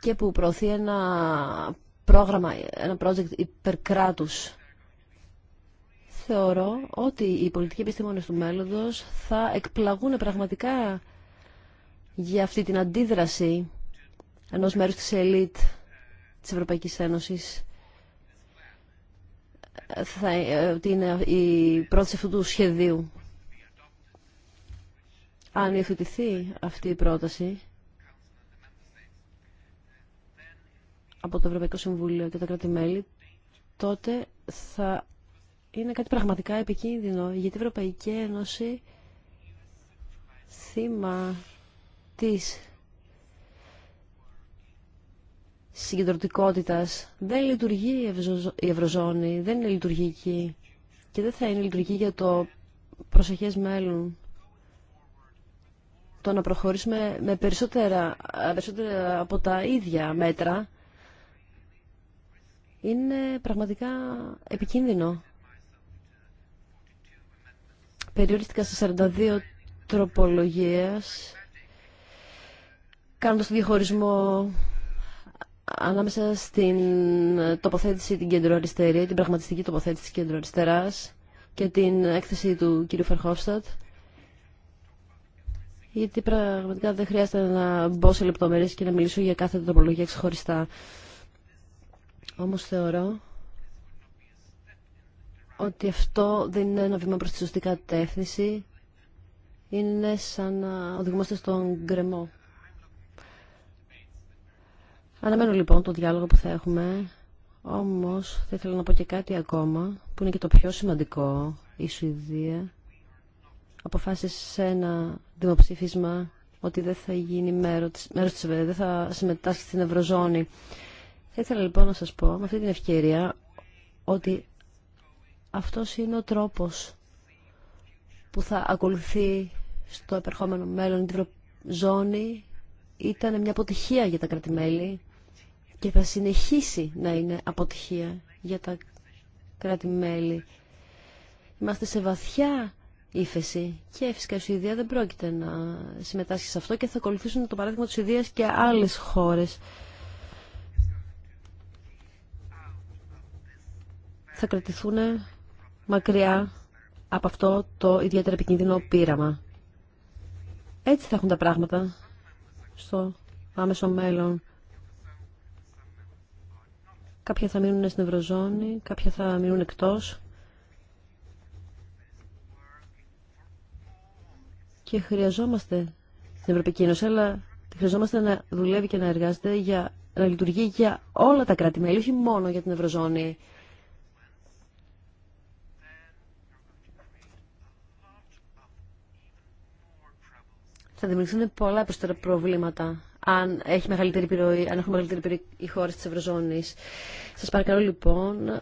και που προωθεί ένα πρόγραμμα, ένα project υπερκράτους θεωρώ ότι οι πολιτικοί επιστήμονες του μέλλοντος θα εκπλαγούν πραγματικά για αυτή την αντίδραση ενός μέρου της ελίτ της Ευρωπαϊκής Ένωσης ε, ότι είναι η πρόταση αυτού του σχεδίου. Αν υιοθετηθεί αυτή η πρόταση από το Ευρωπαϊκό Συμβούλιο και τα κράτη-μέλη, τότε θα είναι κάτι πραγματικά επικίνδυνο, γιατί η Ευρωπαϊκή Ένωση θύμα της συγκεντρωτικότητας δεν λειτουργεί η Ευρωζώνη, δεν είναι λειτουργική και δεν θα είναι λειτουργική για το προσεχές μέλλον. Το να προχωρήσουμε με περισσότερα, περισσότερα από τα ίδια μέτρα είναι πραγματικά επικίνδυνο. Περιορίστηκα σε 42 τροπολογίες, κάνοντας το διαχωρισμό ανάμεσα στην τοποθέτηση την κεντροαριστερή, την πραγματιστική τοποθέτηση της κεντροαριστεράς και την έκθεση του κ. Φερχόφστατ. Γιατί πραγματικά δεν χρειάζεται να μπω σε λεπτομέρειες και να μιλήσω για κάθε τροπολογία ξεχωριστά. Όμως θεωρώ ότι αυτό δεν είναι ένα βήμα προς τη σωστή κατεύθυνση. Είναι σαν να οδηγούμαστε στον γκρεμό. Αναμένω λοιπόν το διάλογο που θα έχουμε. Όμως θα ήθελα να πω και κάτι ακόμα που είναι και το πιο σημαντικό. Η Σουηδία αποφάσισε ένα δημοψήφισμα ότι δεν θα γίνει μέρος της, μέρος δεν θα συμμετάσχει στην Ευρωζώνη. Θα ήθελα λοιπόν να σας πω με αυτή την ευκαιρία ότι αυτός είναι ο τρόπος που θα ακολουθεί στο επερχόμενο μέλλον την ζώνη ήταν μια αποτυχία για τα κρατη και θα συνεχίσει να είναι αποτυχία για τα κρατημέλη μελη Είμαστε σε βαθιά ύφεση και φυσικά η Σουηδία δεν πρόκειται να συμμετάσχει σε αυτό και θα ακολουθήσουν το παράδειγμα της Σουηδίας και άλλες χώρες. Θα κρατηθούν μακριά από αυτό το ιδιαίτερα επικίνδυνο πείραμα. Έτσι θα έχουν τα πράγματα στο άμεσο μέλλον. Κάποια θα μείνουν στην Ευρωζώνη, κάποια θα μείνουν εκτός. Και χρειαζόμαστε την Ευρωπαϊκή Ένωση, αλλά χρειαζόμαστε να δουλεύει και να εργάζεται για να λειτουργεί για όλα τα κράτη-μέλη, όχι μόνο για την Ευρωζώνη. θα δημιουργηθούν πολλά περισσότερα προβλήματα αν, έχει μεγαλύτερη επιρροή, αν έχουν μεγαλύτερη επιρροή οι χώρες της Ευρωζώνης. Σας παρακαλώ λοιπόν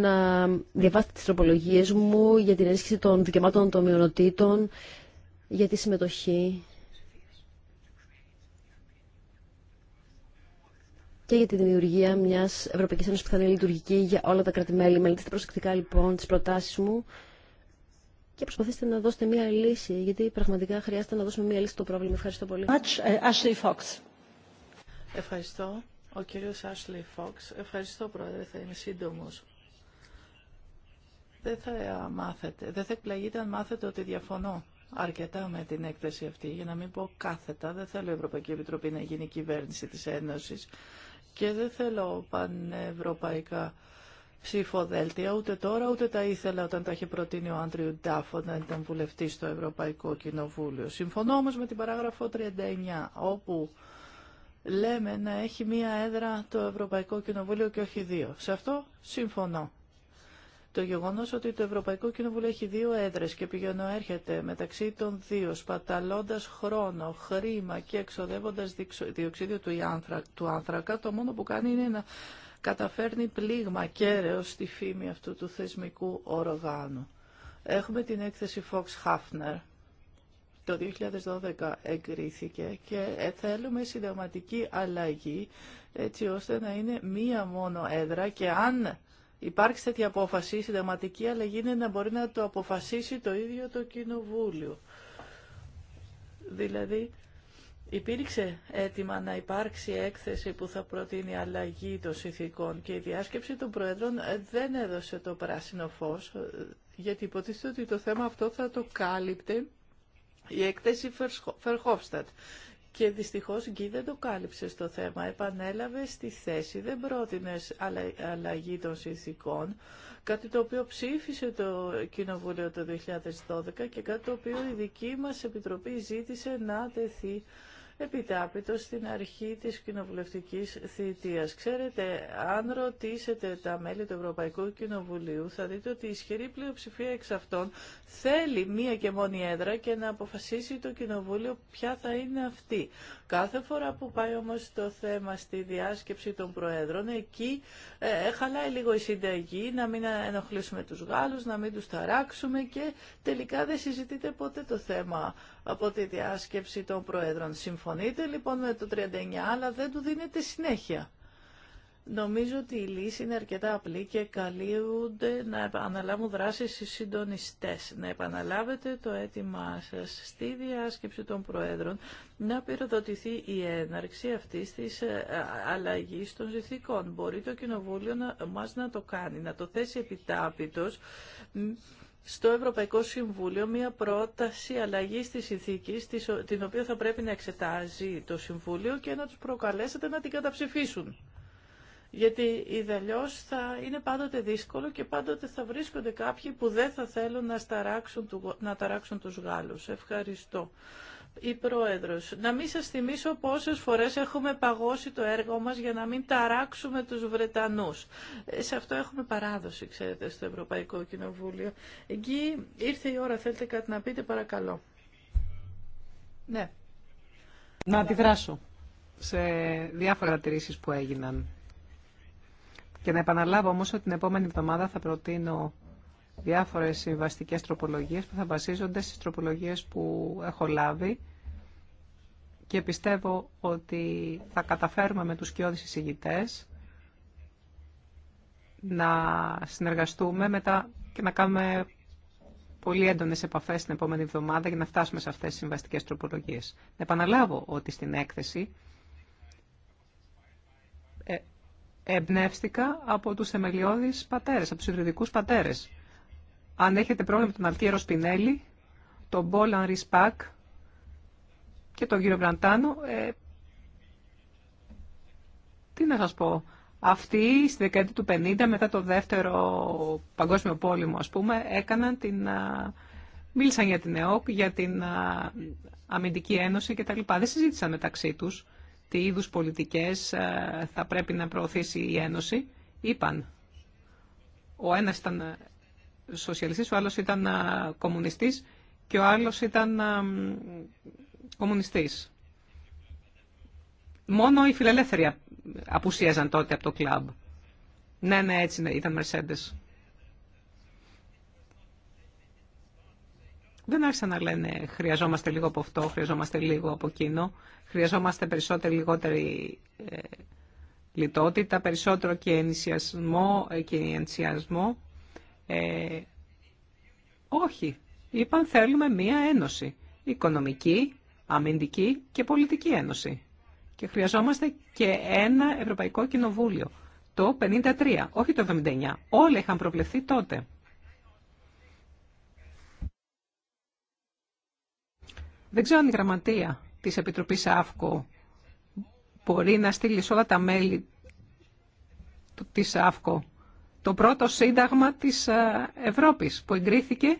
να διαβάσετε τις τροπολογίες μου για την ενίσχυση των δικαιωμάτων των μειονοτήτων, για τη συμμετοχή και για τη δημιουργία μιας Ευρωπαϊκής Ένωσης που θα είναι λειτουργική για όλα τα κράτη-μέλη. Μελετήστε προσεκτικά λοιπόν τις προτάσεις μου και προσπαθήστε να δώσετε μία λύση, γιατί πραγματικά χρειάζεται να δώσουμε μία λύση στο πρόβλημα. Ευχαριστώ πολύ. Uh, Ashley Fox. Ευχαριστώ. Ο κύριος Ashley Fox. Ευχαριστώ, Πρόεδρε. Θα είμαι σύντομος. Δεν θα μάθετε, δεν θα εκπλαγείτε αν μάθετε ότι διαφωνώ αρκετά με την έκθεση αυτή, για να μην πω κάθετα. Δεν θέλω η Ευρωπαϊκή Επιτροπή να γίνει κυβέρνηση της Ένωσης και δεν θέλω πανευρωπαϊκά ψηφοδέλτια. Ούτε τώρα ούτε τα ήθελα όταν τα είχε προτείνει ο Άντριου Ντάφο να ήταν βουλευτή στο Ευρωπαϊκό Κοινοβούλιο. Συμφωνώ όμω με την παράγραφο 39 όπου λέμε να έχει μία έδρα το Ευρωπαϊκό Κοινοβούλιο και όχι δύο. Σε αυτό συμφωνώ. Το γεγονό ότι το Ευρωπαϊκό Κοινοβούλιο έχει δύο έδρε και πηγαίνω έρχεται μεταξύ των δύο, σπαταλώντα χρόνο, χρήμα και εξοδεύοντα διοξίδιο του άνθρακα, το μόνο που κάνει είναι να καταφέρνει πλήγμα κέραιος στη φήμη αυτού του θεσμικού οργάνου. Έχουμε την έκθεση Fox Hafner. Το 2012 εγκρίθηκε και ε, θέλουμε συνταγματική αλλαγή έτσι ώστε να είναι μία μόνο έδρα και αν υπάρξει τέτοια απόφαση, η συνταγματική αλλαγή είναι να μπορεί να το αποφασίσει το ίδιο το Κοινοβούλιο. Δηλαδή Υπήρξε έτοιμα να υπάρξει έκθεση που θα προτείνει αλλαγή των συνθηκών και η διάσκεψη των Προέδρων δεν έδωσε το πράσινο φως, γιατί υποτίθεται ότι το θέμα αυτό θα το κάλυπτε η έκθεση Φερχόφστατ. Και δυστυχώς Γκί δεν το κάλυψε στο θέμα. Επανέλαβε στη θέση, δεν πρότεινε αλλαγή των συνθηκών, κάτι το οποίο ψήφισε το Κοινοβούλιο το 2012 και κάτι το οποίο η δική μας Επιτροπή ζήτησε να τεθεί επιτάπητο στην αρχή της κοινοβουλευτική θητείας. Ξέρετε, αν ρωτήσετε τα μέλη του Ευρωπαϊκού Κοινοβουλίου, θα δείτε ότι η ισχυρή πλειοψηφία εξ αυτών θέλει μία και μόνη έδρα και να αποφασίσει το Κοινοβούλιο ποια θα είναι αυτή. Κάθε φορά που πάει όμως το θέμα στη διάσκεψη των Προέδρων, εκεί ε, χαλάει λίγο η συνταγή, να μην ενοχλήσουμε τους Γάλλους, να μην τους ταράξουμε και τελικά δεν συζητείται ποτέ το θέμα από τη διάσκεψη των Προέδρων. Συμφωνείτε λοιπόν με το 39, αλλά δεν του δίνετε συνέχεια. Νομίζω ότι η λύση είναι αρκετά απλή και καλούνται να αναλάβουν δράσεις οι συντονιστές. Να επαναλάβετε το αίτημά σας στη διάσκεψη των Προέδρων να πυροδοτηθεί η έναρξη αυτής της ε, αλλαγής των ζηθικών. Μπορεί το Κοινοβούλιο να, μας να το κάνει, να το θέσει επιτάπητος στο Ευρωπαϊκό Συμβούλιο μία πρόταση αλλαγή τη συνθήκη, την οποία θα πρέπει να εξετάζει το Συμβούλιο και να τους προκαλέσετε να την καταψηφίσουν. Γιατί ιδελιώ θα είναι πάντοτε δύσκολο και πάντοτε θα βρίσκονται κάποιοι που δεν θα θέλουν να, να ταράξουν τους γάλους Ευχαριστώ η Πρόεδρος. Να μην σας θυμίσω πόσες φορές έχουμε παγώσει το έργο μας για να μην ταράξουμε τους Βρετανούς. Ε, σε αυτό έχουμε παράδοση, ξέρετε, στο Ευρωπαϊκό Κοινοβούλιο. Εκεί ήρθε η ώρα, θέλετε κάτι να πείτε, παρακαλώ. Ναι. Να αντιδράσω σε διάφορα τηρήσεις που έγιναν. Και να επαναλάβω όμως ότι την επόμενη εβδομάδα θα προτείνω διάφορες συμβαστικές τροπολογίες που θα βασίζονται στις τροπολογίες που έχω λάβει και πιστεύω ότι θα καταφέρουμε με τους κοιόδης εισηγητές να συνεργαστούμε μετά και να κάνουμε πολύ έντονες επαφές την επόμενη εβδομάδα για να φτάσουμε σε αυτές τις συμβαστικές τροπολογίες. Να επαναλάβω ότι στην έκθεση ε, εμπνεύστηκα από τους θεμελιώδεις πατέρες, από τους ιδρυτικούς πατέρες αν έχετε πρόβλημα με τον Αλτιέρο Σπινέλη, τον Μπόλαν Ρισπακ και τον κύριο Βραντάνο, ε, τι να σας πω. Αυτοί στη δεκαετία του 50, μετά το δεύτερο παγκόσμιο πόλεμο, ας πούμε, έκαναν την, μίλησαν για την ΕΟΚ, για την Αμυντική Ένωση κτλ. Δεν συζήτησαν μεταξύ τους τι είδους πολιτικές ε, θα πρέπει να προωθήσει η Ένωση. Είπαν, ο ένας ήταν σοσιαλιστής, ο άλλος ήταν κομμουνιστής και ο άλλος ήταν κομμουνιστής. Μόνο οι φιλελεύθεροι απουσίαζαν τότε από το κλαμπ. Ναι, ναι, έτσι ήταν Mercedes. Δεν άρχισαν να λένε χρειαζόμαστε λίγο από αυτό, χρειαζόμαστε λίγο από εκείνο, χρειαζόμαστε περισσότερη λιγότερη ε, λιτότητα, περισσότερο και ενσιασμό, ε, και ε, όχι. Είπαν θέλουμε μία ένωση. Οικονομική, αμυντική και πολιτική ένωση. Και χρειαζόμαστε και ένα Ευρωπαϊκό Κοινοβούλιο. Το 53, όχι το 79. Όλα είχαν προβλεφθεί τότε. Δεν ξέρω αν η γραμματεία της Επιτροπής ΑΦΚΟ μπορεί να στείλει σε όλα τα μέλη της ΑΦΚΟ το πρώτο σύνταγμα της ε, Ευρώπης που εγκρίθηκε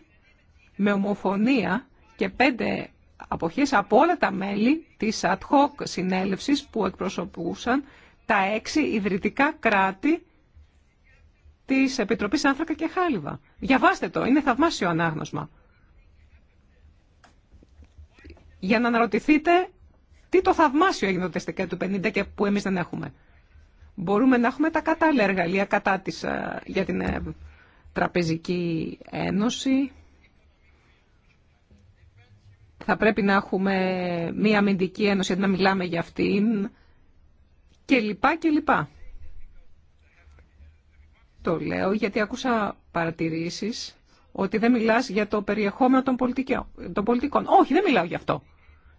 με ομοφωνία και πέντε αποχές από όλα τα μέλη της ad hoc συνέλευσης που εκπροσωπούσαν τα έξι ιδρυτικά κράτη της Επιτροπής Άνθρακα και Χάλιβα. Διαβάστε το, είναι θαυμάσιο ανάγνωσμα. Για να αναρωτηθείτε τι το θαυμάσιο έγινε το τεστικέ του 50 και που εμείς δεν έχουμε μπορούμε να έχουμε τα κατάλληλα εργαλεία κατά της, ε, για την ε, Τραπεζική Ένωση. Θα πρέπει να έχουμε μία αμυντική ένωση, γιατί να μιλάμε για αυτήν και λοιπά και λοιπά. Το λέω γιατί άκουσα παρατηρήσεις ότι δεν μιλάς για το περιεχόμενο των πολιτικών. Όχι, δεν μιλάω για αυτό.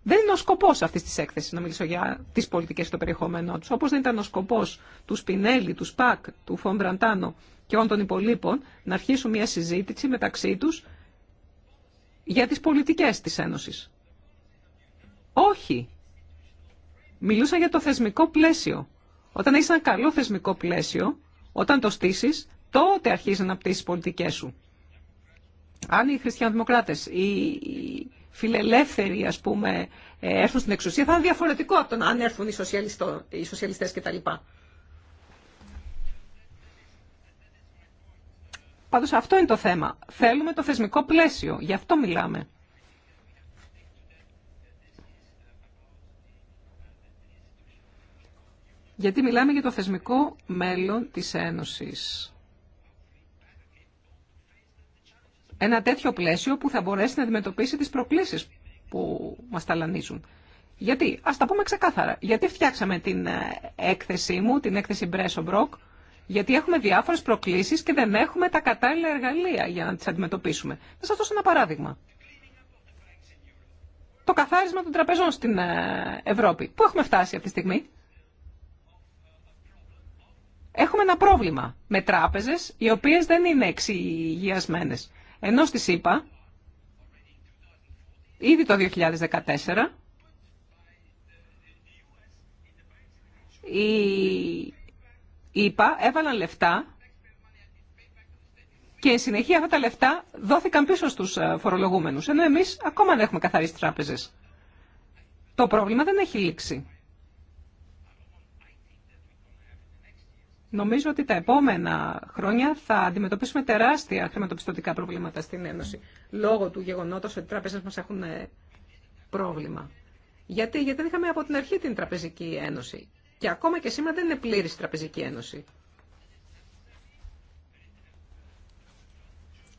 Δεν είναι ο σκοπό αυτή τη έκθεση να μιλήσω για τι πολιτικέ και το περιεχόμενό του. Όπω δεν ήταν ο σκοπό του Σπινέλη, του Σπακ, του Μπραντάνο και όλων των υπολείπων να αρχίσουν μια συζήτηση μεταξύ του για τι πολιτικέ τη Ένωση. Όχι. Μιλούσαν για το θεσμικό πλαίσιο. Όταν έχει ένα καλό θεσμικό πλαίσιο, όταν το στήσει, τότε αρχίζει να πτήσει τι πολιτικέ σου. Αν οι χριστιανοδημοκράτε, οι φιλελεύθεροι ας πούμε ε, έρθουν στην εξουσία θα είναι διαφορετικό από το αν έρθουν οι, οι σοσιαλιστές κτλ. Πάντως αυτό είναι το θέμα. Θέλουμε το θεσμικό πλαίσιο. Γι' αυτό μιλάμε. Γιατί μιλάμε για το θεσμικό μέλλον της Ένωσης. ένα τέτοιο πλαίσιο που θα μπορέσει να αντιμετωπίσει τις προκλήσεις που μας ταλανίζουν. Γιατί, ας τα πούμε ξεκάθαρα, γιατί φτιάξαμε την ε, έκθεσή μου, την έκθεση Μπρέσο Μπροκ, γιατί έχουμε διάφορες προκλήσεις και δεν έχουμε τα κατάλληλα εργαλεία για να τις αντιμετωπίσουμε. Θα σας δώσω ένα παράδειγμα. Το καθάρισμα των τραπεζών στην ε, Ευρώπη. Πού έχουμε φτάσει αυτή τη στιγμή. Έχουμε ένα πρόβλημα με τράπεζες οι οποίες δεν είναι εξυγιασμένες. Ενώ στη ΣΥΠΑ, ήδη το 2014, οι ΗΠΑ έβαλαν λεφτά και συνεχεία αυτά τα λεφτά δόθηκαν πίσω στους ε, φορολογούμενους, ενώ εμείς ακόμα δεν έχουμε καθαρίσει τράπεζες. Το πρόβλημα δεν έχει λήξει. Νομίζω ότι τα επόμενα χρόνια θα αντιμετωπίσουμε τεράστια χρηματοπιστωτικά προβλήματα στην Ένωση, λόγω του γεγονότος ότι οι τράπεζες μας έχουν ε, πρόβλημα. Γιατί, γιατί δεν είχαμε από την αρχή την Τραπεζική Ένωση. Και ακόμα και σήμερα δεν είναι πλήρης η Τραπεζική Ένωση.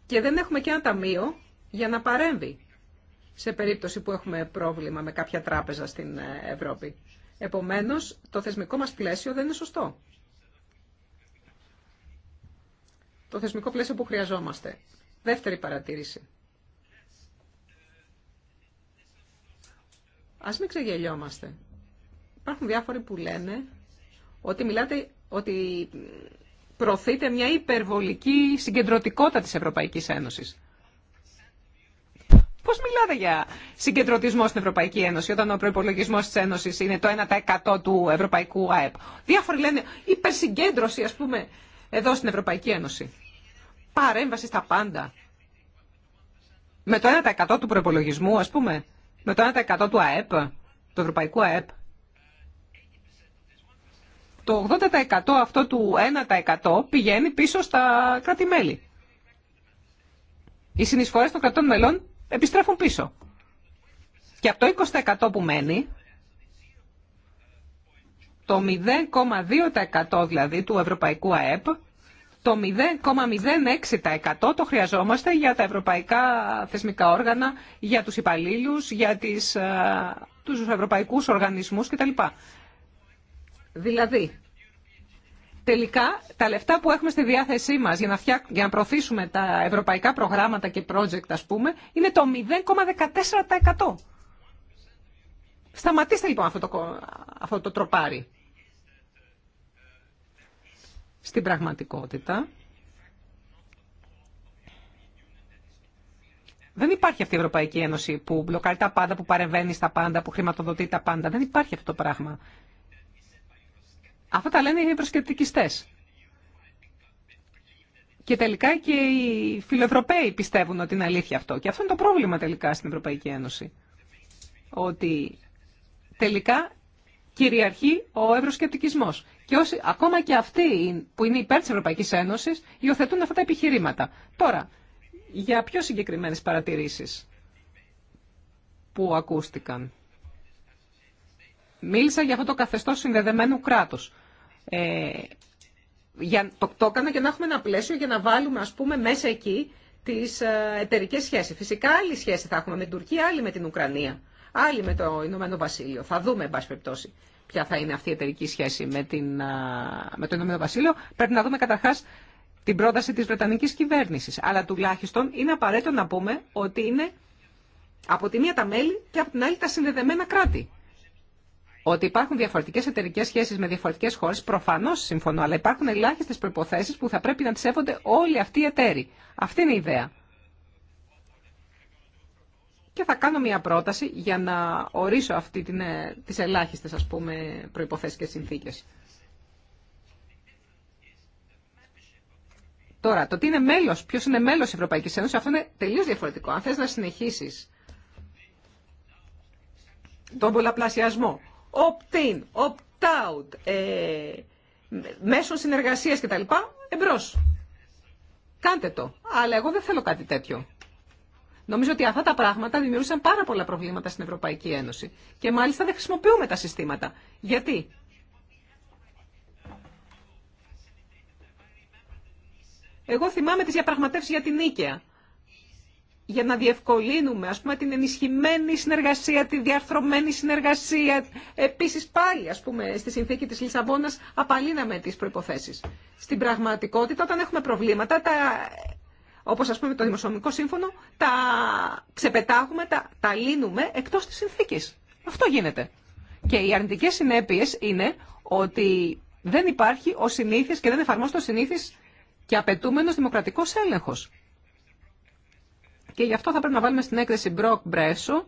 Και δεν έχουμε και ένα ταμείο για να παρέμβει σε περίπτωση που έχουμε πρόβλημα με κάποια τράπεζα στην ε, Ευρώπη. Επομένως, το θεσμικό μας πλαίσιο δεν είναι σωστό το θεσμικό πλαίσιο που χρειαζόμαστε. Δεύτερη παρατήρηση. Ας μην ξεγελιόμαστε. Υπάρχουν διάφοροι που λένε ότι μιλάτε ότι προωθείται μια υπερβολική συγκεντρωτικότητα της Ευρωπαϊκής Ένωσης. Πώς μιλάτε για συγκεντρωτισμό στην Ευρωπαϊκή Ένωση όταν ο προϋπολογισμός της Ένωσης είναι το 1% του Ευρωπαϊκού ΑΕΠ. Διάφοροι λένε υπερσυγκέντρωση ας πούμε εδώ στην Ευρωπαϊκή Ένωση. Παρέμβαση στα πάντα. Με το 1% του προπολογισμού, ας πούμε, με το 1% του ΑΕΠ, του Ευρωπαϊκού ΑΕΠ. Το 80% αυτό του 1% πηγαίνει πίσω στα κράτη-μέλη. Οι συνεισφορές των κρατών μελών επιστρέφουν πίσω. Και από το 20% που μένει, το 0,2% δηλαδή του ευρωπαϊκού ΑΕΠ, το 0,06% το χρειαζόμαστε για τα ευρωπαϊκά θεσμικά όργανα, για τους υπαλλήλους, για τις, ε, τους ευρωπαϊκούς οργανισμούς κτλ. Δηλαδή, τελικά τα λεφτά που έχουμε στη διάθεσή μας για να, φτιά, για να προωθήσουμε τα ευρωπαϊκά προγράμματα και project ας πούμε, είναι το 0,14%. Σταματήστε λοιπόν αυτό το, αυτό το τροπάρι. Στην πραγματικότητα, δεν υπάρχει αυτή η Ευρωπαϊκή Ένωση που μπλοκάρει τα πάντα, που παρεμβαίνει στα πάντα, που χρηματοδοτεί τα πάντα. Δεν υπάρχει αυτό το πράγμα. Αυτά τα λένε οι ευρωσκεπτικιστέ. Και τελικά και οι φιλοευρωπαίοι πιστεύουν ότι είναι αλήθεια αυτό. Και αυτό είναι το πρόβλημα τελικά στην Ευρωπαϊκή Ένωση. Ότι τελικά κυριαρχεί ο ευρωσκεπτικισμός. Και ακόμα και αυτοί που είναι υπέρ τη Ευρωπαϊκή Ένωση υιοθετούν αυτά τα επιχειρήματα. Τώρα, για πιο συγκεκριμένε παρατηρήσει που ακούστηκαν. Μίλησα για αυτό το καθεστώ συνδεδεμένου κράτου. Ε, για, το, το έκανα για να έχουμε ένα πλαίσιο για να βάλουμε ας πούμε μέσα εκεί τις ε, εταιρικέ σχέσεις. Φυσικά άλλη σχέση θα έχουμε με την Τουρκία, άλλη με την Ουκρανία, άλλη με το Ηνωμένο Βασίλειο. Θα δούμε, εν πάση περιπτώσει ποια θα είναι αυτή η εταιρική σχέση με, την, με το Ηνωμένο Βασίλειο, πρέπει να δούμε καταρχά την πρόταση τη Βρετανική κυβέρνηση. Αλλά τουλάχιστον είναι απαραίτητο να πούμε ότι είναι από τη μία τα μέλη και από την άλλη τα συνδεδεμένα κράτη. Ότι υπάρχουν διαφορετικέ εταιρικέ σχέσει με διαφορετικέ χώρε, προφανώ συμφωνώ, αλλά υπάρχουν ελάχιστε προποθέσει που θα πρέπει να τι σέβονται όλοι αυτοί οι εταίροι. Αυτή είναι η ιδέα και θα κάνω μια πρόταση για να ορίσω αυτή την, ε, τις ελάχιστες ας πούμε, προϋποθέσεις και συνθήκες. Τώρα, το τι είναι μέλος, ποιος είναι μέλος της Ευρωπαϊκής Ένωσης, αυτό είναι τελείως διαφορετικό. Αν θες να συνεχίσεις τον πολλαπλασιασμό, opt-in, opt-out, ε, μέσων συνεργασίας κτλ, εμπρός. Κάντε το. Αλλά εγώ δεν θέλω κάτι τέτοιο. Νομίζω ότι αυτά τα πράγματα δημιούργησαν πάρα πολλά προβλήματα στην Ευρωπαϊκή Ένωση. Και μάλιστα δεν χρησιμοποιούμε τα συστήματα. Γιατί? Εγώ θυμάμαι τις διαπραγματεύσεις για την Ίκαια. Για να διευκολύνουμε, ας πούμε, την ενισχυμένη συνεργασία, τη διαρθρωμένη συνεργασία. Επίσης πάλι, ας πούμε, στη συνθήκη της Λισαβόνας απαλύναμε τις προϋποθέσεις. Στην πραγματικότητα, όταν έχουμε προβλήματα, τα Όπω α πούμε το Δημοσιονομικό Σύμφωνο, τα ξεπετάγουμε, τα, λύνουμε εκτό τη συνθήκη. Αυτό γίνεται. Και οι αρνητικέ συνέπειε είναι ότι δεν υπάρχει ο συνήθι και δεν εφαρμόζεται ο συνήθι και απαιτούμενο δημοκρατικό έλεγχο. Και γι' αυτό θα πρέπει να βάλουμε στην έκθεση Μπροκ Μπρέσο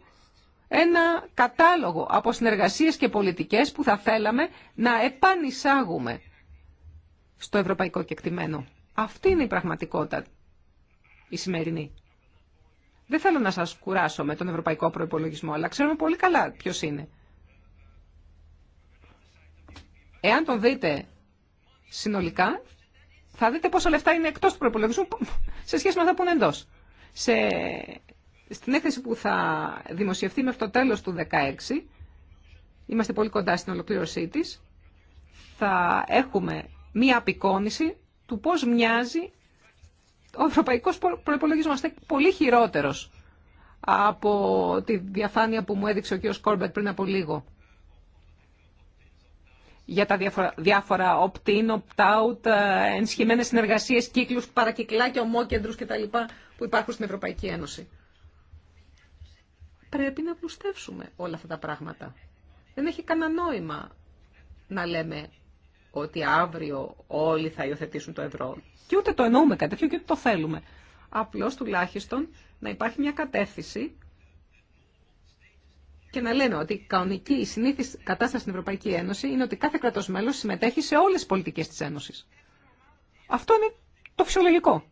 ένα κατάλογο από συνεργασίες και πολιτικές που θα θέλαμε να επανεισάγουμε στο ευρωπαϊκό κεκτημένο. Αυτή είναι η πραγματικότητα η σημερινή. Δεν θέλω να σας κουράσω με τον ευρωπαϊκό προϋπολογισμό, αλλά ξέρουμε πολύ καλά ποιος είναι. Εάν τον δείτε συνολικά, θα δείτε πόσα λεφτά είναι εκτός του προϋπολογισμού σε σχέση με αυτά που είναι εντός. Σε... Στην έκθεση που θα δημοσιευτεί μέχρι το τέλος του 2016, είμαστε πολύ κοντά στην ολοκλήρωσή της, θα έχουμε μία απεικόνηση του πώς μοιάζει ο ευρωπαϊκός προπολογισμό είναι πολύ χειρότερος από τη διαφάνεια που μου έδειξε ο κ. Κόρμπετ πριν από λίγο για τα διάφορα, διάφορα opt-in, opt-out, ε, ενσχημένες συνεργασίες, κύκλους, παρακυκλάκια, ομόκεντρους κτλ. που υπάρχουν στην Ευρωπαϊκή Ένωση. Πρέπει να πλουστεύσουμε όλα αυτά τα πράγματα. Δεν έχει κανένα νόημα να λέμε ότι αύριο όλοι θα υιοθετήσουν το ευρώ. Και ούτε το εννοούμε κάτι τέτοιο και ούτε το θέλουμε. Απλώς τουλάχιστον να υπάρχει μια κατεύθυνση και να λένε ότι η κανονική, η συνήθι κατάσταση στην Ευρωπαϊκή Ένωση είναι ότι κάθε κρατό μέλο συμμετέχει σε όλε τι πολιτικέ τη Ένωση. Αυτό είναι το φυσιολογικό.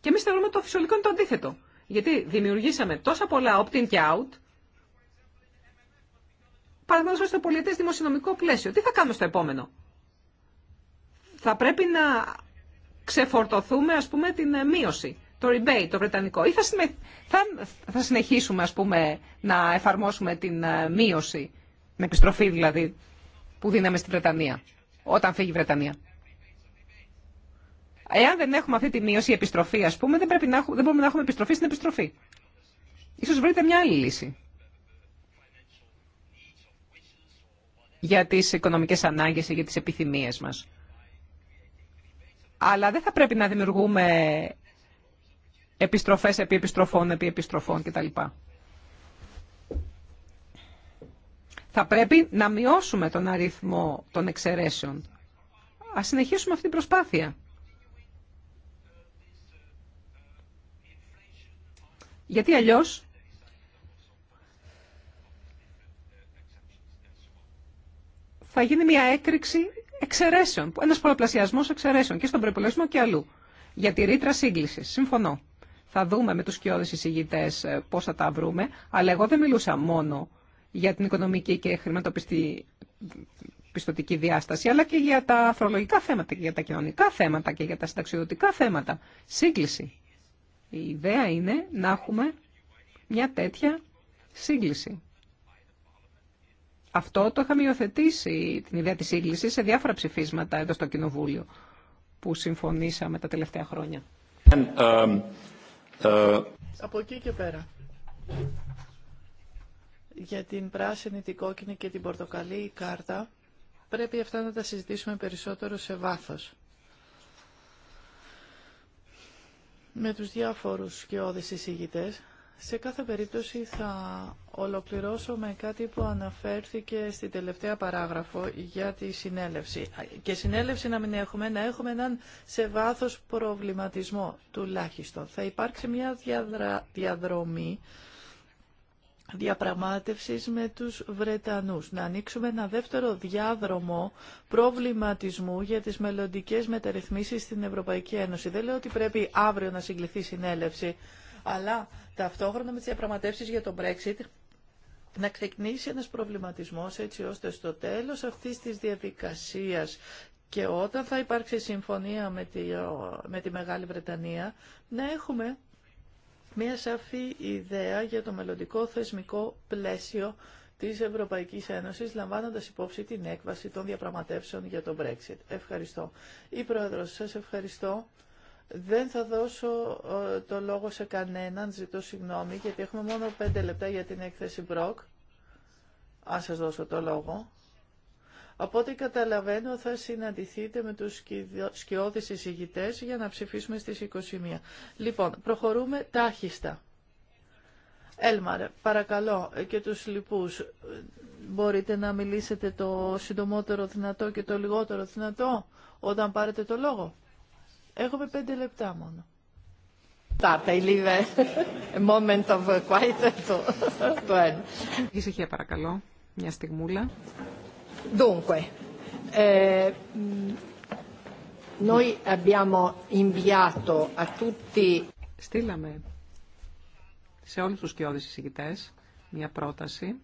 Και εμεί θεωρούμε ότι το φυσιολογικό είναι το αντίθετο. Γιατί δημιουργήσαμε τόσα πολλά opt-in και out παραδείγματο στο πολιτέ δημοσιονομικό πλαίσιο. Τι θα κάνουμε στο επόμενο. Θα πρέπει να ξεφορτωθούμε, ας πούμε, την ε, μείωση, το rebate, το βρετανικό. Ή θα, θα... θα συνεχίσουμε, ας πούμε, να εφαρμόσουμε την ε, μείωση, με επιστροφή δηλαδή, που δίναμε στη Βρετανία, όταν φύγει η Βρετανία. Εάν δεν έχουμε αυτή τη μείωση, η επιστροφή, ας πούμε, δεν, δεν μπορούμε να έχουμε επιστροφή στην επιστροφή. Ίσως βρείτε μια άλλη λύση. για τις οικονομικές ανάγκες ή για τις επιθυμίες μας. Αλλά δεν θα πρέπει να δημιουργούμε επιστροφές επί επιστροφών, επί επιστροφών κτλ. Θα πρέπει να μειώσουμε τον αριθμό των εξαιρέσεων. Ας συνεχίσουμε αυτή την προσπάθεια. Γιατί αλλιώς θα γίνει μια έκρηξη εξαιρέσεων, ένας πολλαπλασιασμός εξαιρέσεων και στον προπολογισμό και αλλού. Για τη ρήτρα σύγκληση. Συμφωνώ. Θα δούμε με τους σκιώδες εισηγητέ ε, πώ θα τα βρούμε, αλλά εγώ δεν μιλούσα μόνο για την οικονομική και χρηματοπιστωτική διάσταση, αλλά και για τα αθρολογικά θέματα και για τα κοινωνικά θέματα και για τα συνταξιδοτικά θέματα. Σύγκληση. Η ιδέα είναι να έχουμε μια τέτοια σύγκληση. Αυτό το είχαμε υιοθετήσει την ιδέα της σύγκλησης σε διάφορα ψηφίσματα εδώ στο Κοινοβούλιο που συμφωνήσαμε τα τελευταία χρόνια. Um, uh, Από εκεί και πέρα. Για την πράσινη, την κόκκινη και την πορτοκαλί κάρτα πρέπει αυτά να τα συζητήσουμε περισσότερο σε βάθος. Με τους διάφορους και όδες εισηγητές σε κάθε περίπτωση θα ολοκληρώσω με κάτι που αναφέρθηκε στην τελευταία παράγραφο για τη συνέλευση. Και συνέλευση να μην έχουμε, να έχουμε έναν σε βάθος προβληματισμό τουλάχιστον. Θα υπάρξει μια διαδρα... διαδρομή διαπραγμάτευσης με τους Βρετανούς. Να ανοίξουμε ένα δεύτερο διάδρομο προβληματισμού για τις μελλοντικές μεταρρυθμίσεις στην Ευρωπαϊκή Ένωση. Δεν λέω ότι πρέπει αύριο να συγκληθεί συνέλευση αλλά ταυτόχρονα με τις διαπραγματεύσεις για το Brexit να ξεκινήσει ένας προβληματισμός έτσι ώστε στο τέλος αυτής της διαδικασίας και όταν θα υπάρξει συμφωνία με τη, Μεγάλη Βρετανία να έχουμε μια σαφή ιδέα για το μελλοντικό θεσμικό πλαίσιο της Ευρωπαϊκής Ένωσης, λαμβάνοντας υπόψη την έκβαση των διαπραγματεύσεων για το Brexit. Ευχαριστώ. Η Πρόεδρος, σας ευχαριστώ. Δεν θα δώσω ε, το λόγο σε κανέναν, ζητώ συγγνώμη, γιατί έχουμε μόνο πέντε λεπτά για την έκθεση Μπροκ. Ας σας δώσω το λόγο. Από ό,τι καταλαβαίνω θα συναντηθείτε με τους σκιώδεις εισηγητές για να ψηφίσουμε στις 21. Λοιπόν, προχωρούμε τάχιστα. Έλμαρ, παρακαλώ ε, και τους λοιπούς, ε, μπορείτε να μιλήσετε το συντομότερο δυνατό και το λιγότερο δυνατό όταν πάρετε το λόγο. Έχουμε πέντε λεπτά μόνο. Ησυχία παρακαλώ. Μια στιγμούλα. Dunque, ε, noi abbiamo inviato a tutti... Στείλαμε σε όλους τους κοιόδης εισηγητές μια πρόταση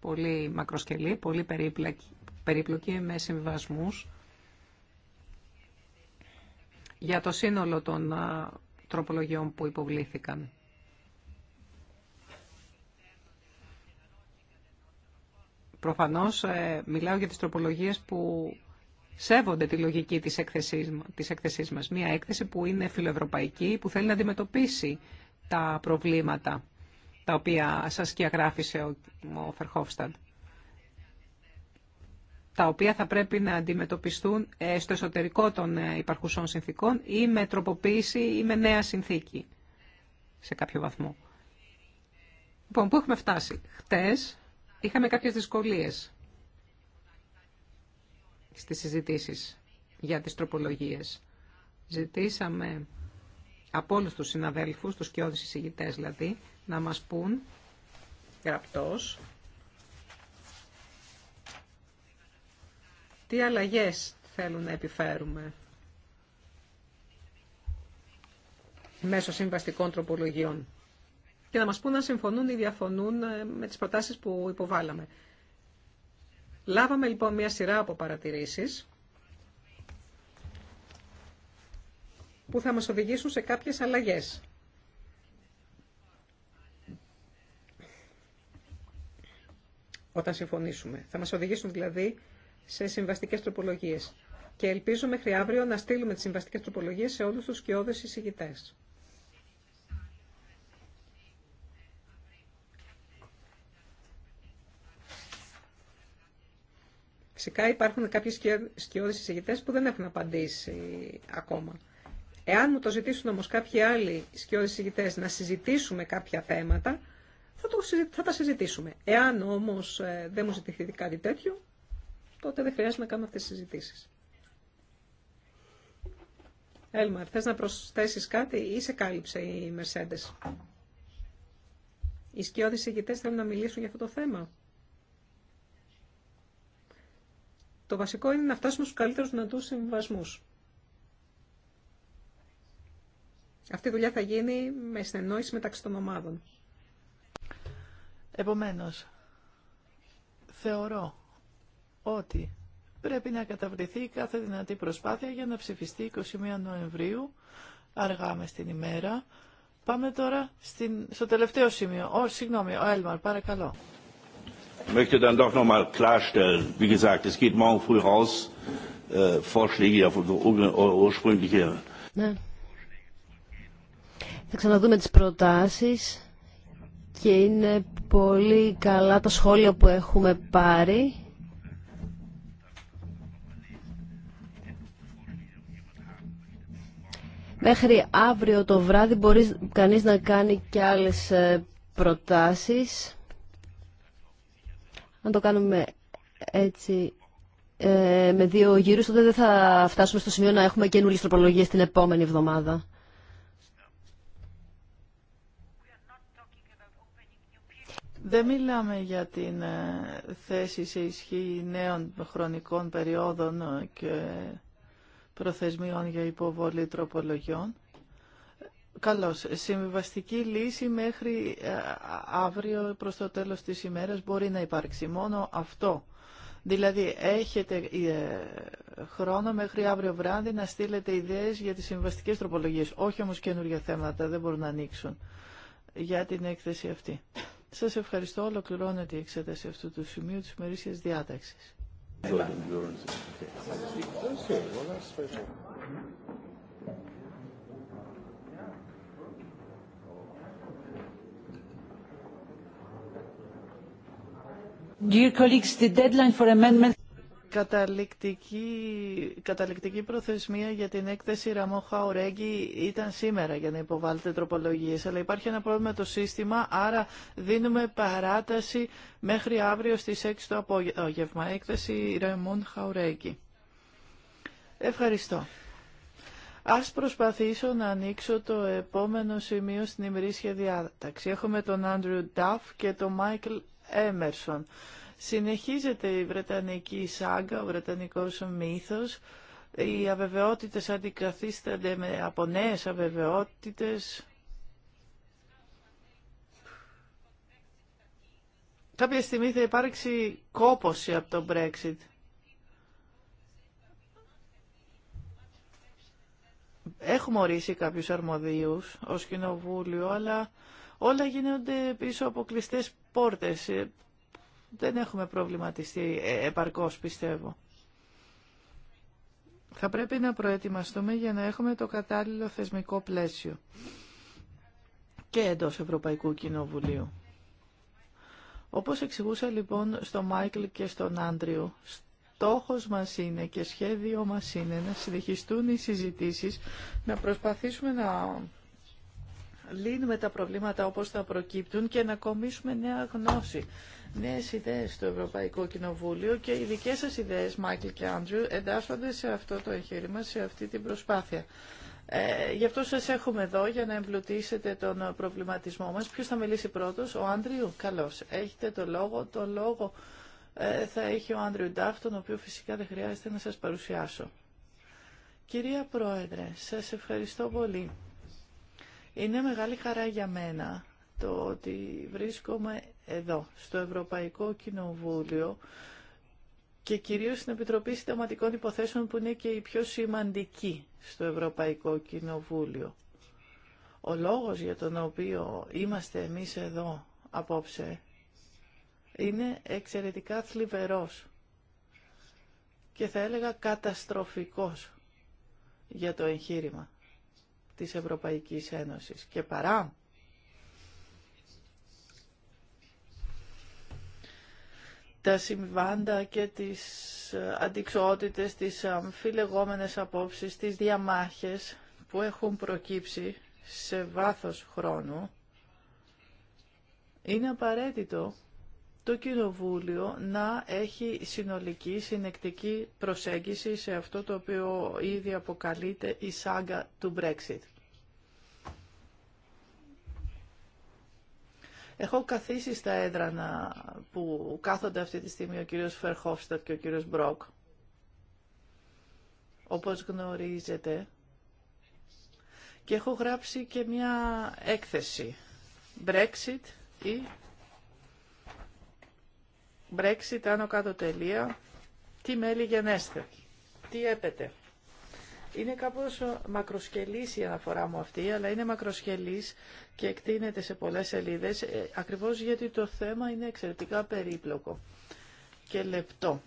πολύ μακροσκελή, πολύ περίπλοκη, περίπλοκη με συμβιβασμούς για το σύνολο των τροπολογιών που υποβλήθηκαν. Προφανώς ε, μιλάω για τις τροπολογίες που σέβονται τη λογική της έκθεσής, της μας. Μία έκθεση που είναι φιλοευρωπαϊκή, που θέλει να αντιμετωπίσει τα προβλήματα τα οποία σας και αγράφησε ο, ο Φερχόφσταντ τα οποία θα πρέπει να αντιμετωπιστούν ε, στο εσωτερικό των ε, υπαρχουσών συνθήκων ή με τροποποίηση ή με νέα συνθήκη σε κάποιο βαθμό. Λοιπόν, πού έχουμε φτάσει. Χτες είχαμε κάποιες δυσκολίες στις συζητήσεις για τις τροπολογίες. Ζητήσαμε από όλου τους συναδέλφους, τους κοιόδης εισηγητές δηλαδή, να μας πούν γραπτός τι αλλαγές θέλουν να επιφέρουμε μέσω συμβαστικών τροπολογιών και να μας πούν να συμφωνούν ή διαφωνούν ε, με τις προτάσεις που υποβάλαμε. Λάβαμε λοιπόν μια σειρά από παρατηρήσεις που θα μας οδηγήσουν σε κάποιες αλλαγές. Όταν συμφωνήσουμε. Θα μας οδηγήσουν δηλαδή σε συμβαστικές τροπολογίες. Και ελπίζω μέχρι αύριο να στείλουμε τις συμβαστικές τροπολογίες σε όλους τους σκιώδες εισηγητές. Φυσικά υπάρχουν κάποιοι σκιώδες εισηγητές που δεν έχουν απαντήσει ακόμα. Εάν μου το ζητήσουν όμως κάποιοι άλλοι σκιώδες εισηγητές να συζητήσουμε κάποια θέματα, θα, θα τα συζητήσουμε. Εάν όμως ε, δεν μου ζητηθεί κάτι τέτοιο, τότε δεν χρειάζεται να κάνουμε αυτές τις συζητήσεις. Έλμαρ, θες να προσθέσεις κάτι ή σε κάλυψε η Mercedes. Οι σκιώδεις ηγητές θέλουν να μιλήσουν για αυτό το θέμα. Το βασικό είναι να φτάσουμε στους καλύτερους δυνατούς συμβασμους Αυτή η δουλειά θα γίνει με συνεννόηση μεταξύ των ομάδων. Επομένως, θεωρώ ότι πρέπει να καταβληθεί κάθε δυνατή προσπάθεια για να ψηφιστεί 21 Νοεμβρίου, αργά με στην ημέρα. Πάμε τώρα στην, στο τελευταίο σημείο. Ο, συγγνώμη, ο Έλμαρ, παρακαλώ. möchte dann doch noch klarstellen, wie gesagt, es geht morgen früh raus, äh, Vorschläge auf unsere ursprüngliche... Ναι. Θα ξαναδούμε τι προτάσει και είναι πολύ καλά τα σχόλια που έχουμε πάρει Μέχρι αύριο το βράδυ μπορεί κανείς να κάνει και άλλες ε, προτάσεις. Αν το κάνουμε έτσι ε, με δύο γύρους, τότε δεν θα φτάσουμε στο σημείο να έχουμε καινούριες τροπολογίες την επόμενη εβδομάδα. Δεν μιλάμε για την ε, θέση σε ισχύ νέων χρονικών περιόδων και προθεσμιών για υποβολή τροπολογιών. Καλώς. Συμβιβαστική λύση μέχρι ε, αύριο προς το τέλος της ημέρας μπορεί να υπάρξει. Μόνο αυτό. Δηλαδή έχετε ε, χρόνο μέχρι αύριο βράδυ να στείλετε ιδέες για τις συμβαστικές τροπολογίες. Όχι όμως καινούργια θέματα, δεν μπορούν να ανοίξουν για την έκθεση αυτή. Σας ευχαριστώ. Ολοκληρώνεται η εξέταση αυτού του σημείου της μερίσιας διάταξης. Dear colleagues, the deadline for amendment Καταληκτική, καταληκτική προθεσμία για την έκθεση Ραμό Χαουρέγγι ήταν σήμερα για να υποβάλλετε τροπολογίες, αλλά υπάρχει ένα πρόβλημα το σύστημα, άρα δίνουμε παράταση μέχρι αύριο στις 6 το απόγευμα. Έκθεση Ραμόν Χαουρέγγι. Ευχαριστώ. Ας προσπαθήσω να ανοίξω το επόμενο σημείο στην ημερήσια διάταξη. Έχουμε τον Άντριου Νταφ και τον Μάικλ Έμερσον. Συνεχίζεται η Βρετανική σάγκα, ο Βρετανικός μύθος. Οι αβεβαιότητες αντικαθίστανται με, από νέες αβεβαιότητες. Κάποια στιγμή θα υπάρξει κόπωση από το Brexit. Έχουμε ορίσει κάποιους αρμοδίους ως κοινοβούλιο, αλλά όλα γίνονται πίσω από κλειστές πόρτες. Ε, δεν έχουμε προβληματιστεί ε, επαρκώς πιστεύω. Θα πρέπει να προετοιμαστούμε για να έχουμε το κατάλληλο θεσμικό πλαίσιο και εντός Ευρωπαϊκού Κοινοβουλίου. Όπως εξηγούσα λοιπόν στο Μάικλ και στον Άντριο, στόχος μας είναι και σχέδιο μας είναι να συνεχιστούν οι συζητήσεις, να προσπαθήσουμε να λύνουμε τα προβλήματα όπως θα προκύπτουν και να κομίσουμε νέα γνώση, νέες ιδέες στο Ευρωπαϊκό Κοινοβούλιο και οι δικές σας ιδέες, Μάικλ και Άντριου, εντάσσονται σε αυτό το εγχείρημα, σε αυτή την προσπάθεια. Ε, γι' αυτό σας έχουμε εδώ για να εμπλουτίσετε τον προβληματισμό μας. Ποιος θα μιλήσει πρώτος, ο Άντριου. Καλώς. Έχετε το λόγο. Το λόγο ε, θα έχει ο Άντριου Ντάφ, τον οποίο φυσικά δεν χρειάζεται να σας παρουσιάσω. Κυρία Πρόεδρε, σας ευχαριστώ πολύ. Είναι μεγάλη χαρά για μένα το ότι βρίσκομαι εδώ, στο Ευρωπαϊκό Κοινοβούλιο και κυρίως στην Επιτροπή Συνταγματικών Υποθέσεων που είναι και η πιο σημαντική στο Ευρωπαϊκό Κοινοβούλιο. Ο λόγος για τον οποίο είμαστε εμείς εδώ απόψε είναι εξαιρετικά θλιβερός και θα έλεγα καταστροφικός για το εγχείρημα της Ευρωπαϊκής Ένωσης και παρά τα συμβάντα και τις ε, αντικσοότητες, τις αμφιλεγόμενες απόψεις, τις διαμάχες που έχουν προκύψει σε βάθος χρόνου, είναι απαραίτητο το Κοινοβούλιο να έχει συνολική συνεκτική προσέγγιση σε αυτό το οποίο ήδη αποκαλείται η σάγκα του Brexit. Έχω καθίσει στα έδρανα που κάθονται αυτή τη στιγμή ο κύριος Φερχόφστατ και ο κύριος Μπρόκ. Όπως γνωρίζετε. Και έχω γράψει και μια έκθεση. Brexit ή Brexit, άνω κάτω τελεία, τι μέλη γενέστε, τι έπεται. Είναι κάπως μακροσκελής η αναφορά μου αυτή, αλλά είναι μακροσκελής και εκτείνεται σε πολλές σελίδε, ε, ακριβώς γιατί το θέμα είναι εξαιρετικά περίπλοκο και λεπτό.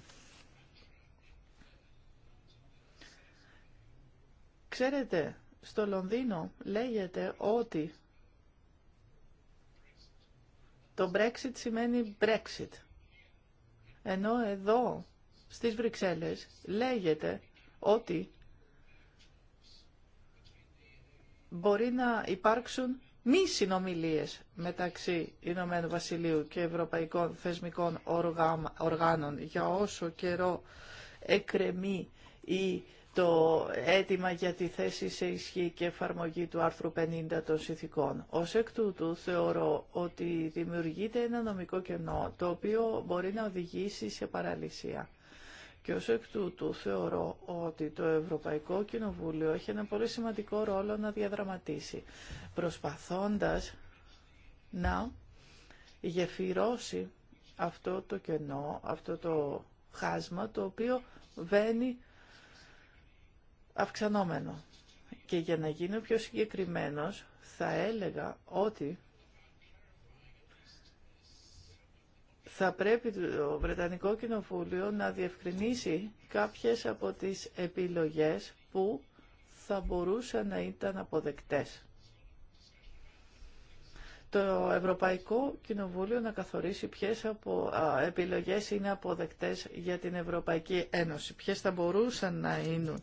Ξέρετε, στο Λονδίνο λέγεται ότι το Brexit σημαίνει Brexit. Ενώ εδώ, στις Βρυξέλλες, λέγεται ότι μπορεί να υπάρξουν μη συνομιλίες μεταξύ Ηνωμένου Βασιλείου και Ευρωπαϊκών Θεσμικών Οργάνων για όσο καιρό εκρεμεί η το αίτημα για τη θέση σε ισχύ και εφαρμογή του άρθρου 50 των συνθηκών. Ως εκ τούτου θεωρώ ότι δημιουργείται ένα νομικό κενό το οποίο μπορεί να οδηγήσει σε παραλυσία. Και ως εκ τούτου θεωρώ ότι το Ευρωπαϊκό Κοινοβούλιο έχει ένα πολύ σημαντικό ρόλο να διαδραματίσει, προσπαθώντας να γεφυρώσει αυτό το κενό, αυτό το χάσμα, το οποίο βαίνει αυξανόμενο. Και για να γίνω πιο συγκεκριμένος, θα έλεγα ότι θα πρέπει το Βρετανικό Κοινοβούλιο να διευκρινίσει κάποιες από τις επιλογές που θα μπορούσαν να ήταν αποδεκτές. Το Ευρωπαϊκό Κοινοβούλιο να καθορίσει ποιες από, α, επιλογές είναι αποδεκτές για την Ευρωπαϊκή Ένωση, ποιες θα μπορούσαν να είναι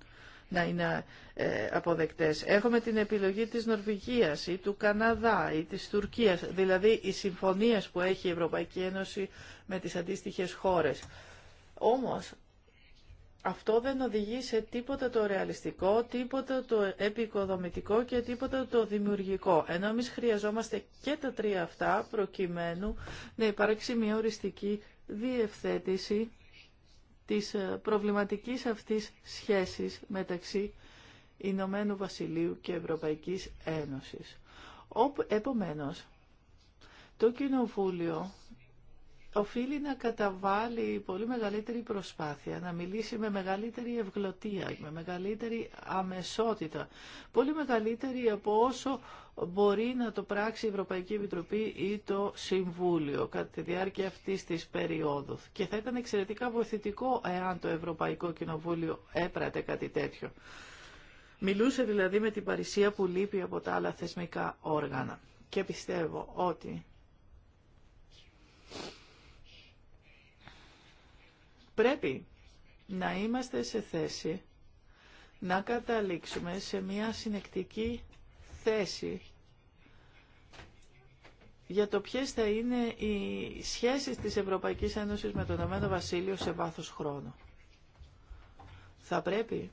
να είναι ε, αποδεκτές. Έχουμε την επιλογή της Νορβηγίας ή του Καναδά ή της Τουρκίας, δηλαδή οι συμφωνίες που έχει η Ευρωπαϊκή Ένωση με τις αντίστοιχες χώρες. Όμως, αυτό δεν οδηγεί σε τίποτα το ρεαλιστικό, τίποτα το επικοδομητικό και τίποτα το δημιουργικό. Ενώ εμεί χρειαζόμαστε και τα τρία αυτά προκειμένου να υπάρξει μια οριστική διευθέτηση της ε, προβληματικής αυτής σχέσης μεταξύ Ηνωμένου Βασιλείου και Ευρωπαϊκής Ένωσης. Επομένως, το Κοινοβούλιο οφείλει να καταβάλει πολύ μεγαλύτερη προσπάθεια, να μιλήσει με μεγαλύτερη ευγλωτία, με μεγαλύτερη αμεσότητα, πολύ μεγαλύτερη από όσο μπορεί να το πράξει η Ευρωπαϊκή Επιτροπή ή το Συμβούλιο κατά τη διάρκεια αυτής της περίοδου. Και θα ήταν εξαιρετικά βοηθητικό εάν το Ευρωπαϊκό Κοινοβούλιο έπρατε κάτι τέτοιο. Μιλούσε δηλαδή με την παρησία που λείπει από τα άλλα θεσμικά όργανα. Και πιστεύω ότι Πρέπει να είμαστε σε θέση να καταλήξουμε σε μια συνεκτική θέση για το ποιες θα είναι οι σχέσεις της Ευρωπαϊκής Ένωσης με τον Ηνωμένο Βασίλειο σε βάθος χρόνου. Θα πρέπει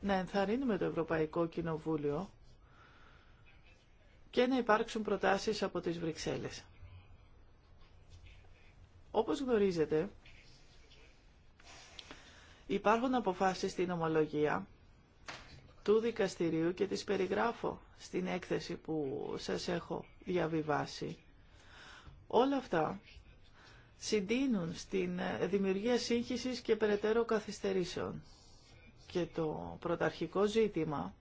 να ενθαρρύνουμε το Ευρωπαϊκό Κοινοβούλιο και να υπάρξουν προτάσεις από τις Βρυξέλλες. Όπως γνωρίζετε, υπάρχουν αποφάσεις στην ομολογία του δικαστηρίου και τις περιγράφω στην έκθεση που σας έχω διαβιβάσει. Όλα αυτά συντείνουν στην δημιουργία σύγχυσης και περαιτέρω καθυστερήσεων. Και το πρωταρχικό ζήτημα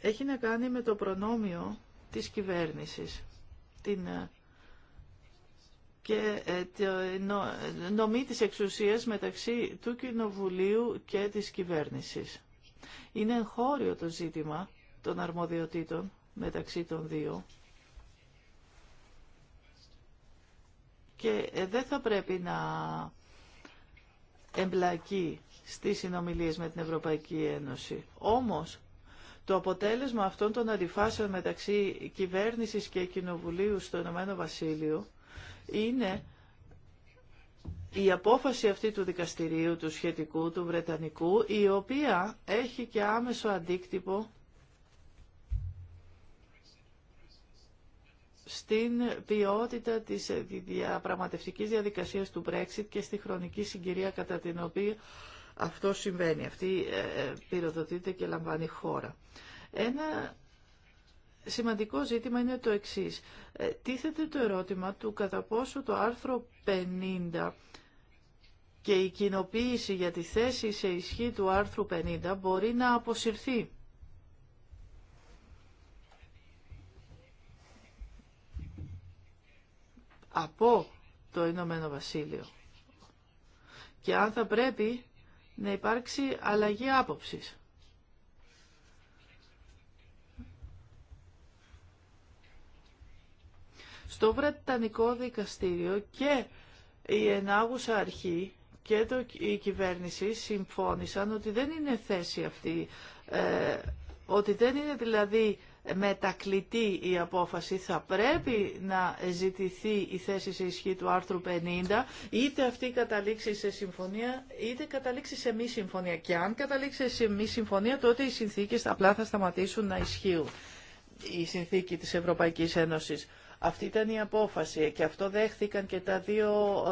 έχει να κάνει με το προνόμιο της κυβέρνησης, την και ε, νομή της εξουσίας μεταξύ του Κοινοβουλίου και της κυβέρνησης. Είναι εγχώριο το ζήτημα των αρμοδιοτήτων μεταξύ των δύο και ε, δεν θα πρέπει να εμπλακεί στις συνομιλίες με την Ευρωπαϊκή Ένωση. Όμως, το αποτέλεσμα αυτών των αντιφάσεων μεταξύ κυβέρνησης και κοινοβουλίου στο Ηνωμένο Βασίλειο είναι η απόφαση αυτή του δικαστηρίου, του σχετικού, του Βρετανικού, η οποία έχει και άμεσο αντίκτυπο στην ποιότητα της διαπραγματευτικής διαδικασίας του Brexit και στη χρονική συγκυρία κατά την οποία αυτό συμβαίνει. Αυτή ε, ε, πυροδοτείται και λαμβάνει χώρα. Ένα σημαντικό ζήτημα είναι το εξής. Ε, τίθεται το ερώτημα του κατά πόσο το άρθρο 50 και η κοινοποίηση για τη θέση σε ισχύ του άρθρου 50 μπορεί να αποσυρθεί. από το Ηνωμένο Βασίλειο και αν θα πρέπει να υπάρξει αλλαγή άποψης. στο Βρετανικό Δικαστήριο και η ενάγουσα αρχή και το, η κυβέρνηση συμφώνησαν ότι δεν είναι θέση αυτή, ε, ότι δεν είναι δηλαδή μετακλητή η απόφαση. Θα πρέπει να ζητηθεί η θέση σε ισχύ του άρθρου 50, είτε αυτή καταλήξει σε συμφωνία, είτε καταλήξει σε μη συμφωνία. Και αν καταλήξει σε μη συμφωνία, τότε οι συνθήκες απλά θα σταματήσουν να ισχύουν. Η συνθήκη της Ευρωπαϊκής Ένωσης. Αυτή ήταν η απόφαση και αυτό δέχθηκαν και τα δύο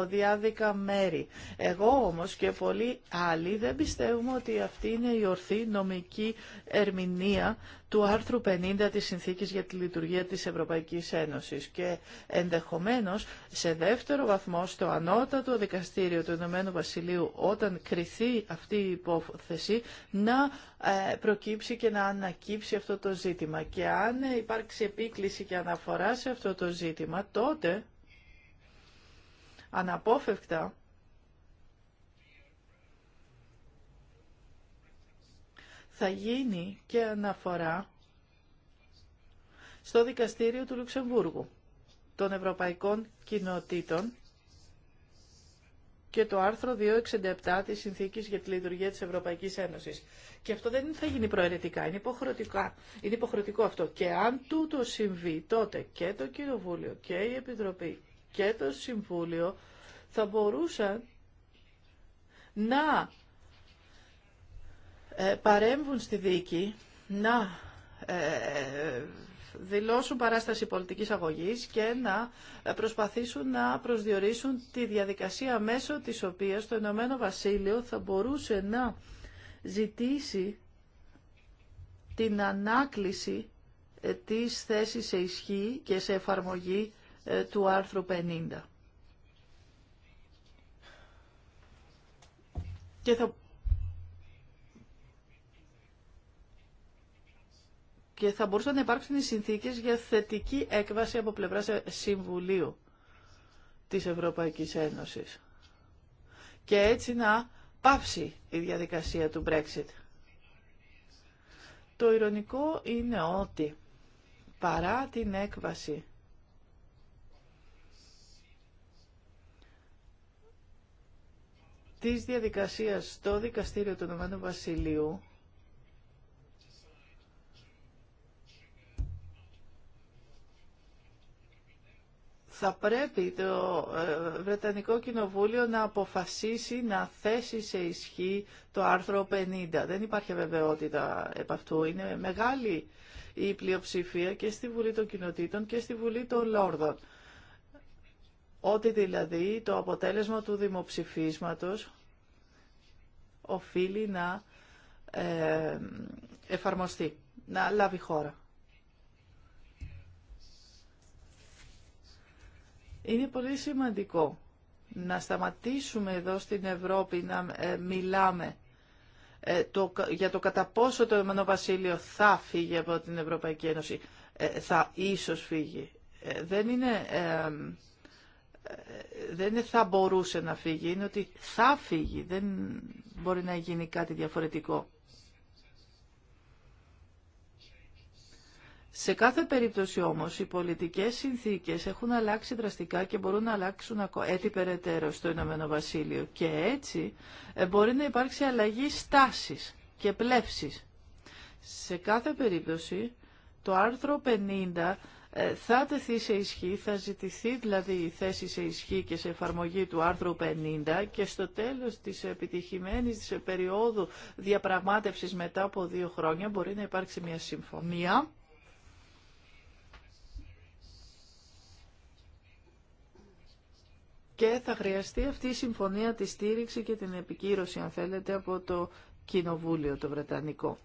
διάδικα μέρη. Εγώ όμως και πολλοί άλλοι δεν πιστεύουμε ότι αυτή είναι η ορθή νομική ερμηνεία του άρθρου 50 της Συνθήκης για τη Λειτουργία της Ευρωπαϊκής Ένωσης και ενδεχομένως σε δεύτερο βαθμό στο ανώτατο δικαστήριο του Ηνωμένου Βασιλείου όταν κριθεί αυτή η υπόθεση να ε, προκύψει και να ανακύψει αυτό το ζήτημα. Και αν υπάρξει επίκληση και αναφορά σε αυτό το ζήτημα τότε αναπόφευκτα θα γίνει και αναφορά στο δικαστήριο του Λουξεμβούργου των Ευρωπαϊκών Κοινοτήτων και το άρθρο 267 της Συνθήκης για τη Λειτουργία της Ευρωπαϊκής Ένωσης. Και αυτό δεν θα γίνει προαιρετικά, είναι, υποχρεωτικό, είναι υποχρεωτικό αυτό. Και αν τούτο συμβεί, τότε και το Κοινοβούλιο και η Επιτροπή και το Συμβούλιο θα μπορούσαν να ε, παρέμβουν στη δίκη να ε, δηλώσουν παράσταση πολιτικής αγωγής και να ε, προσπαθήσουν να προσδιορίσουν τη διαδικασία μέσω της οποίας το Ηνωμένο Βασίλειο θα μπορούσε να ζητήσει την ανάκληση της θέσης σε ισχύ και σε εφαρμογή του άρθρου 50. και θα μπορούσαν να υπάρξουν οι συνθήκες για θετική έκβαση από πλευρά Συμβουλίου της Ευρωπαϊκής Ένωσης. Και έτσι να πάψει η διαδικασία του Brexit. Το ηρωνικό είναι ότι παρά την έκβαση της διαδικασίας στο Δικαστήριο του Ηνωμένου Βασιλείου θα πρέπει το ε, Βρετανικό Κοινοβούλιο να αποφασίσει να θέσει σε ισχύ το άρθρο 50. Δεν υπάρχει βεβαιότητα επ' αυτού. Είναι μεγάλη η πλειοψηφία και στη Βουλή των Κοινοτήτων και στη Βουλή των Λόρδων. Ότι δηλαδή το αποτέλεσμα του δημοψηφίσματος οφείλει να ε, εφαρμοστεί, να λάβει χώρα. Είναι πολύ σημαντικό να σταματήσουμε εδώ στην Ευρώπη να ε, μιλάμε ε, το, για το κατά πόσο το Ευρωπαϊκό Βασίλειο θα φύγει από την Ευρωπαϊκή Ένωση. Ε, θα ίσως φύγει. δεν είναι... δεν είναι θα μπορούσε να φύγει, είναι ότι θα φύγει. Δεν μπορεί να γίνει κάτι διαφορετικό. Σε κάθε περίπτωση όμως οι πολιτικές συνθήκες έχουν αλλάξει δραστικά και μπορούν να αλλάξουν έτσι περαιτέρω στο Ηνωμένο Βασίλειο και έτσι ε, μπορεί να υπάρξει αλλαγή στάσης και πλεύσης. Σε κάθε περίπτωση το άρθρο 50 ε, θα τεθεί σε ισχύ, θα ζητηθεί δηλαδή η θέση σε ισχύ και σε εφαρμογή του άρθρου 50 και στο τέλος της επιτυχημένης της περίοδου διαπραγμάτευσης μετά από δύο χρόνια μπορεί να υπάρξει μια συμφωνία και θα χρειαστεί αυτή η συμφωνία τη στήριξη και την επικύρωση, αν θέλετε, από το Κοινοβούλιο το Βρετανικό.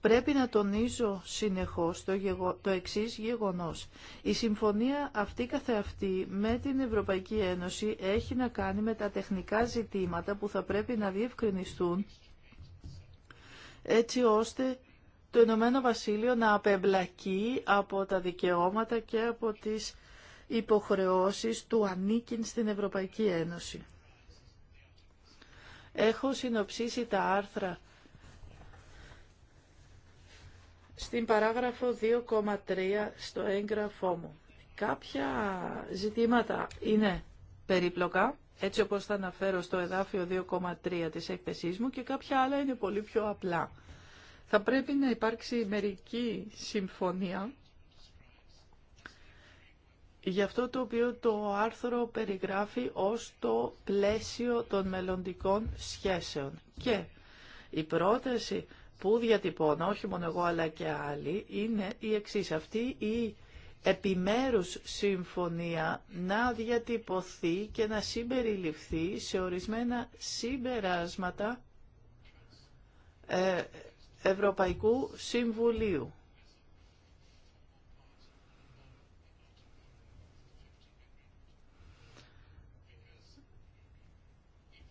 Πρέπει να τονίζω συνεχώς το, γεγο... το εξής γεγονός. Η συμφωνία αυτή καθεαυτή με την Ευρωπαϊκή Ένωση έχει να κάνει με τα τεχνικά ζητήματα που θα πρέπει να διευκρινιστούν έτσι ώστε το Ηνωμένο Βασίλειο να απεμπλακεί από τα δικαιώματα και από τις υποχρεώσεις του ανήκειν στην Ευρωπαϊκή Ένωση. Έχω συνοψίσει τα άρθρα στην παράγραφο 2,3 στο έγγραφό μου. Κάποια ζητήματα είναι περίπλοκα, έτσι όπως θα αναφέρω στο εδάφιο 2,3 της έκθεσής μου και κάποια άλλα είναι πολύ πιο απλά. Θα πρέπει να υπάρξει μερική συμφωνία για αυτό το οποίο το άρθρο περιγράφει ως το πλαίσιο των μελλοντικών σχέσεων. Και η πρόταση που διατυπώνω, όχι μόνο εγώ αλλά και άλλοι, είναι η εξής. Αυτή η επιμέρους συμφωνία να διατυπωθεί και να συμπεριληφθεί σε ορισμένα συμπεράσματα ε, Ευρωπαϊκού Συμβουλίου.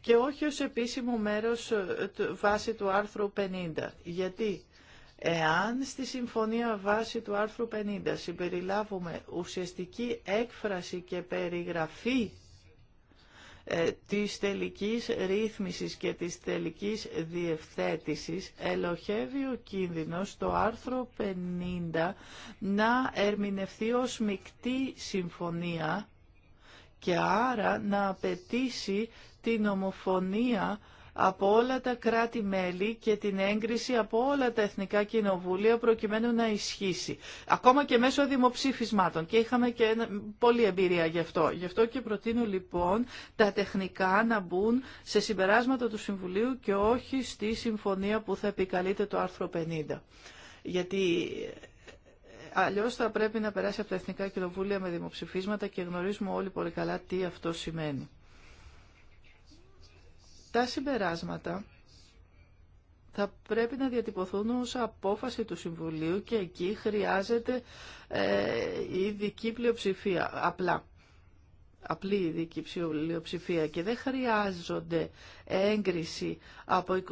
και όχι ως επίσημο μέρος ε, βάση του άρθρου 50. Γιατί εάν στη συμφωνία βάση του άρθρου 50 συμπεριλάβουμε ουσιαστική έκφραση και περιγραφή ε, της τελικής ρύθμισης και της τελικής διευθέτησης ελοχεύει ο κίνδυνος το άρθρο 50 να ερμηνευθεί ως μεικτή συμφωνία και άρα να απαιτήσει την ομοφωνία από όλα τα κράτη-μέλη και την έγκριση από όλα τα εθνικά κοινοβούλια προκειμένου να ισχύσει. Ακόμα και μέσω δημοψήφισμάτων και είχαμε και ένα, πολλή εμπειρία γι' αυτό. Γι' αυτό και προτείνω λοιπόν τα τεχνικά να μπουν σε συμπεράσματα του Συμβουλίου και όχι στη συμφωνία που θα επικαλείται το άρθρο 50. Γιατί ε, αλλιώς θα πρέπει να περάσει από τα εθνικά κοινοβούλια με δημοψηφίσματα και γνωρίζουμε όλοι πολύ καλά τι αυτό σημαίνει. Τα συμπεράσματα θα πρέπει να διατυπωθούν ως απόφαση του Συμβουλίου και εκεί χρειάζεται η ε, ειδική πλειοψηφία, απλά. Απλή ειδική πλειοψηφία και δεν χρειάζονται έγκριση από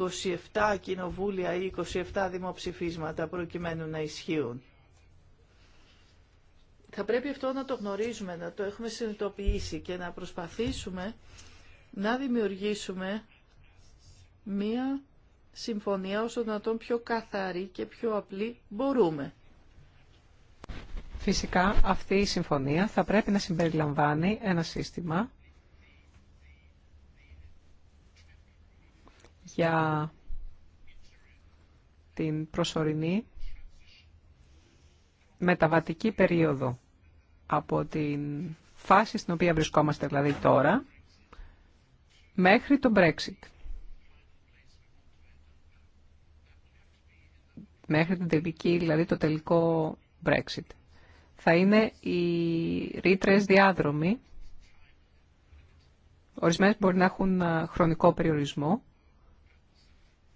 27 κοινοβούλια ή 27 δημοψηφίσματα προκειμένου να ισχύουν. Θα πρέπει αυτό να το γνωρίζουμε, να το έχουμε συνειδητοποιήσει και να προσπαθήσουμε να δημιουργήσουμε μία συμφωνία όσο δυνατόν πιο καθαρή και πιο απλή μπορούμε. Φυσικά αυτή η συμφωνία θα πρέπει να συμπεριλαμβάνει ένα σύστημα για την προσωρινή μεταβατική περίοδο από την φάση στην οποία βρισκόμαστε δηλαδή τώρα μέχρι το Brexit. μέχρι την τελική, δηλαδή το τελικό Brexit. Θα είναι οι ρήτρε διάδρομοι. Ορισμένες μπορεί να έχουν χρονικό περιορισμό,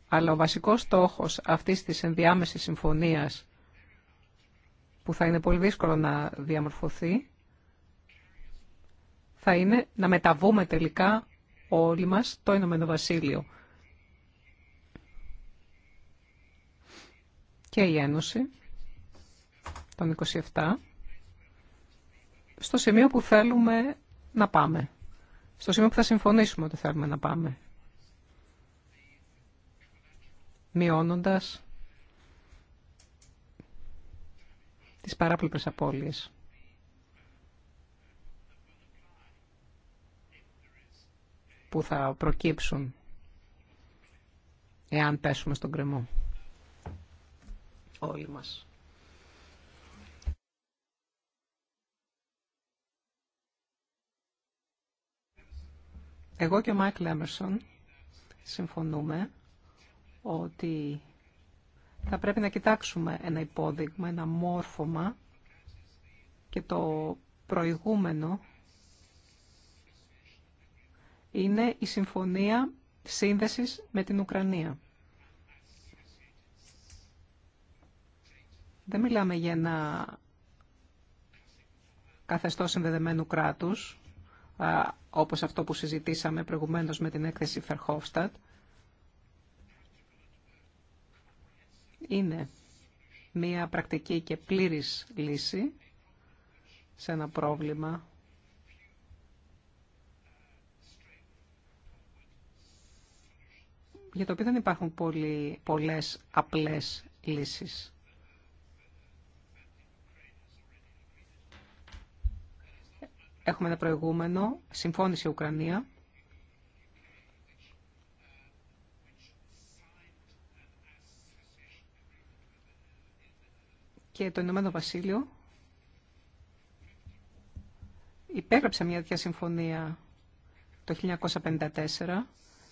αλλά ο βασικός στόχος αυτής της ενδιάμεσης συμφωνίας, που θα είναι πολύ δύσκολο να διαμορφωθεί, θα είναι να μεταβούμε τελικά όλοι μας το Ηνωμένο Βασίλειο και η Ένωση των 27 στο σημείο που θέλουμε να πάμε. Στο σημείο που θα συμφωνήσουμε ότι θέλουμε να πάμε. Μειώνοντας τις παράπλευρες απώλειες. που θα προκύψουν εάν πέσουμε στον κρεμό όλοι Εγώ και ο Μάικλ Έμερσον συμφωνούμε ότι θα πρέπει να κοιτάξουμε ένα υπόδειγμα, ένα μόρφωμα και το προηγούμενο είναι η συμφωνία σύνδεσης με την Ουκρανία. Δεν μιλάμε για ένα καθεστώς συνδεδεμένου κράτους, όπως αυτό που συζητήσαμε προηγουμένως με την έκθεση Φερχόφστατ. Είναι μία πρακτική και πλήρης λύση σε ένα πρόβλημα για το οποίο δεν υπάρχουν πολλές απλές λύσεις. Έχουμε ένα προηγούμενο, συμφώνησε η Ουκρανία, και το Ηνωμένο Βασίλειο υπέγραψε μια τέτοια συμφωνία το 1954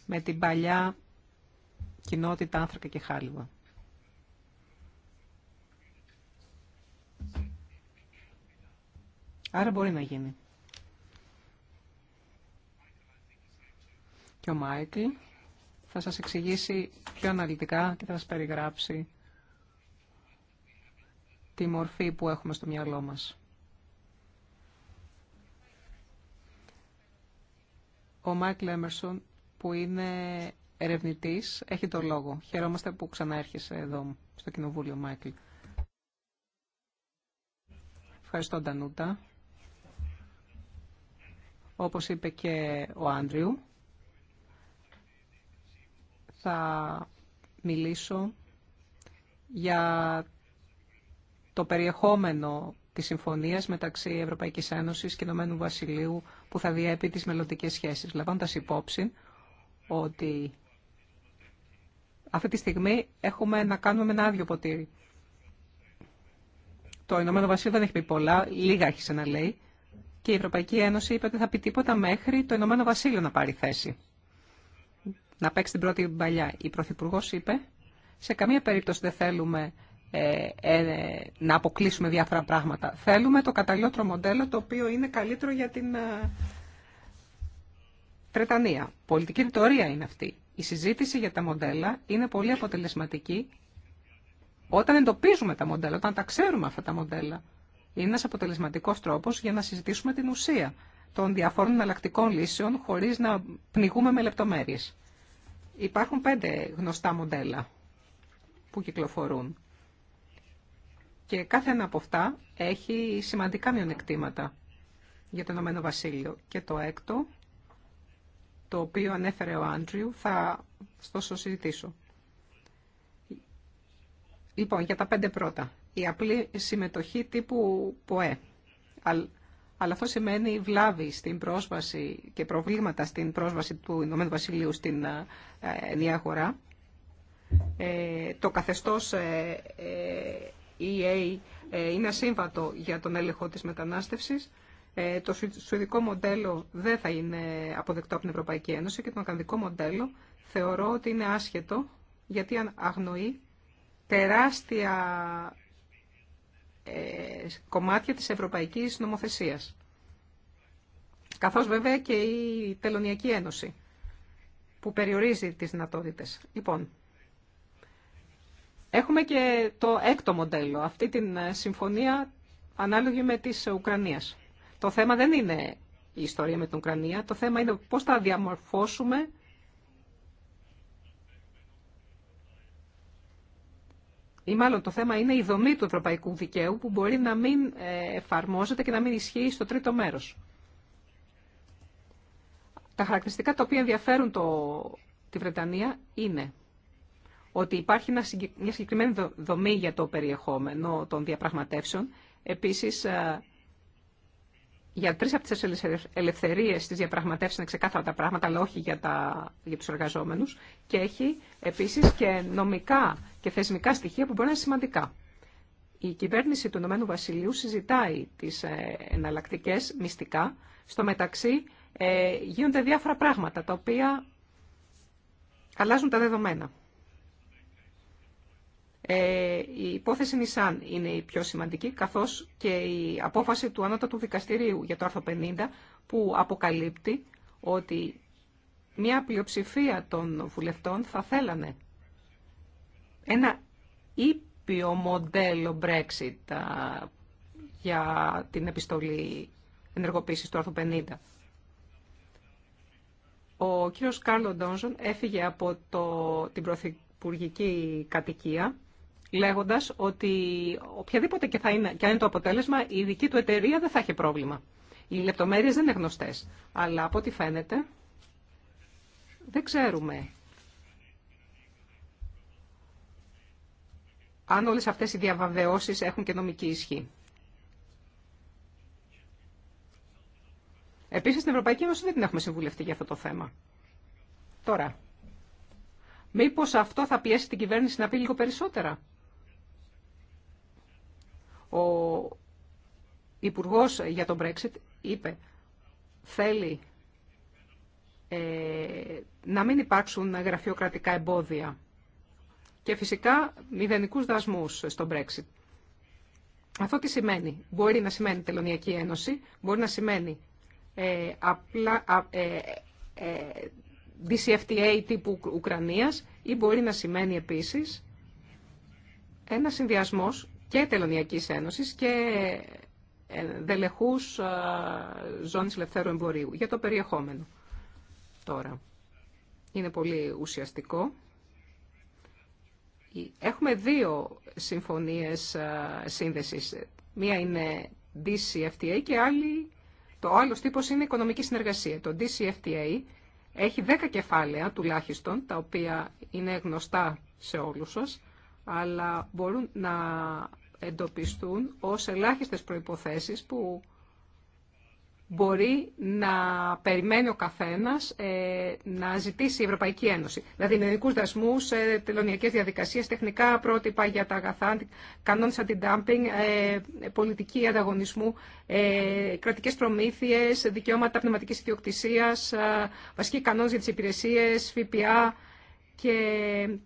με την παλιά κοινότητα Άνθρακα και Χάλιβα. Άρα μπορεί να γίνει. και ο Μάικλ θα σας εξηγήσει πιο αναλυτικά και θα σας περιγράψει τη μορφή που έχουμε στο μυαλό μας. Ο Μάικλ Έμερσον που είναι ερευνητής έχει το λόγο. Χαιρόμαστε που ξαναέρχεσαι εδώ στο Κοινοβούλιο Μάικλ. Ευχαριστώ Ντανούτα. Όπως είπε και ο Άντριου, θα μιλήσω για το περιεχόμενο της συμφωνίας μεταξύ Ευρωπαϊκής Ένωσης και Ηνωμένου Βασιλείου που θα διέπει τις μελλοντικές σχέσεις. Λαμβάνοντας υπόψη ότι αυτή τη στιγμή έχουμε να κάνουμε ένα άδειο ποτήρι. Το Ηνωμένο Βασίλειο δεν έχει πει πολλά, λίγα έχει να λέει. Και η Ευρωπαϊκή Ένωση είπε ότι θα πει τίποτα μέχρι το Ηνωμένο Βασίλειο να πάρει θέση να παίξει την πρώτη μπαλιά. Η Πρωθυπουργό είπε, σε καμία περίπτωση δεν θέλουμε ε, ε, να αποκλείσουμε διάφορα πράγματα. Θέλουμε το καταλληλότερο μοντέλο το οποίο είναι καλύτερο για την ε, Βρετανία. Πολιτική ρητορία είναι αυτή. Η συζήτηση για τα μοντέλα είναι πολύ αποτελεσματική όταν εντοπίζουμε τα μοντέλα, όταν τα ξέρουμε αυτά τα μοντέλα. Είναι ένας αποτελεσματικός τρόπος για να συζητήσουμε την ουσία των διαφόρων εναλλακτικών λύσεων χωρίς να πνιγούμε με λεπτομέρειε. Υπάρχουν πέντε γνωστά μοντέλα που κυκλοφορούν και κάθε ένα από αυτά έχει σημαντικά μειονεκτήματα για το Ηνωμένο Βασίλειο. Και το έκτο, το οποίο ανέφερε ο Άντριου, θα στο συζητήσω. Λοιπόν, για τα πέντε πρώτα. Η απλή συμμετοχή τύπου ΠΟΕ, αλλά αυτό σημαίνει βλάβη στην πρόσβαση και προβλήματα στην πρόσβαση του Ηνωμένου Βασιλείου στην ε, νέα αγορά. Ε, το καθεστώς ε, EA είναι ασύμβατο για τον έλεγχο της μετανάστευσης. το σουηδικό μοντέλο δεν θα είναι αποδεκτό από την Ευρωπαϊκή Ένωση και το ακανδικό μοντέλο θεωρώ ότι είναι άσχετο γιατί αγνοεί τεράστια κομμάτια της ευρωπαϊκής νομοθεσίας. Καθώς βέβαια και η Τελωνιακή Ένωση που περιορίζει τις δυνατότητες. Λοιπόν, έχουμε και το έκτο μοντέλο, αυτή την ε, συμφωνία ανάλογη με της Ουκρανίας. Το θέμα δεν είναι η ιστορία με την Ουκρανία, το θέμα είναι πώς θα διαμορφώσουμε ή μάλλον το θέμα είναι η δομή του ευρωπαϊκού δικαίου που μπορεί να μην ε, εφαρμόζεται και να μην ισχύει στο τρίτο μέρος. Τα χαρακτηριστικά τα οποία ενδιαφέρουν το, τη Βρετανία είναι ότι υπάρχει μια συγκεκριμένη δομή για το περιεχόμενο των διαπραγματεύσεων. Επίσης, ε, για τρεις από τι ελευθερίε ελευθερίες της διαπραγματεύσεις είναι ξεκάθαρα τα πράγματα, αλλά όχι για, τα, για τους εργαζόμενους. Και έχει επίσης και νομικά και θεσμικά στοιχεία που μπορεί να είναι σημαντικά. Η κυβέρνηση του Ηνωμένου Βασιλείου συζητάει τις ε, εναλλακτικέ μυστικά. Στο μεταξύ ε, γίνονται διάφορα πράγματα τα οποία αλλάζουν τα δεδομένα. Ε, η υπόθεση Νισάν είναι η πιο σημαντική, καθώς και η απόφαση του του Δικαστηρίου για το άρθρο 50, που αποκαλύπτει ότι μια πλειοψηφία των βουλευτών θα θέλανε ένα ήπιο μοντέλο Brexit για την επιστολή ενεργοποίησης του άρθρου 50. Ο κύριος Κάρλο Ντόνζον έφυγε από το, την πρωθυπουργική κατοικία λέγοντας ότι οποιαδήποτε και, θα είναι, και αν είναι το αποτέλεσμα, η δική του εταιρεία δεν θα έχει πρόβλημα. Οι λεπτομέρειε δεν είναι γνωστέ. αλλά από ό,τι φαίνεται δεν ξέρουμε αν όλες αυτές οι διαβαβαιώσεις έχουν και νομική ισχύ. Επίσης, στην Ευρωπαϊκή Ένωση δεν την έχουμε συμβουλευτεί για αυτό το θέμα. Τώρα, μήπως αυτό θα πιέσει την κυβέρνηση να πει λίγο περισσότερα. Ο Υπουργό για τον Brexit είπε θέλει ε, να μην υπάρξουν γραφειοκρατικά εμπόδια και φυσικά μηδενικούς δασμούς στο Brexit. Αυτό τι σημαίνει. Μπορεί να σημαίνει τελωνιακή ένωση, μπορεί να σημαίνει ε, απλά, ε, ε, DCFTA τύπου Ουκρανίας ή μπορεί να σημαίνει επίσης ένα συνδυασμός και τελωνιακή Ένωσης και ε, δελεχούς ε, ζώνης ελευθέρου εμπορίου. Για το περιεχόμενο τώρα. Είναι πολύ ουσιαστικό. Έχουμε δύο συμφωνίες ε, σύνδεσης. Μία είναι DCFTA και άλλη, το άλλο τύπος είναι οικονομική συνεργασία. Το DCFTA έχει 10 κεφάλαια τουλάχιστον, τα οποία είναι γνωστά σε όλους σας αλλά μπορούν να εντοπιστούν ως ελάχιστες προϋποθέσεις που μπορεί να περιμένει ο καθένας ε, να ζητήσει η Ευρωπαϊκή Ένωση. Δηλαδή, ελληνικούς δασμούς, ε, τελωνιακές διαδικασίες, τεχνικά πρότυπα για τα αγαθά, κανόνες αντι-dumping, ε, πολιτική ανταγωνισμού, ε, κρατικές προμήθειες, δικαιώματα πνευματικής ιδιοκτησίας, ε, βασικοί κανόνες για τις υπηρεσίες, ΦΠΑ και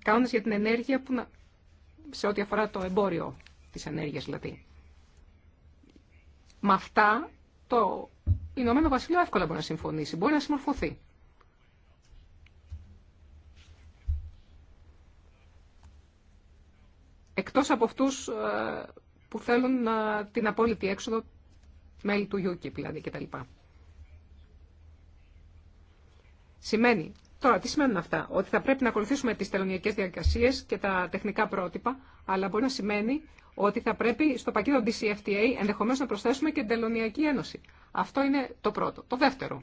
κανόνες για την ενέργεια που να σε ό,τι αφορά το εμπόριο της ενέργειας δηλαδή. Με αυτά το Ηνωμένο Βασίλειο εύκολα μπορεί να συμφωνήσει, μπορεί να συμμορφωθεί. Εκτός από αυτούς ε, που θέλουν ε, την απόλυτη έξοδο μέλη του UKIP δηλαδή κτλ. Σημαίνει Τώρα, τι σημαίνουν αυτά. Ότι θα πρέπει να ακολουθήσουμε τι τελωνιακέ διαδικασίε και τα τεχνικά πρότυπα, αλλά μπορεί να σημαίνει ότι θα πρέπει στο πακέτο DCFTA ενδεχομένω να προσθέσουμε και την Τελωνιακή Ένωση. Αυτό είναι το πρώτο. Το δεύτερο.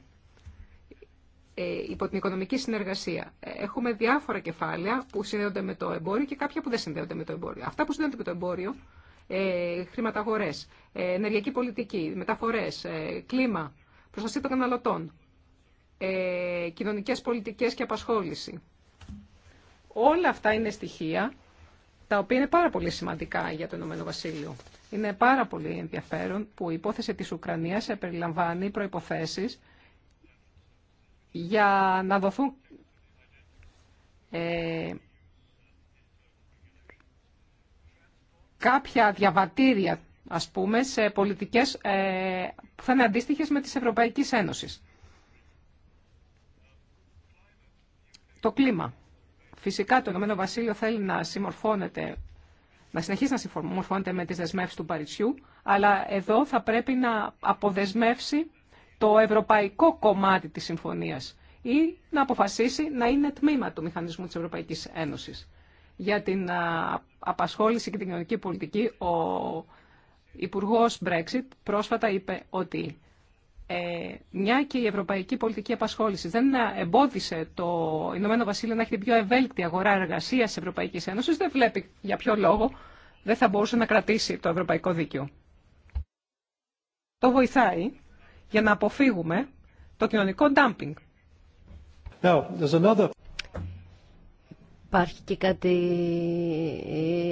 Ε, υπό την οικονομική συνεργασία. Ε, έχουμε διάφορα κεφάλαια που συνδέονται με το εμπόριο και κάποια που δεν συνδέονται με το εμπόριο. Αυτά που συνδέονται με το εμπόριο, ε, χρηματαγορέ, ε, ενεργειακή πολιτική, μεταφορέ, ε, κλίμα, προστασία των καταναλωτών ε, κοινωνικές πολιτικές και απασχόληση. Όλα αυτά είναι στοιχεία τα οποία είναι πάρα πολύ σημαντικά για το Ηνωμένο Βασίλειο. Είναι πάρα πολύ ενδιαφέρον που η υπόθεση της Ουκρανίας περιλαμβάνει προϋποθέσεις για να δοθούν ε, κάποια διαβατήρια, ας πούμε, σε πολιτικές ε, που θα είναι αντίστοιχες με τις Ευρωπαϊκές Ένωσης. Το κλίμα. Φυσικά το Ηνωμένο Βασίλειο θέλει να συμμορφώνεται, να συνεχίσει να συμμορφώνεται με τις δεσμεύσεις του Παρισιού, αλλά εδώ θα πρέπει να αποδεσμεύσει το ευρωπαϊκό κομμάτι της συμφωνίας ή να αποφασίσει να είναι τμήμα του μηχανισμού της Ευρωπαϊκής Ένωσης. Για την απασχόληση και την κοινωνική πολιτική, ο Υπουργό Brexit πρόσφατα είπε ότι ε, μια και η ευρωπαϊκή πολιτική απασχόληση δεν εμπόδισε το Ηνωμένο Βασίλειο να έχει την πιο ευέλικτη αγορά εργασία τη Ευρωπαϊκή Ένωση, δεν βλέπει για ποιο λόγο δεν θα μπορούσε να κρατήσει το ευρωπαϊκό δίκαιο. Το βοηθάει για να αποφύγουμε το κοινωνικό ντάμπινγκ. Υπάρχει και κάτι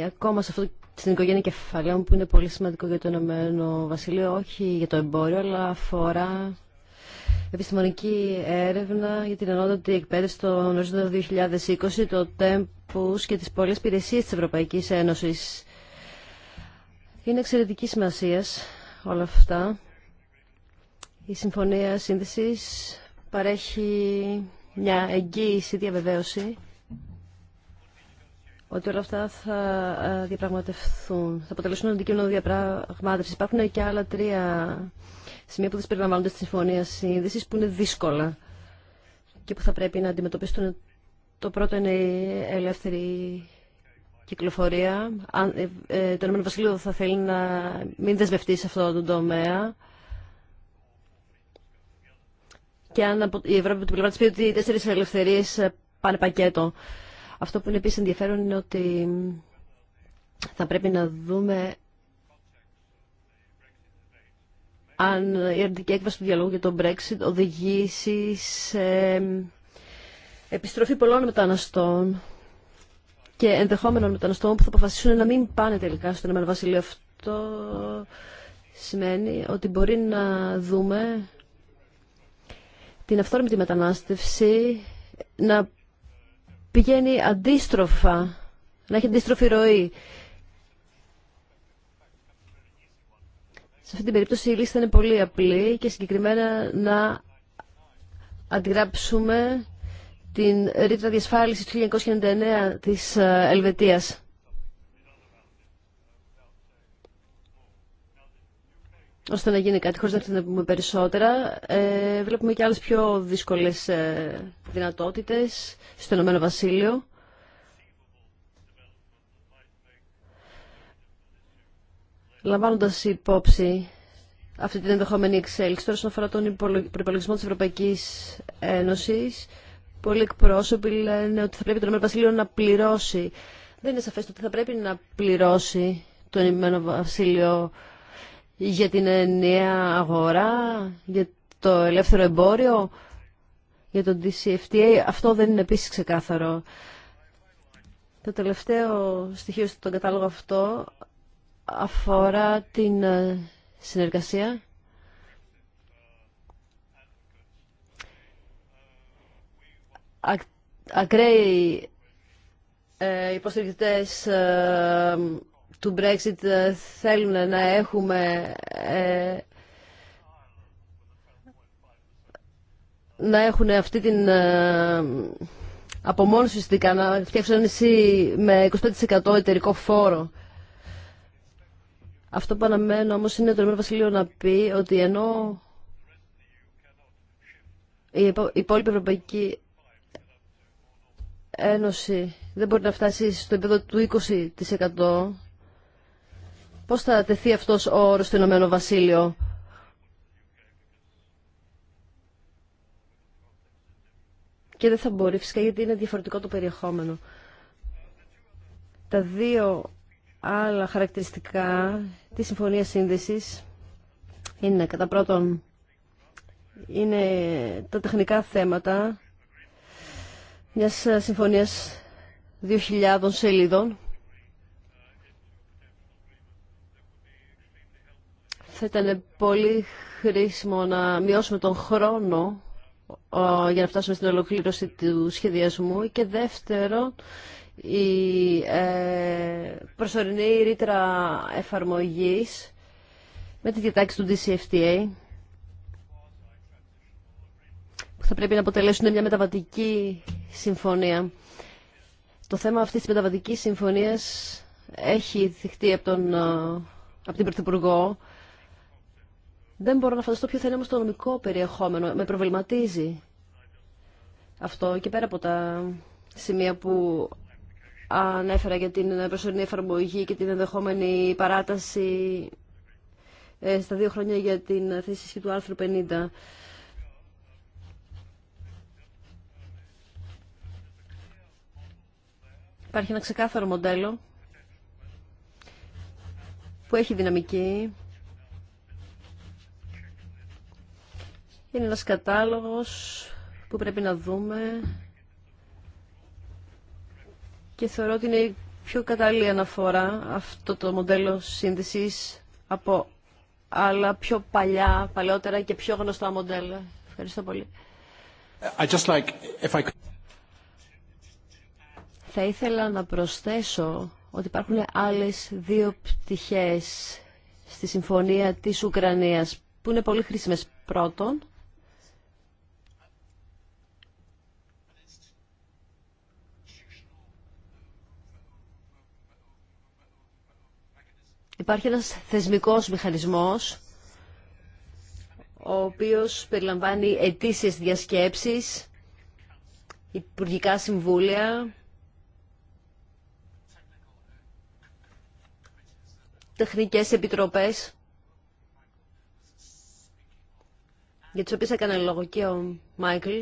ακόμα σε αυτό το στην οικογένεια κεφαλαίων που είναι πολύ σημαντικό για το Ηνωμένο Βασίλειο, όχι για το εμπόριο, αλλά αφορά επιστημονική έρευνα για την ενότητα εκπαίδευση το ορίζοντα 2020, το τέμπους και τις πολλές υπηρεσίε της Ευρωπαϊκής Ένωσης. Είναι εξαιρετική σημασία όλα αυτά. Η Συμφωνία Σύνδεσης παρέχει μια εγγύηση διαβεβαίωση ότι όλα αυτά θα ε, διαπραγματευθούν, θα αποτελέσουν αντικείμενο διαπραγμάτευση. Υπάρχουν και άλλα τρία σημεία που δεν στη Συμφωνία Σύνδεση που είναι δύσκολα και που θα πρέπει να αντιμετωπίσουν. Το πρώτο είναι η ελεύθερη κυκλοφορία. Ε, ε, το Ηνωμένο Βασίλειο θα θέλει να μην δεσμευτεί σε αυτό το τομέα. Και αν η Ευρώπη από την πλευρά τη πει ότι οι τέσσερι ελευθερίε πάνε πακέτο. Αυτό που είναι επίσης ενδιαφέρον είναι ότι θα πρέπει να δούμε αν η αρνητική έκβαση του διαλόγου για τον Brexit οδηγήσει σε επιστροφή πολλών μεταναστών και ενδεχόμενων μεταναστών που θα αποφασίσουν να μην πάνε τελικά στον Ηνωμένο Βασίλειο. Αυτό σημαίνει ότι μπορεί να δούμε την αυθόρμητη μετανάστευση να πηγαίνει αντίστροφα, να έχει αντίστροφη ροή. Σε αυτή την περίπτωση η λίστα είναι πολύ απλή και συγκεκριμένα να αντιγράψουμε την ρήτρα διασφάλισης του 1999 της ε, Ελβετίας. ώστε να γίνει κάτι, χωρίς να να πούμε περισσότερα. Ε, βλέπουμε και άλλες πιο δύσκολες ε, δυνατότητες στο Ηνωμένο Βασίλειο. Λαμβάνοντας υπόψη αυτή την ενδεχόμενη εξέλιξη, τώρα όσον αφορά τον προπολογισμό της Ευρωπαϊκής Ένωσης, πολλοί εκπρόσωποι λένε ότι θα πρέπει το Ηνωμένο Βασίλειο να πληρώσει. Δεν είναι σαφές ότι θα πρέπει να πληρώσει το Ηνωμένο για την ενιαία αγορά, για το ελεύθερο εμπόριο, για το DCFTA. Αυτό δεν είναι επίσης ξεκάθαρο. Το τελευταίο στοιχείο στον κατάλογο αυτό αφορά την ε, συνεργασία. Ακραίοι ε, υποστηρικτές ε, του Brexit ε, θέλουν να έχουμε ε, να έχουν αυτή την ε, απομόνωση στην να φτιάξουν νησί με 25% εταιρικό φόρο. Αυτό που αναμένω όμως είναι το Ηνωμένο Βασιλείο να πει ότι ενώ η υπόλοιπη Ευρωπαϊκή Ένωση δεν μπορεί να φτάσει στο επίπεδο του 20% Πώς θα τεθεί αυτός ο όρος στο Ηνωμένο Βασίλειο. Και δεν θα μπορεί φυσικά γιατί είναι διαφορετικό το περιεχόμενο. Τα δύο άλλα χαρακτηριστικά της Συμφωνίας Σύνδεσης είναι κατά πρώτον είναι τα τεχνικά θέματα μιας συμφωνίας 2.000 σελίδων Θα ήταν πολύ χρήσιμο να μειώσουμε τον χρόνο για να φτάσουμε στην ολοκλήρωση του σχεδιασμού και δεύτερο η ε, προσωρινή ρήτρα εφαρμογής με τη διατάξη του DCFTA που θα πρέπει να αποτελέσουν μια μεταβατική συμφωνία. Το θέμα αυτής της μεταβατικής συμφωνίας έχει θυχτεί από, τον, ε, από την Πρωθυπουργό δεν μπορώ να φανταστώ ποιο θα είναι όμως το νομικό περιεχόμενο. Με προβληματίζει αυτό και πέρα από τα σημεία που ανέφερα για την προσωρινή εφαρμογή και την ενδεχόμενη παράταση ε, στα δύο χρόνια για την θέση του άρθρου 50. Υπάρχει ένα ξεκάθαρο μοντέλο που έχει δυναμική Είναι ένας κατάλογος που πρέπει να δούμε και θεωρώ ότι είναι η πιο κατάλληλη αναφορά αυτό το μοντέλο σύνδεσης από άλλα πιο παλιά, παλαιότερα και πιο γνωστά μοντέλα. Ευχαριστώ πολύ. I just Θα ήθελα να προσθέσω ότι υπάρχουν άλλες δύο πτυχές στη Συμφωνία της Ουκρανίας που είναι πολύ χρήσιμες. Πρώτον, Υπάρχει ένας θεσμικός μηχανισμός ο οποίος περιλαμβάνει ετήσιες διασκέψεις, υπουργικά συμβούλια, τεχνικές επιτροπές, για τις οποίες έκανε λόγο και ο Μάικλ,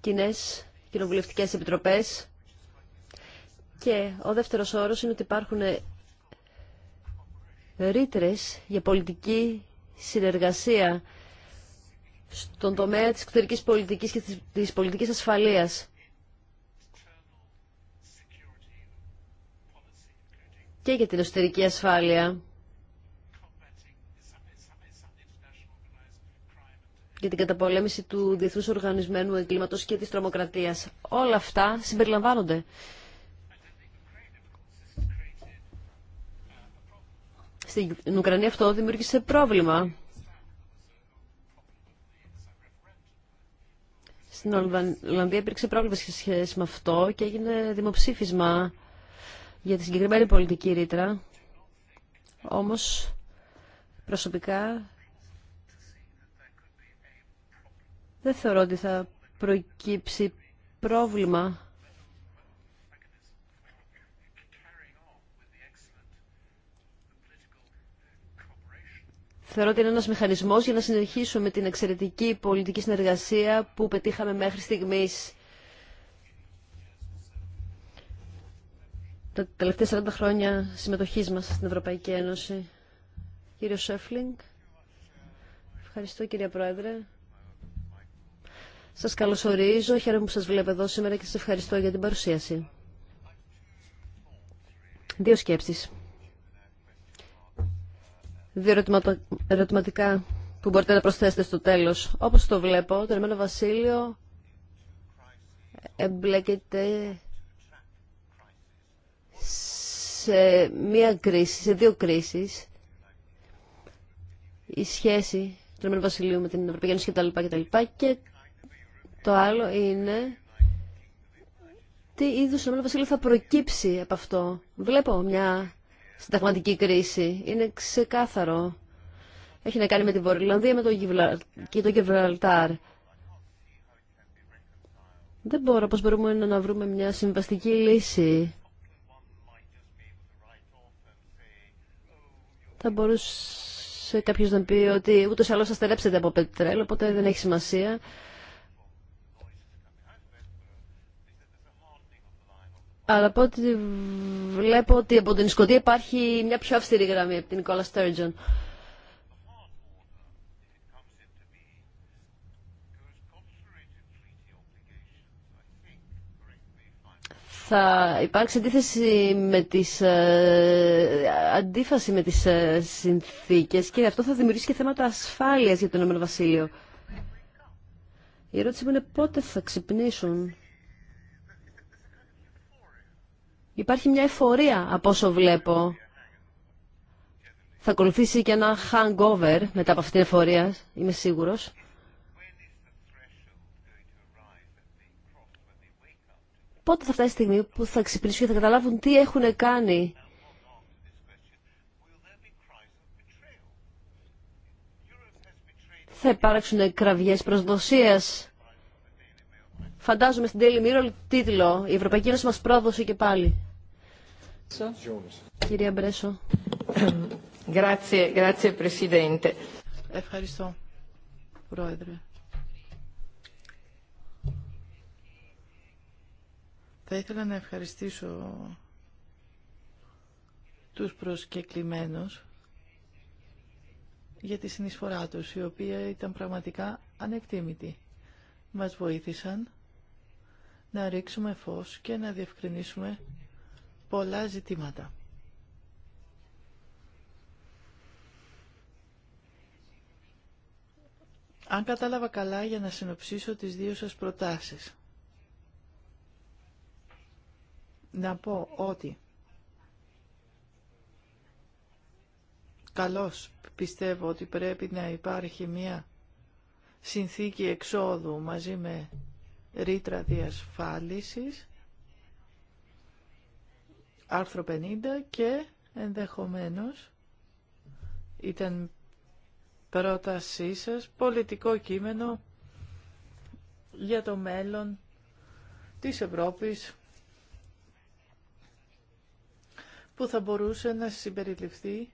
κοινέ κοινοβουλευτικές επιτροπές, και ο δεύτερος όρος είναι ότι υπάρχουν ρήτρε για πολιτική συνεργασία στον τομέα της εξωτερικής πολιτικής και της πολιτικής ασφαλείας. Και για την εσωτερική ασφάλεια. για την καταπολέμηση του διεθνούς οργανισμένου εγκλήματος και της τρομοκρατίας. Όλα αυτά συμπεριλαμβάνονται Στην Ουκρανία αυτό δημιούργησε πρόβλημα. Στην Ολλανδία υπήρξε πρόβλημα σε σχέση με αυτό και έγινε δημοψήφισμα για τη συγκεκριμένη πολιτική ρήτρα. Όμως προσωπικά δεν θεωρώ ότι θα προκύψει πρόβλημα Θεωρώ ότι είναι ένας μηχανισμός για να συνεχίσουμε την εξαιρετική πολιτική συνεργασία που πετύχαμε μέχρι στιγμής. Τα τελευταία 40 χρόνια συμμετοχής μας στην Ευρωπαϊκή Ένωση. Κύριο Σέφλινγκ. Ευχαριστώ κύριε Πρόεδρε. Σας καλωσορίζω, χαίρομαι που σας βλέπω εδώ σήμερα και σας ευχαριστώ για την παρουσίαση. Δύο σκέψεις δύο ερωτηματικά που μπορείτε να προσθέσετε στο τέλος. Όπως το βλέπω, το Ενωμένο Βασίλειο εμπλέκεται σε μία κρίση, σε δύο κρίσεις. Η σχέση του Ενωμένου Βασιλείου με την Ευρωπαϊκή Ένωση κτλ. Και το άλλο είναι τι είδους Ενωμένο Βασίλειο θα προκύψει από αυτό. Βλέπω μια συνταγματική κρίση. Είναι ξεκάθαρο. Έχει να κάνει με την Βορειολανδία με το Γιβλα... και το Γιβραλτάρ. Δεν μπορώ πώς μπορούμε να βρούμε μια συμβαστική λύση. Θα μπορούσε κάποιο να πει ότι ούτως ή άλλως θα στερέψετε από πετρέλαιο, οπότε δεν έχει σημασία. Αλλά από ό,τι βλέπω ότι από την Σκοτία υπάρχει μια πιο αυστηρή γραμμή από την Νικόλα Στέρτζον. θα υπάρξει αντίθεση με τις, ε, αντίφαση με τις ε, συνθήκες και αυτό θα δημιουργήσει και θέματα ασφάλειας για τον Ηνωμένο Βασίλειο. Η ερώτηση μου είναι πότε θα ξυπνήσουν. Υπάρχει μια εφορία από όσο βλέπω. Θα ακολουθήσει και ένα hangover μετά από αυτήν την εφορία, είμαι σίγουρος. Πότε θα φτάσει η στιγμή που θα ξυπνήσουν και θα καταλάβουν τι έχουν κάνει. Θα υπάρξουν κραυγές προσδοσίας. Φαντάζομαι στην Daily Mirror τίτλο «Η Ευρωπαϊκή Ένωση μας πρόδωσε και πάλι». Μπρέσο. Ευχαριστώ, Πρόεδρε. Θα ήθελα να ευχαριστήσω τους προσκεκλημένους για τη συνεισφορά τους, η οποία ήταν πραγματικά ανεκτήμητη. Μας βοήθησαν να ρίξουμε φως και να διευκρινίσουμε πολλά ζητήματα. Αν κατάλαβα καλά για να συνοψίσω τις δύο σας προτάσεις. Να πω ότι καλώς πιστεύω ότι πρέπει να υπάρχει μια συνθήκη εξόδου μαζί με ρήτρα διασφάλισης άρθρο 50 και ενδεχομένως ήταν πρότασή σας πολιτικό κείμενο για το μέλλον της Ευρώπης που θα μπορούσε να συμπεριληφθεί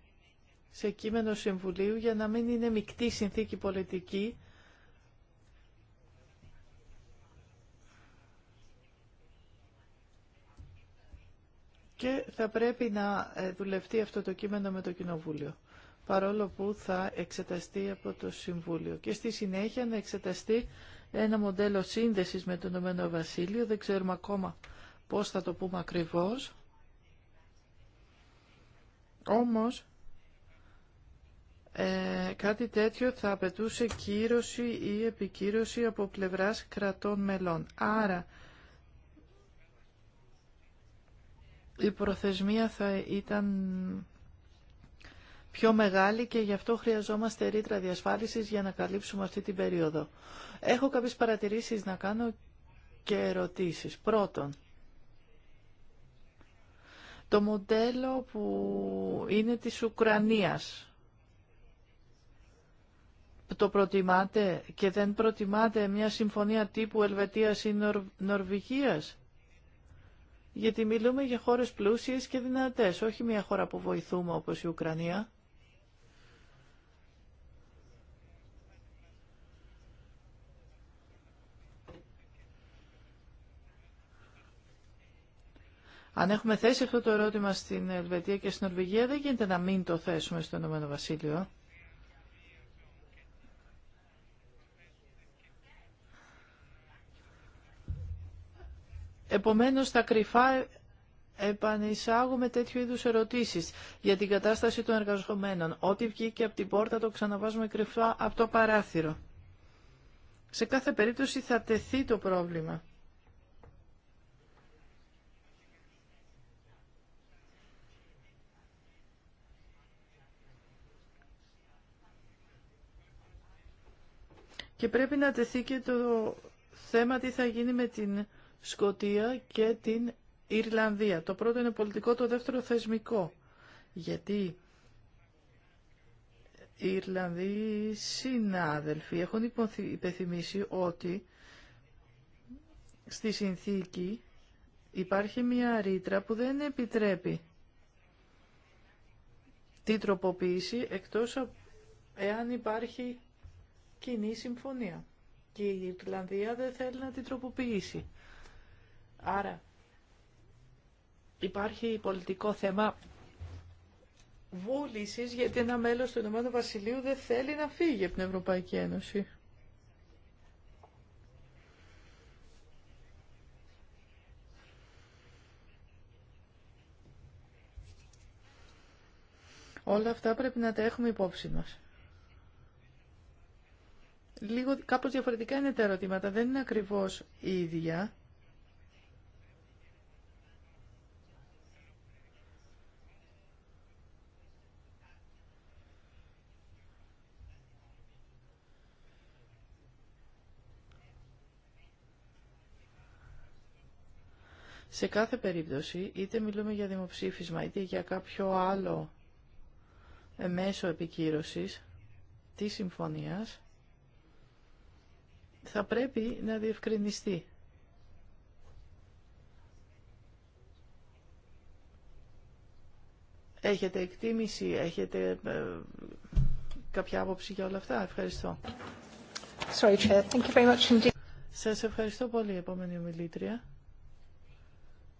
σε κείμενο Συμβουλίου για να μην είναι μεικτή συνθήκη πολιτική και θα πρέπει να ε, δουλευτεί αυτό το κείμενο με το Κοινοβούλιο παρόλο που θα εξεταστεί από το Συμβούλιο. Και στη συνέχεια να εξεταστεί ένα μοντέλο σύνδεσης με το Ηνωμένο Βασίλειο. Δεν ξέρουμε ακόμα πώς θα το πούμε ακριβώς. Όμως, ε, κάτι τέτοιο θα απαιτούσε κύρωση ή επικύρωση από πλευράς κρατών μελών. Άρα, η προθεσμία θα ήταν πιο μεγάλη και γι' αυτό χρειαζόμαστε ρήτρα διασφάλισης για να καλύψουμε αυτή την περίοδο. Έχω κάποιες παρατηρήσεις να κάνω και ερωτήσεις. Πρώτον, το μοντέλο που είναι της Ουκρανίας, το προτιμάτε και δεν προτιμάτε μια συμφωνία τύπου Ελβετίας ή Νορβηγίας γιατί μιλούμε για χώρες πλούσιες και δυνατές, όχι μια χώρα που βοηθούμε όπως η Ουκρανία. Αν έχουμε θέσει αυτό το ερώτημα στην Ελβετία και στην Νορβηγία, δεν γίνεται να μην το θέσουμε στο Ηνωμένο Βασίλειο. Επομένως, τα κρυφά επανεισάγουμε τέτοιου είδους ερωτήσεις για την κατάσταση των εργαζομένων. Ό,τι βγήκε από την πόρτα το ξαναβάζουμε κρυφά από το παράθυρο. Σε κάθε περίπτωση θα τεθεί το πρόβλημα. Και πρέπει να τεθεί και το θέμα τι θα γίνει με την Σκοτία και την Ιρλανδία. Το πρώτο είναι πολιτικό, το δεύτερο θεσμικό. Γιατί οι Ιρλανδοί συνάδελφοι έχουν υπεθυμίσει ότι στη συνθήκη υπάρχει μια ρήτρα που δεν επιτρέπει την τροποποίηση εκτός εάν υπάρχει κοινή συμφωνία. Και η Ιρλανδία δεν θέλει να την τροποποιήσει. Άρα υπάρχει πολιτικό θέμα βούλησης γιατί ένα μέλος του Ηνωμένου Βασιλείου δεν θέλει να φύγει από την Ευρωπαϊκή Ένωση. Όλα αυτά πρέπει να τα έχουμε υπόψη μας. Λίγο κάπως διαφορετικά είναι τα ερωτήματα, δεν είναι ακριβώς ίδια. Σε κάθε περίπτωση, είτε μιλούμε για δημοψήφισμα, είτε για κάποιο άλλο μέσο επικύρωσης της συμφωνίας, θα πρέπει να διευκρινιστεί. Έχετε εκτίμηση, έχετε ε, κάποια άποψη για όλα αυτά. Ευχαριστώ. Sorry, Thank you very much indeed. Σας ευχαριστώ πολύ, επόμενη ομιλήτρια.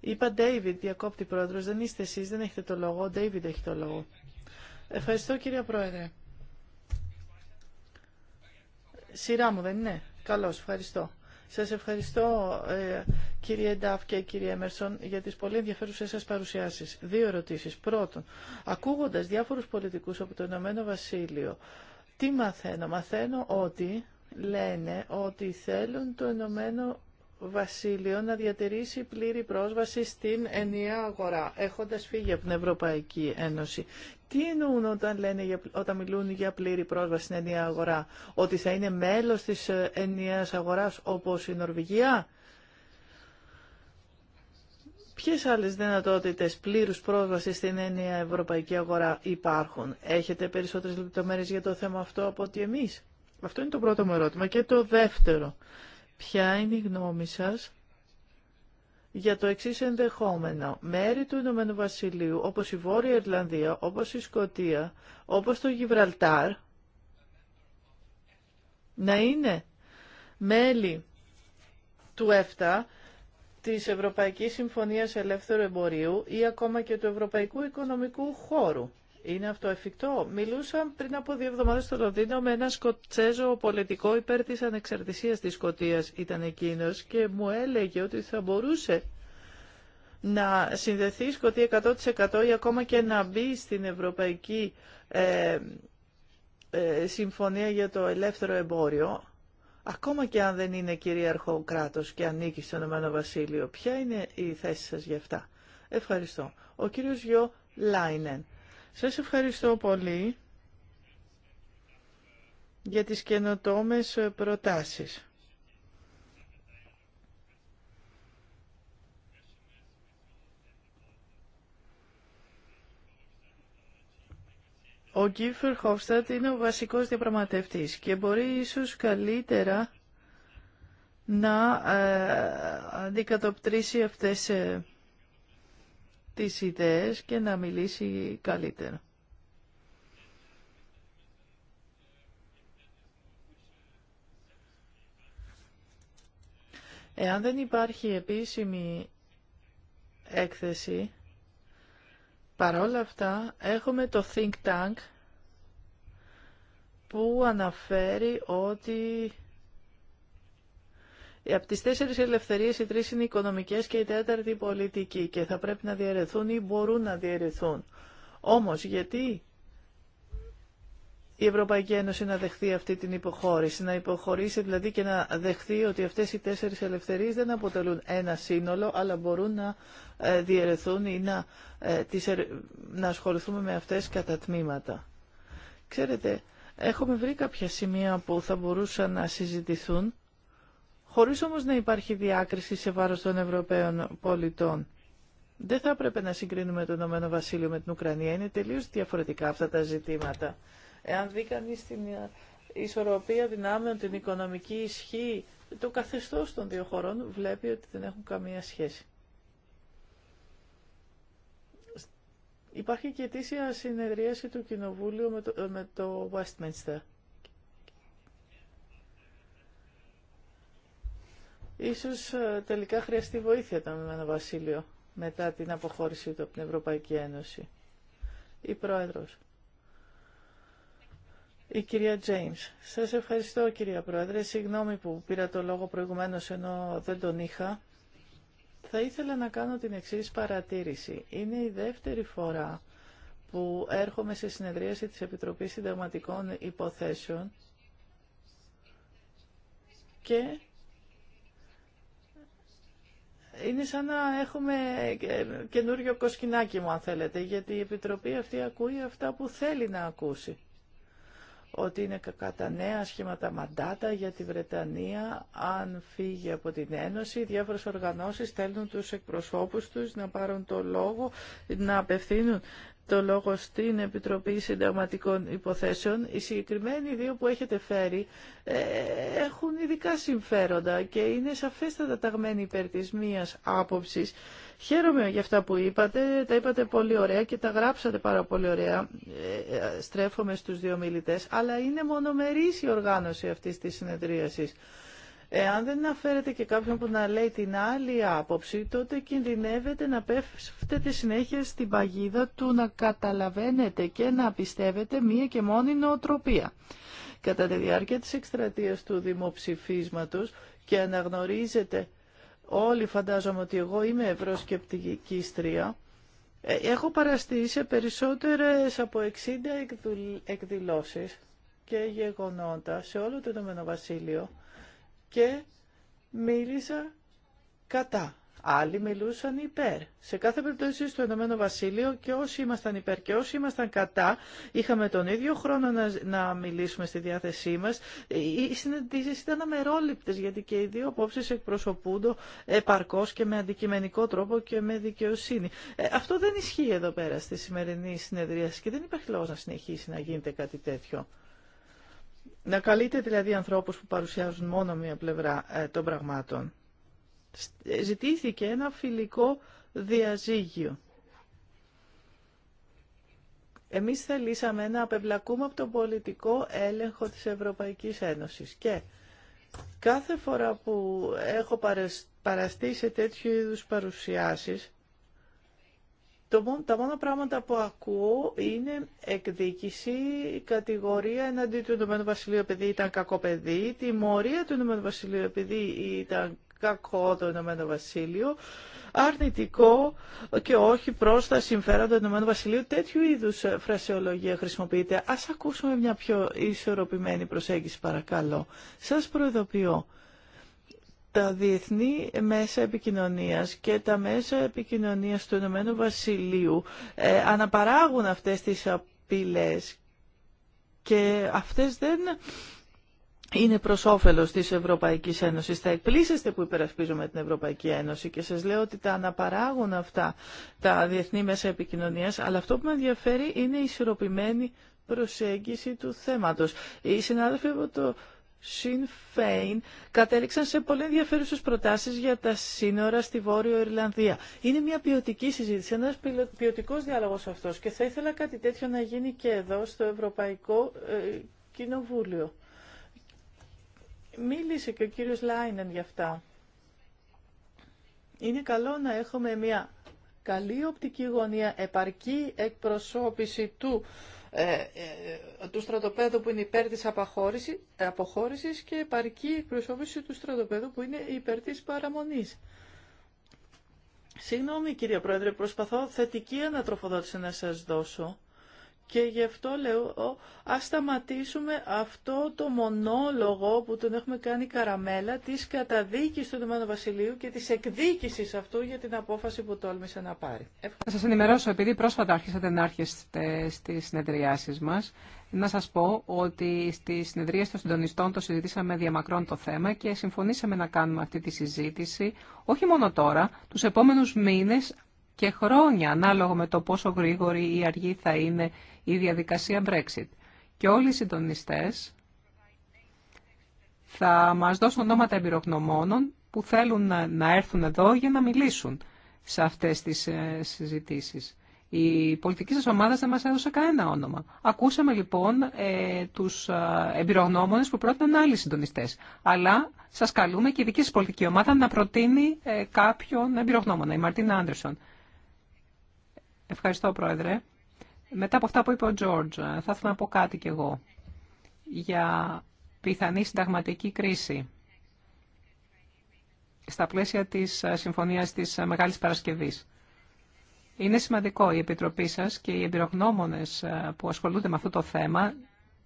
Είπα David, διακόπτη πρόεδρος, δεν είστε εσείς, δεν έχετε το λόγο, ο David έχει το λόγο. Ευχαριστώ κύριε Πρόεδρε. Σειρά μου δεν είναι. Καλώς, ευχαριστώ. Σας ευχαριστώ ε, κύριε Νταφ και κύριε Έμερσον για τις πολύ ενδιαφέρουσες σας παρουσιάσεις. Δύο ερωτήσεις. Πρώτον, ακούγοντας διάφορους πολιτικούς από το Ηνωμένο Βασίλειο, τι μαθαίνω. Μαθαίνω ότι λένε ότι θέλουν το Ηνωμένο Βασίλειο να διατηρήσει πλήρη πρόσβαση στην ενιαία αγορά, έχοντας φύγει από την Ευρωπαϊκή Ένωση. Τι εννοούν όταν, λένε, όταν μιλούν για πλήρη πρόσβαση στην ενιαία αγορά, ότι θα είναι μέλος της ε, ενιαίας αγοράς όπως η Νορβηγία. Ποιες άλλες δυνατότητες πλήρους προσβαση στην ενιαία ευρωπαϊκή αγορά υπάρχουν. Έχετε περισσότερες λεπτομέρειες για το θέμα αυτό από ότι εμείς. Αυτό είναι το πρώτο μου ερώτημα. Και το δεύτερο. Ποια είναι η γνώμη σας για το εξή ενδεχόμενο. Μέρη του Ηνωμένου Βασιλείου, όπως η Βόρεια Ιρλανδία, όπως η Σκοτία, όπως το Γιβραλτάρ, να είναι μέλη του ΕΦΤΑ, της Ευρωπαϊκής Συμφωνίας Ελεύθερου Εμπορίου ή ακόμα και του Ευρωπαϊκού Οικονομικού Χώρου. Είναι αυτό εφικτό. Μιλούσα πριν από δύο εβδομάδες στο Λονδίνο με ένα σκοτσέζο πολιτικό υπέρ της ανεξαρτησίας της Σκωτία. ήταν εκείνος και μου έλεγε ότι θα μπορούσε να συνδεθεί η Σκωτία 100% ή ακόμα και να μπει στην Ευρωπαϊκή ε, ε, Συμφωνία για το Ελεύθερο Εμπόριο, ακόμα και αν δεν είναι κυρίαρχο κράτος και ανήκει στον Ηνωμένο Βασίλειο. Ποια είναι η θέση σα γι' αυτά. Ευχαριστώ. Ο κύριος Γιώ Λάινεν. Σας ευχαριστώ πολύ για τις καινοτόμες προτάσεις. Ο Κίφερ Χόφστατ είναι ο βασικός διαπραγματευτής και μπορεί ίσως καλύτερα να ε, αντικατοπτρίσει αυτές ε, τις ιδέες και να μιλήσει καλύτερα. Εάν δεν υπάρχει επίσημη έκθεση, παρόλα αυτά έχουμε το Think Tank που αναφέρει ότι από τις τέσσερις ελευθερίες οι τρεις είναι οικονομικές και η τέταρτη πολιτική και θα πρέπει να διαιρεθούν ή μπορούν να διαιρεθούν. Όμως γιατί η Ευρωπαϊκή Ένωση να δεχθεί αυτή την υποχώρηση, να υποχωρήσει δηλαδή και να δεχθεί ότι αυτές οι τέσσερις ελευθερίες δεν αποτελούν ένα σύνολο, αλλά μπορούν να ε, διαιρεθούν ή να, ε, να ασχοληθούμε με αυτές κατά τμήματα. Ξέρετε, έχουμε βρει κάποια σημεία που θα μπορούσαν να συζητηθούν χωρίς όμως να υπάρχει διάκριση σε βάρος των Ευρωπαίων πολιτών. Δεν θα έπρεπε να συγκρίνουμε το Ηνωμένο Βασίλειο με την Ουκρανία. Είναι τελείως διαφορετικά αυτά τα ζητήματα. Εάν δει κανείς την ισορροπία δυνάμεων, την οικονομική ισχύ, το καθεστώς των δύο χωρών βλέπει ότι δεν έχουν καμία σχέση. Υπάρχει και αιτήσια συνεδρίαση του Κοινοβούλου με το, με το Westminster. Ίσως ε, τελικά χρειαστεί βοήθεια το Ηνωμένο Βασίλειο μετά την αποχώρησή του από την Ευρωπαϊκή Ένωση. Η Πρόεδρος. Η κυρία Τζέιμς. Σας ευχαριστώ κυρία Πρόεδρε. Συγγνώμη που πήρα το λόγο προηγουμένως ενώ δεν τον είχα. Θα ήθελα να κάνω την εξής παρατήρηση. Είναι η δεύτερη φορά που έρχομαι σε συνεδρίαση της Επιτροπής Συνταγματικών Υποθέσεων και είναι σαν να έχουμε καινούριο κοσκινάκι μου αν θέλετε, γιατί η Επιτροπή αυτή ακούει αυτά που θέλει να ακούσει. Ότι είναι κατά νέα σχήματα μαντάτα για τη Βρετανία, αν φύγει από την Ένωση, οι διάφορες οργανώσεις στέλνουν τους εκπροσώπους τους να πάρουν το λόγο, να απευθύνουν το λόγο στην Επιτροπή Συνταγματικών Υποθέσεων. Οι συγκεκριμένοι δύο που έχετε φέρει ε, έχουν ειδικά συμφέροντα και είναι σαφέστατα ταγμένοι υπέρ της μίας άποψης. Χαίρομαι για αυτά που είπατε, τα είπατε πολύ ωραία και τα γράψατε πάρα πολύ ωραία. Ε, ε στρέφομαι στους δύο μιλητές, αλλά είναι μονομερής η οργάνωση αυτής της συνεδρίασης. Εάν δεν αναφέρετε και κάποιον που να λέει την άλλη άποψη, τότε κινδυνεύετε να πέφτετε συνέχεια στην παγίδα του να καταλαβαίνετε και να πιστεύετε μία και μόνη νοοτροπία. Κατά τη διάρκεια της εκστρατείας του δημοψηφίσματος και αναγνωρίζετε όλοι φαντάζομαι ότι εγώ είμαι στρία, ε, έχω παραστεί σε περισσότερες από 60 εκδηλώσεις και γεγονότα σε όλο το Ηνωμένο Βασίλειο, και μίλησα κατά. Άλλοι μιλούσαν υπέρ. Σε κάθε περίπτωση στο Ηνωμένο Βασίλειο και όσοι ήμασταν υπέρ και όσοι ήμασταν κατά, είχαμε τον ίδιο χρόνο να, να μιλήσουμε στη διάθεσή μα. Οι συναντήσει ήταν αμερόληπτε, γιατί και οι δύο απόψει εκπροσωπούνται επαρκώ και με αντικειμενικό τρόπο και με δικαιοσύνη. Ε, αυτό δεν ισχύει εδώ πέρα στη σημερινή συνεδρίαση και δεν υπάρχει λόγο να συνεχίσει να γίνεται κάτι τέτοιο. Να καλείτε δηλαδή ανθρώπους που παρουσιάζουν μόνο μία πλευρά ε, των πραγμάτων. Ε, ζητήθηκε ένα φιλικό διαζύγιο. Εμείς θελήσαμε να απεμπλακούμε από τον πολιτικό έλεγχο της Ευρωπαϊκής Ένωσης και κάθε φορά που έχω παραστεί σε τέτοιου είδους παρουσιάσεις το, τα μόνα πράγματα που ακούω είναι εκδίκηση, κατηγορία εναντί του Ηνωμένου Βασιλείου επειδή ήταν κακό παιδί, τιμωρία του Ηνωμένου Βασιλείου επειδή ήταν κακό το Ηνωμένο Βασίλειο, αρνητικό και όχι προς τα συμφέροντα του Ηνωμένου Βασιλείου. Τέτοιου είδου ε, φρασιολογία χρησιμοποιείται. Ας ακούσουμε μια πιο ισορροπημένη προσέγγιση παρακαλώ. Σα προειδοποιώ τα διεθνή μέσα επικοινωνίας και τα μέσα επικοινωνίας του Ηνωμένου Βασιλείου ε, αναπαράγουν αυτές τις απειλές και αυτές δεν είναι προ όφελο τη Ευρωπαϊκή Ένωση. Θα εκπλήσεστε που υπερασπίζουμε την Ευρωπαϊκή Ένωση και σας λέω ότι τα αναπαράγουν αυτά τα διεθνή μέσα Επικοινωνίας, αλλά αυτό που με ενδιαφέρει είναι η ισορροπημένη προσέγγιση του θέματος. Οι συνάδελφοι από το Sinn Féin κατέληξαν σε πολύ ενδιαφέρουσες προτάσεις για τα σύνορα στη Βόρειο Ιρλανδία. Είναι μια ποιοτική συζήτηση, ένας ποιοτικός διάλογος αυτός και θα ήθελα κάτι τέτοιο να γίνει και εδώ στο Ευρωπαϊκό ε, Κοινοβούλιο. Μίλησε και ο κύριος Λάινεν για αυτά. Είναι καλό να έχουμε μια καλή οπτική γωνία, επαρκή εκπροσώπηση του ε, ε, του στρατοπέδου που είναι υπέρ της αποχώρησης και επαρκή εκπροσώπηση του στρατοπέδου που είναι υπέρ της παραμονής. Συγγνώμη κύριε Πρόεδρε, προσπαθώ θετική ανατροφοδότηση να σας δώσω. Και γι' αυτό λέω, ας σταματήσουμε αυτό το μονόλογο που τον έχουμε κάνει καραμέλα της καταδίκης του Ηνωμένου Βασιλείου και της εκδίκησης αυτού για την απόφαση που τόλμησε να πάρει. Θα σας ενημερώσω, επειδή πρόσφατα άρχισατε να έρχεστε στις συνεδριάσεις μας, να σας πω ότι στις συνεδρίες των συντονιστών το συζητήσαμε διαμακρών το θέμα και συμφωνήσαμε να κάνουμε αυτή τη συζήτηση, όχι μόνο τώρα, τους επόμενους μήνες και χρόνια ανάλογα με το πόσο γρήγορη ή αργή θα είναι η διαδικασία Brexit. Και όλοι οι συντονιστές θα μας δώσουν ονόματα εμπειρογνωμόνων που θέλουν να έρθουν εδώ για να μιλήσουν σε αυτές τις ε, συζητήσεις. Η πολιτική σας ομάδα δεν μας έδωσε κανένα όνομα. Ακούσαμε λοιπόν ε, τους ε, εμπειρογνώμονες που πρότειναν άλλοι συντονιστές. Αλλά σας καλούμε και η δική σας πολιτική ομάδα να προτείνει ε, κάποιον εμπειρογνώμονα, η Μαρτίνα Άντρεσον. Ευχαριστώ, Πρόεδρε. Μετά από αυτά που είπε ο Τζόρτζ, θα ήθελα να πω κάτι κι εγώ για πιθανή συνταγματική κρίση στα πλαίσια της Συμφωνίας της Μεγάλης Παρασκευής. Είναι σημαντικό η Επιτροπή σας και οι εμπειρογνώμονες που ασχολούνται με αυτό το θέμα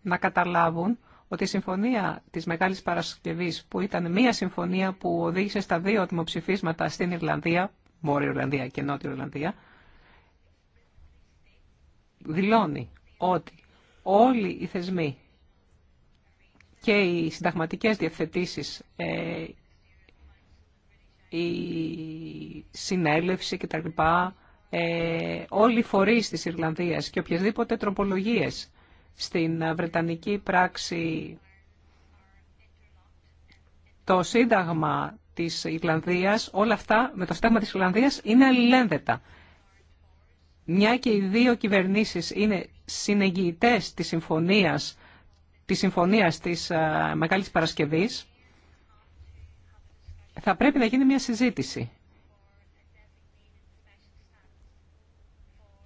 να καταλάβουν ότι η Συμφωνία της Μεγάλης Παρασκευής, που ήταν μία συμφωνία που οδήγησε στα δύο δημοψηφίσματα στην Ιρλανδία, Μόρια Ιρλανδία και Νότια Ιρλανδία, δηλώνει ότι όλοι οι θεσμοί και οι συνταγματικές διευθετήσεις, ε, η συνέλευση κτλ., ε, όλοι οι φορείς της Ιρλανδίας και οποιασδήποτε τροπολογίες στην Βρετανική πράξη το Σύνταγμα της Ιρλανδίας, όλα αυτά με το Σύνταγμα της Ιρλανδίας είναι αλληλένδετα. Μια και οι δύο κυβερνήσεις είναι συνεγγυητές της συμφωνίας της, συμφωνίας της ε, Μεγάλης Παρασκευής, θα πρέπει να γίνει μια συζήτηση.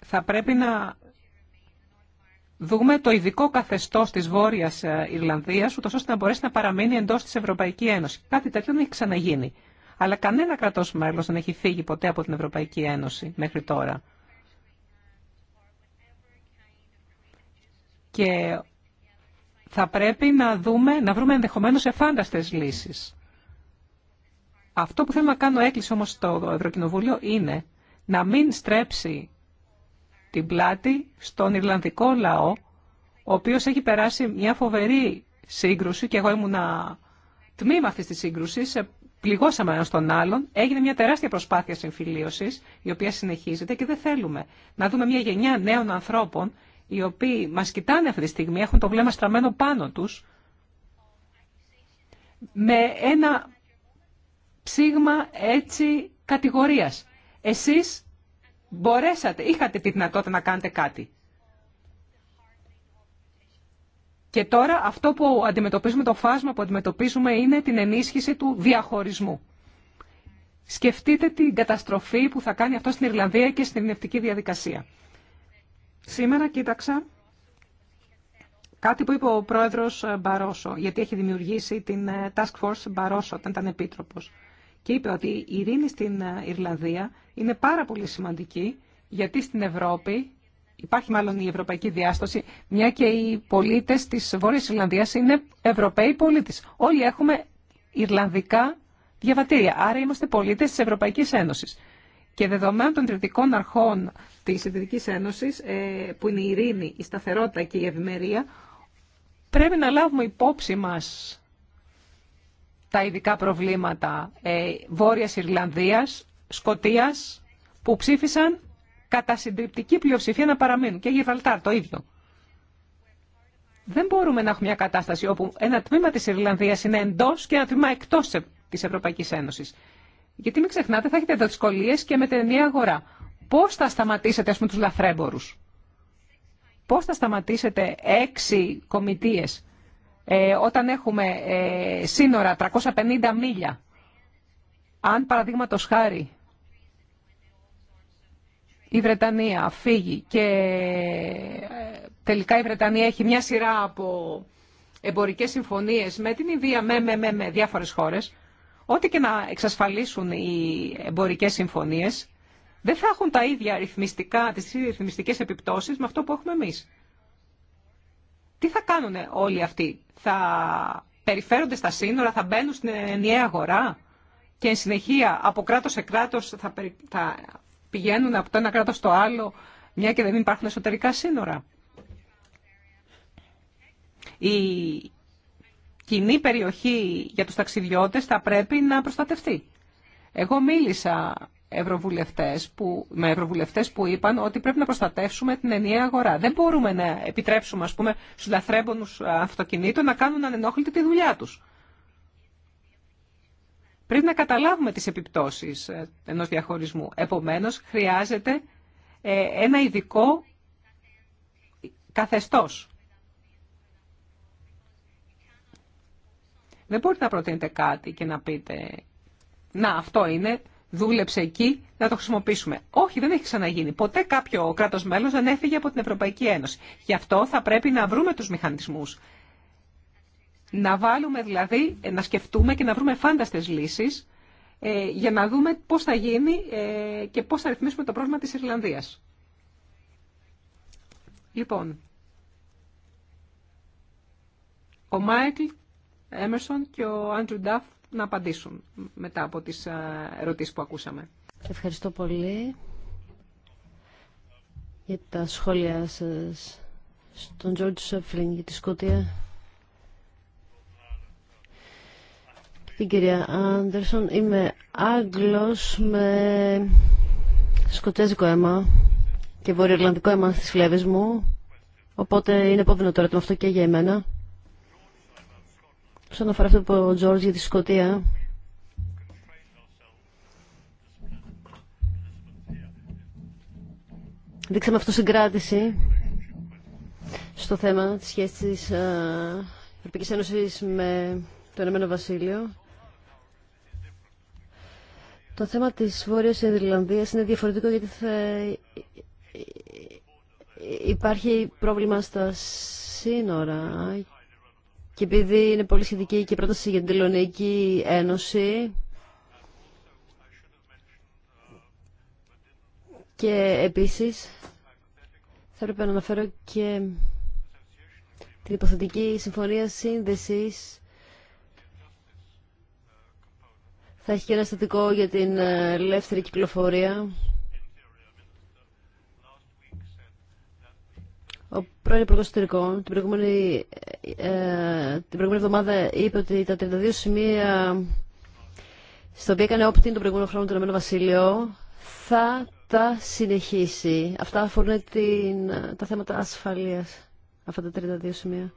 Θα πρέπει να δούμε το ειδικό καθεστώς της Βόρειας ε, Ιρλανδίας, ούτως ώστε να μπορέσει να παραμείνει εντός της Ευρωπαϊκής Ένωσης. Κάτι τέτοιο δεν έχει ξαναγίνει. Αλλά κανένα κρατός μέλος δεν έχει φύγει ποτέ από την Ευρωπαϊκή Ένωση μέχρι τώρα. Και θα πρέπει να, δούμε, να βρούμε ενδεχομένως εφάνταστες λύσεις. Αυτό που θέλω να κάνω έκκληση όμως στο Ευρωκοινοβούλιο είναι να μην στρέψει την πλάτη στον Ιρλανδικό λαό, ο οποίος έχει περάσει μια φοβερή σύγκρουση και εγώ ήμουνα τμήμα αυτής της σύγκρουσης, πληγώσαμε ένα τον άλλον, έγινε μια τεράστια προσπάθεια συμφιλίωσης, η οποία συνεχίζεται και δεν θέλουμε να δούμε μια γενιά νέων ανθρώπων οι οποίοι μας κοιτάνε αυτή τη στιγμή, έχουν το βλέμμα στραμμένο πάνω τους, με ένα ψήγμα έτσι κατηγορίας. Εσείς μπορέσατε, είχατε τη δυνατότητα να κάνετε κάτι. Και τώρα αυτό που αντιμετωπίζουμε, το φάσμα που αντιμετωπίζουμε είναι την ενίσχυση του διαχωρισμού. Σκεφτείτε την καταστροφή που θα κάνει αυτό στην Ιρλανδία και στην ειρηνευτική διαδικασία. Σήμερα κοίταξα κάτι που είπε ο πρόεδρος Μπαρόσο, γιατί έχει δημιουργήσει την ε, Task Force Μπαρόσο όταν ήταν επίτροπος. Και είπε ότι η ειρήνη στην ε, Ιρλανδία είναι πάρα πολύ σημαντική, γιατί στην Ευρώπη υπάρχει μάλλον η ευρωπαϊκή διάσταση, μια και οι πολίτες της Βόρειας Ιρλανδίας είναι Ευρωπαίοι πολίτες. Όλοι έχουμε Ιρλανδικά διαβατήρια, άρα είμαστε πολίτες της Ευρωπαϊκής Ένωσης και δεδομένων των τριπτικών αρχών της ευρωπαϊκής Ένωσης, ε, που είναι η ειρήνη, η σταθερότητα και η ευημερία, πρέπει να λάβουμε υπόψη μας τα ειδικά προβλήματα ε, Βόρειας Ιρλανδίας, Σκοτίας, που ψήφισαν κατά συντριπτική πλειοψηφία να παραμείνουν. Και Γιβραλτάρ το ίδιο. Δεν μπορούμε να έχουμε μια κατάσταση όπου ένα τμήμα της Ιρλανδίας είναι εντός και ένα τμήμα εκτός της Ευρωπαϊκής Ένωσης. Γιατί μην ξεχνάτε, θα έχετε δυσκολίε και με την αγορά. Πώ θα σταματήσετε, α πούμε, του λαθρέμπορου. Πώ θα σταματήσετε έξι κομιτείε ε, όταν έχουμε ε, σύνορα 350 μίλια. Αν παραδείγματο χάρη η Βρετανία φύγει και ε, τελικά η Βρετανία έχει μια σειρά από εμπορικές συμφωνίες με την Ινδία, με, με, με, με διάφορες χώρες, ό,τι και να εξασφαλίσουν οι εμπορικές συμφωνίες, δεν θα έχουν τα ίδια ρυθμιστικά, τις ίδιες ρυθμιστικές επιπτώσεις με αυτό που έχουμε εμείς. Τι θα κάνουν όλοι αυτοί, θα περιφέρονται στα σύνορα, θα μπαίνουν στην ενιαία αγορά και εν συνεχεία από κράτος σε κράτος θα, θα πηγαίνουν από το ένα κράτος στο άλλο, μια και δεν υπάρχουν εσωτερικά σύνορα κοινή περιοχή για τους ταξιδιώτες θα πρέπει να προστατευτεί. Εγώ μίλησα ευρωβουλευτές που, με ευρωβουλευτές που είπαν ότι πρέπει να προστατεύσουμε την ενιαία αγορά. Δεν μπορούμε να επιτρέψουμε ας πούμε, στους λαθρέμπονους αυτοκινήτων να κάνουν ανενόχλητη τη δουλειά τους. Πρέπει να καταλάβουμε τις επιπτώσεις ε, ενός διαχωρισμού. Επομένως, χρειάζεται ε, ένα ειδικό καθεστώς Δεν μπορείτε να προτείνετε κάτι και να πείτε «Να, αυτό είναι, δούλεψε εκεί, να το χρησιμοποιήσουμε». Όχι, δεν έχει ξαναγίνει. Ποτέ κάποιο κράτος μέλος δεν έφυγε από την Ευρωπαϊκή Ένωση. Γι' αυτό θα πρέπει να βρούμε τους μηχανισμούς. Να βάλουμε δηλαδή, να σκεφτούμε και να βρούμε φάνταστες λύσεις ε, για να δούμε πώς θα γίνει ε, και πώς θα ρυθμίσουμε το πρόβλημα της Ιρλανδίας. Λοιπόν, ο Μάικλ Έμερσον και ο Άντρου Νταφ να απαντήσουν μετά από τις ε, ερωτήσεις που ακούσαμε. Ευχαριστώ πολύ για τα σχόλια σας στον Τζόρτζ Σεφλίν για τη Σκότια και την κυρία Άντερσον. Είμαι Άγγλος με σκοτσέζικο αίμα και βορειοελλανδικό αίμα στις φλέβες μου, οπότε είναι επόμενο το αυτό και για εμένα. Όσον αφορά αυτό που ο Τζόρτζ για τη Σκωτία, δείξαμε αυτοσυγκράτηση στο θέμα της σχέσης της ε, Ευρωπαϊκής Ένωσης με το Ενωμένο Βασίλειο. Το θέμα της Βόρειας Ιρλανδίας είναι διαφορετικό γιατί υπάρχει πρόβλημα στα σύνορα και επειδή είναι πολύ σχετική και η πρόταση για την Τελωνική Ένωση και επίσης θα έπρεπε να αναφέρω και την υποθετική συμφωνία σύνδεσης θα έχει και ένα στατικό για την ε, ελεύθερη κυκλοφορία πρώην Υπουργό Εσωτερικών την προηγούμενη, ε, την προηγούμενη εβδομάδα είπε ότι τα 32 σημεία στα οποία όπτην τον προηγούμενο χρόνο του Ηνωμένο Βασίλειο θα τα συνεχίσει. Αυτά αφορούν την, τα θέματα ασφαλεία αυτά τα 32 σημεία.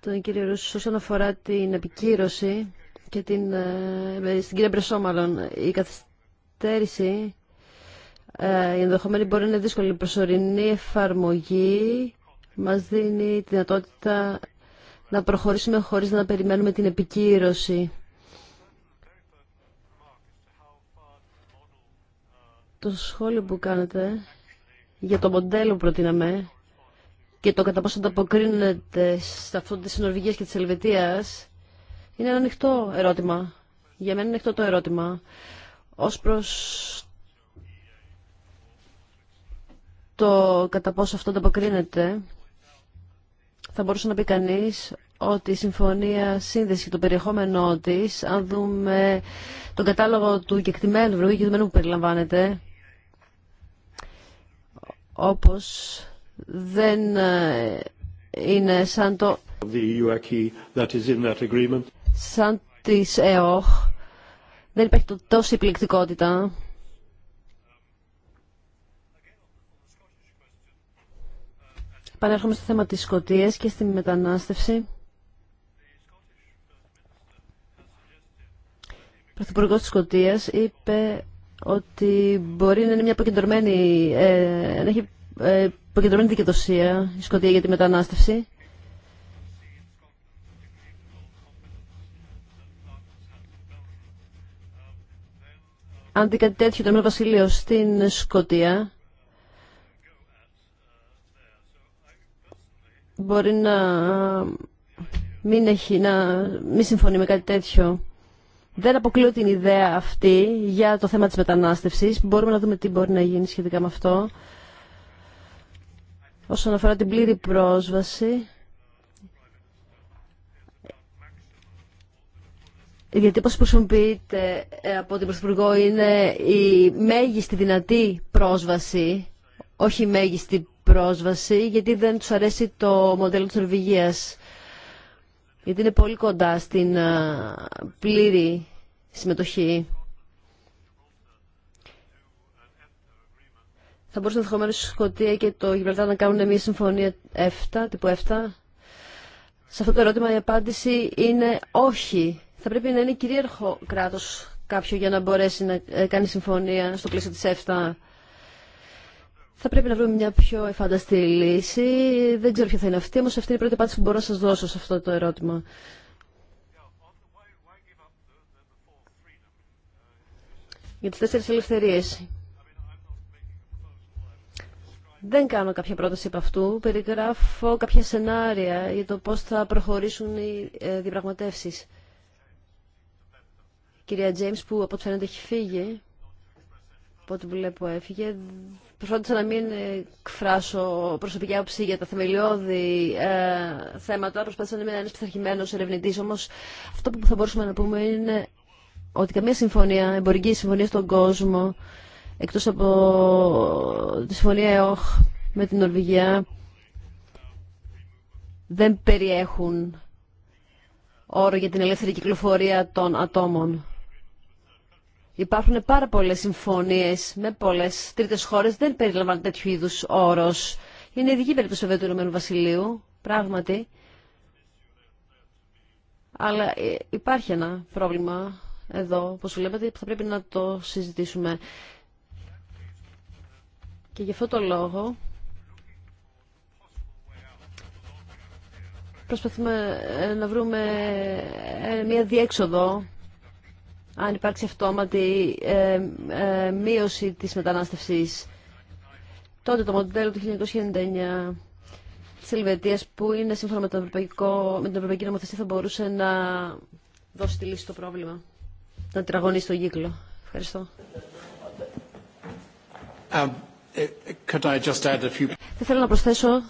Τον κύριο Ρούσο, όσον αφορά την επικύρωση και την, ε, στην κυρία Μπρεσό μάλλον, η καθυστέρηση ε, η ενδεχομένη μπορεί να είναι δύσκολη. Η προσωρινή εφαρμογή μας δίνει τη δυνατότητα να προχωρήσουμε χωρίς να περιμένουμε την επικύρωση. Το σχόλιο που κάνετε για το μοντέλο που προτείναμε και το κατά πόσο ανταποκρίνεται σε αυτό της Νορβηγίας και της Ελβετίας είναι ένα ανοιχτό ερώτημα. Για μένα είναι ανοιχτό το ερώτημα. Ως προς το κατά πόσο αυτό αποκρίνεται θα μπορούσε να πει κανείς ότι η συμφωνία σύνδεση και το περιεχόμενό της, αν δούμε τον κατάλογο του κεκτημένου, βρεβού κεκτημένου που περιλαμβάνεται, όπως δεν ε, είναι σαν το... E e σαν της ΕΟΧ, δεν υπάρχει τόση επιλεκτικότητα Παρέρχομαι στο θέμα της Σκοτίας και στη μετανάστευση. Ο Πρωθυπουργός της Σκοτίας είπε ότι μπορεί να είναι μια αποκεντρωμένη, ε, να έχει ε, αποκεντρωμένη δικαιοδοσία η Σκοτία για τη μετανάστευση. Αν δει κάτι τέτοιο το Βασίλειο στην Σκοτία, μπορεί να μην, έχει, να μην συμφωνεί με κάτι τέτοιο. Δεν αποκλείω την ιδέα αυτή για το θέμα της μετανάστευσης. Μπορούμε να δούμε τι μπορεί να γίνει σχετικά με αυτό. Όσον αφορά την πλήρη πρόσβαση, η διατύπωση που χρησιμοποιείται ε, από την Πρωθυπουργό είναι η μέγιστη δυνατή πρόσβαση, όχι η μέγιστη πρόσβαση γιατί δεν τους αρέσει το μοντέλο της Νορβηγίας. Γιατί είναι πολύ κοντά στην πλήρη συμμετοχή. Θα μπορούσαν ενδεχομένω η Σκωτία και το Γιβραλτάρ να κάνουν μια συμφωνία 7, τύπου 7. Σε αυτό το ερώτημα η απάντηση είναι όχι. Θα πρέπει να είναι κυρίαρχο κράτος κάποιο για να μπορέσει να ε, κάνει συμφωνία στο πλαίσιο της 7. Θα πρέπει να βρούμε μια πιο εφάνταστη λύση. Δεν ξέρω ποια θα είναι αυτή, όμω αυτή είναι η πρώτη απάντηση που μπορώ να σα δώσω σε αυτό το ερώτημα. Για τι τέσσερι ελευθερίε. Δεν κάνω κάποια πρόταση από αυτού. Περιγράφω κάποια σενάρια για το πώ θα προχωρήσουν οι ε, διαπραγματεύσει. κυρία Τζέιμς που από ό,τι φαίνεται έχει φύγει, από ό,τι βλέπω έφυγε, Προσπάθησα να μην ε, εκφράσω προσωπική άποψη για τα θεμελιώδη ε, θέματα. Προσπάθησα να είμαι ένα πειθαρχημένο ερευνητή. Όμω αυτό που θα μπορούσαμε να πούμε είναι ότι καμία συμφωνία, εμπορική συμφωνία στον κόσμο, εκτό από τη συμφωνία ΕΟΧ με την Νορβηγία, δεν περιέχουν όρο για την ελεύθερη κυκλοφορία των ατόμων. Υπάρχουν πάρα πολλές συμφωνίες με πολλές τρίτες χώρες, δεν περιλαμβάνουν τέτοιου είδους όρος. Είναι ειδική περίπτωση βέβαια του Ηνωμένου Βασιλείου, πράγματι. Αλλά ε, υπάρχει ένα πρόβλημα εδώ, όπως βλέπετε, που θα πρέπει να το συζητήσουμε. Και γι' αυτό το λόγο προσπαθούμε ε, να βρούμε ε, μια διέξοδο αν υπάρξει αυτόματη ε, ε, μείωση της μετανάστευσης. Τότε το μοντέλο του 1999 της Ελβετίας που είναι σύμφωνα με, το με την Ευρωπαϊκή Νομοθεσία θα μπορούσε να δώσει τη λύση στο πρόβλημα, να τραγωνίσει τον κύκλο. Ευχαριστώ. Um, uh, θα ήθελα να προσθέσω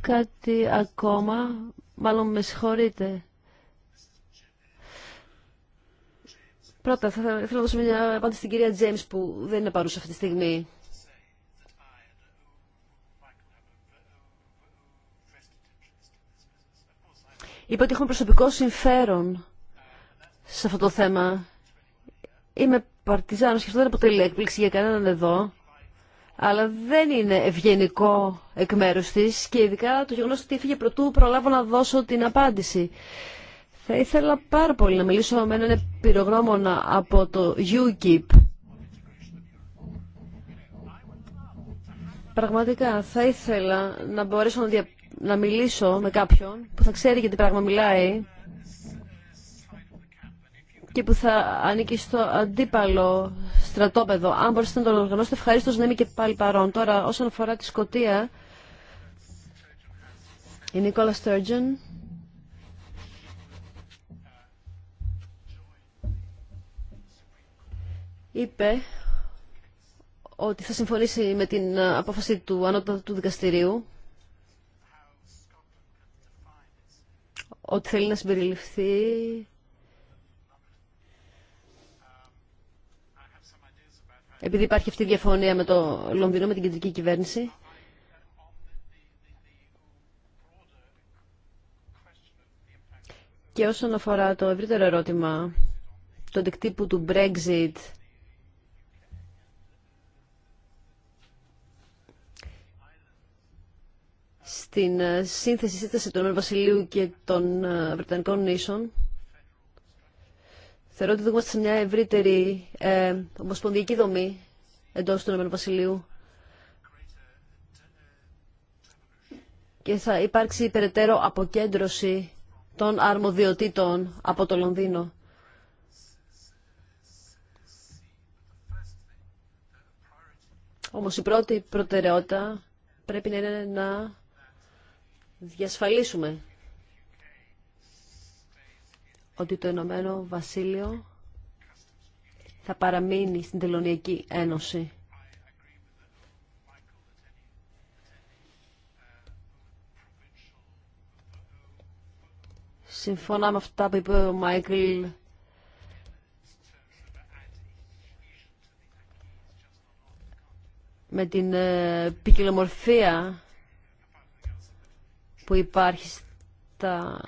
κάτι ακόμα, μάλλον με συγχωρείτε. Πρώτα, θα ήθελα να δώσω μια απάντηση στην κυρία Τζέμις που δεν είναι παρούσα αυτή τη στιγμή. Είπα ότι έχουμε προσωπικό συμφέρον σε αυτό το θέμα. Είμαι παρτιζάνο και αυτό δεν αποτελεί έκπληξη για κανέναν εδώ. Αλλά δεν είναι ευγενικό εκ μέρου τη και ειδικά το γεγονό ότι έφυγε πρωτού προλάβω να δώσω την απάντηση. Θα ήθελα πάρα πολύ να μιλήσω με έναν πυρογνώμονα από το UKIP. Πραγματικά θα ήθελα να μπορέσω να, δια... να μιλήσω με κάποιον που θα ξέρει γιατί πράγμα μιλάει και που θα ανήκει στο αντίπαλο στρατόπεδο. Αν μπορέσετε να τον οργανώσετε, ευχαρίστω να είμαι και πάλι παρόν. Τώρα, όσον αφορά τη Σκοτία, η Νίκολα Στέρτζεν είπε ότι θα συμφωνήσει με την ε, απόφαση του Ανώτατου Δικαστηρίου ότι θέλει να συμπεριληφθεί επειδή υπάρχει αυτή η διαφωνία με το Λονδίνο, με την κεντρική κυβέρνηση. Και όσον αφορά το ευρύτερο ερώτημα, το αντικτύπου του Brexit στην ε, σύνθεση σύνθεση του Ηνωμένου Βασιλείου και των ε, Βρετανικών νήσων, θεωρώ ότι δούμε σε μια ευρύτερη ε, ομοσπονδιακή δομή εντός του Ηνωμένου Βασιλείου και θα υπάρξει περαιτέρω αποκέντρωση των αρμοδιοτήτων από το Λονδίνο. Όμως η πρώτη προτεραιότητα πρέπει να είναι να διασφαλίσουμε ότι το Ενωμένο Βασίλειο θα παραμείνει στην Τελωνιακή Ένωση. Συμφωνάμε με αυτά που είπε ο Μάικλ. με την ε, ποικιλομορφία που υπάρχει στα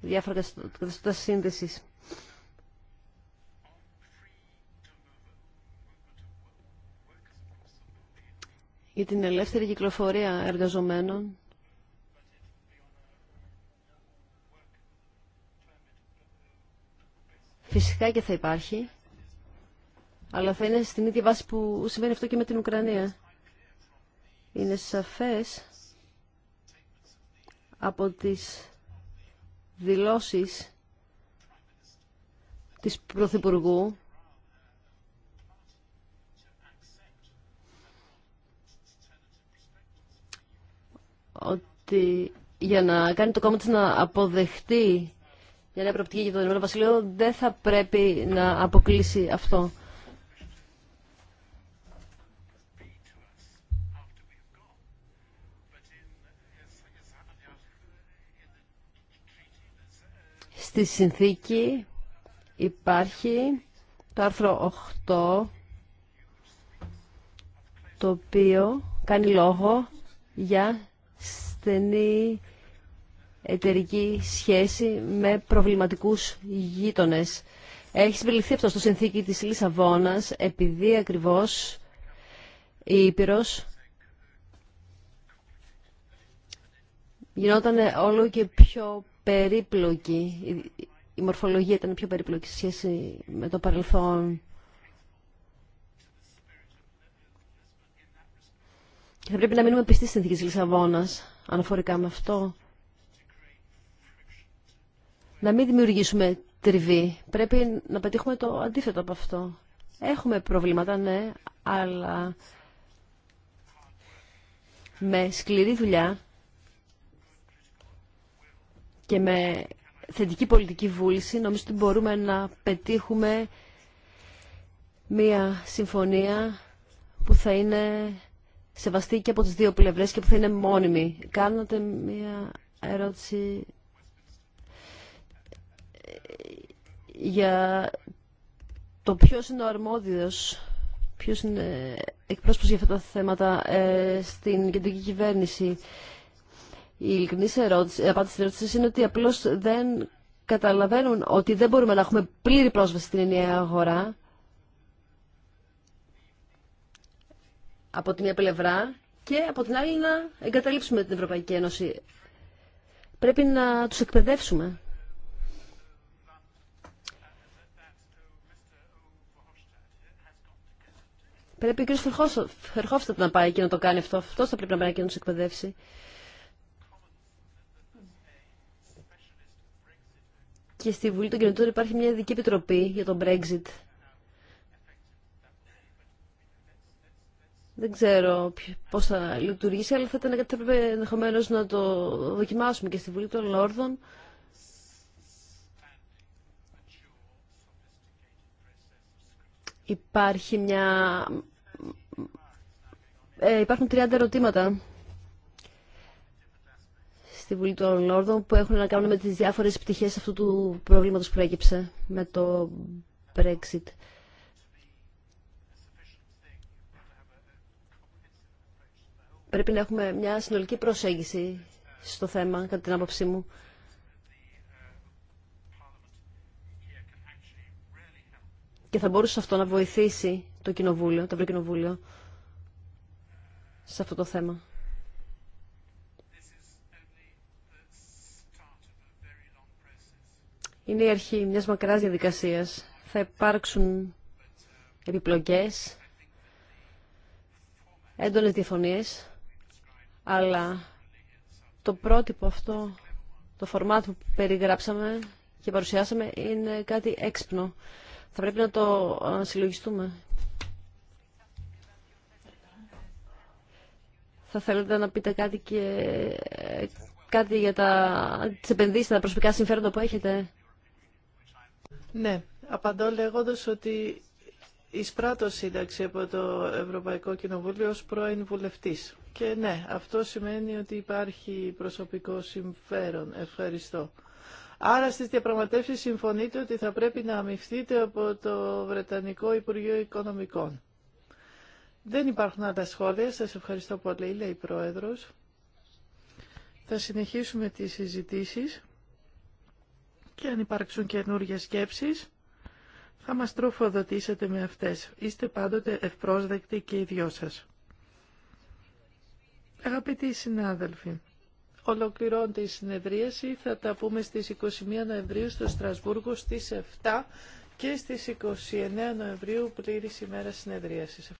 διάφορα καθεστώτα σύνδεσης. για την ελεύθερη κυκλοφορία εργαζομένων. Φυσικά και θα υπάρχει, αλλά θα είναι στην ίδια βάση που σημαίνει αυτό και με την Ουκρανία. Είναι σαφές από τις δηλώσεις της Πρωθυπουργού ότι για να κάνει το κόμμα της να αποδεχτεί για να προοπτική για τον Ηνωμένο Βασιλείο δεν θα πρέπει να αποκλείσει αυτό. Στη συνθήκη υπάρχει το άρθρο 8 το οποίο κάνει λόγο για στενή εταιρική σχέση με προβληματικούς γείτονες. Έχει συμπεριληφθεί αυτό στο συνθήκη της Λισαβόνας επειδή ακριβώς η Ήπειρος γινόταν όλο και πιο περίπλοκη, η μορφολογία ήταν πιο περίπλοκη σε σχέση με το παρελθόν. θα πρέπει να μείνουμε πιστοί στην συνθήκες Λισαβόνας αναφορικά με αυτό. Να μην δημιουργήσουμε τριβή. Πρέπει να πετύχουμε το αντίθετο από αυτό. Έχουμε προβλήματα, ναι, αλλά με σκληρή δουλειά και με θετική πολιτική βούληση νομίζω ότι μπορούμε να πετύχουμε μία συμφωνία που θα είναι σεβαστή και από τις δύο πλευρές και που θα είναι μόνιμη. Κάνατε μία ερώτηση για το ποιος είναι ο αρμόδιος, ποιος είναι εκπρόσωπος για αυτά τα θέματα ε, στην κεντρική κυβέρνηση. Η ειλικρινή ερώτηση, απάντηση στην ερώτηση είναι ότι απλώς δεν καταλαβαίνουν ότι δεν μπορούμε να έχουμε πλήρη πρόσβαση στην ενιαία αγορά από τη μία πλευρά και από την άλλη να εγκαταλείψουμε την Ευρωπαϊκή Ένωση. Πρέπει να τους εκπαιδεύσουμε. Πρέπει ο κ. Φερχόφστατ να πάει και να το κάνει αυτό. Αυτό θα πρέπει να πάει και να του εκπαιδεύσει. και στη Βουλή των Κοινωνιτών υπάρχει μια ειδική επιτροπή για τον Brexit. Δεν ξέρω πώς θα λειτουργήσει, αλλά θα ήταν κάτι που έπρεπε ενδεχομένω να το δοκιμάσουμε και στη Βουλή των Λόρδων. Υπάρχει μια... Ε, υπάρχουν 30 ερωτήματα στη Βουλή των Λόρδων που έχουν να κάνουν με τις διάφορες πτυχές αυτού του προβλήματος που έκυψε με το Brexit. Πρέπει να έχουμε μια συνολική προσέγγιση στο θέμα, κατά την άποψή μου. Και θα μπορούσε αυτό να βοηθήσει το Κοινοβούλιο, το Ευρωκοινοβούλιο, σε αυτό το θέμα. είναι η αρχή μιας μακράς διαδικασίας. Θα υπάρξουν επιπλογές, έντονες διαφωνίες, αλλά το πρότυπο αυτό, το φορμάτ που περιγράψαμε και παρουσιάσαμε είναι κάτι έξυπνο. Θα πρέπει να το ε, συλλογιστούμε. Θα θέλετε να πείτε κάτι και ε, κάτι για τα, τις επενδύσεις, τα προσωπικά συμφέροντα που έχετε. Ναι, απαντώ λέγοντας ότι εισπράττω σύνταξη από το Ευρωπαϊκό Κοινοβούλιο ως πρώην βουλευτής. Και ναι, αυτό σημαίνει ότι υπάρχει προσωπικό συμφέρον. Ευχαριστώ. Άρα στις διαπραγματεύσεις συμφωνείτε ότι θα πρέπει να αμυφθείτε από το Βρετανικό Υπουργείο Οικονομικών. Δεν υπάρχουν άλλα σχόλια. Σας ευχαριστώ πολύ, λέει η Πρόεδρος. Θα συνεχίσουμε τις συζητήσεις και αν υπάρξουν καινούργιες σκέψεις θα μας τροφοδοτήσετε με αυτές. Είστε πάντοτε ευπρόσδεκτοι και οι δυο σας. Αγαπητοί συνάδελφοι, ολοκληρώνεται η συνεδρίαση. Θα τα πούμε στις 21 Νοεμβρίου στο Στρασβούργο στις 7 και στις 29 Νοεμβρίου πλήρης ημέρα συνεδρίασης.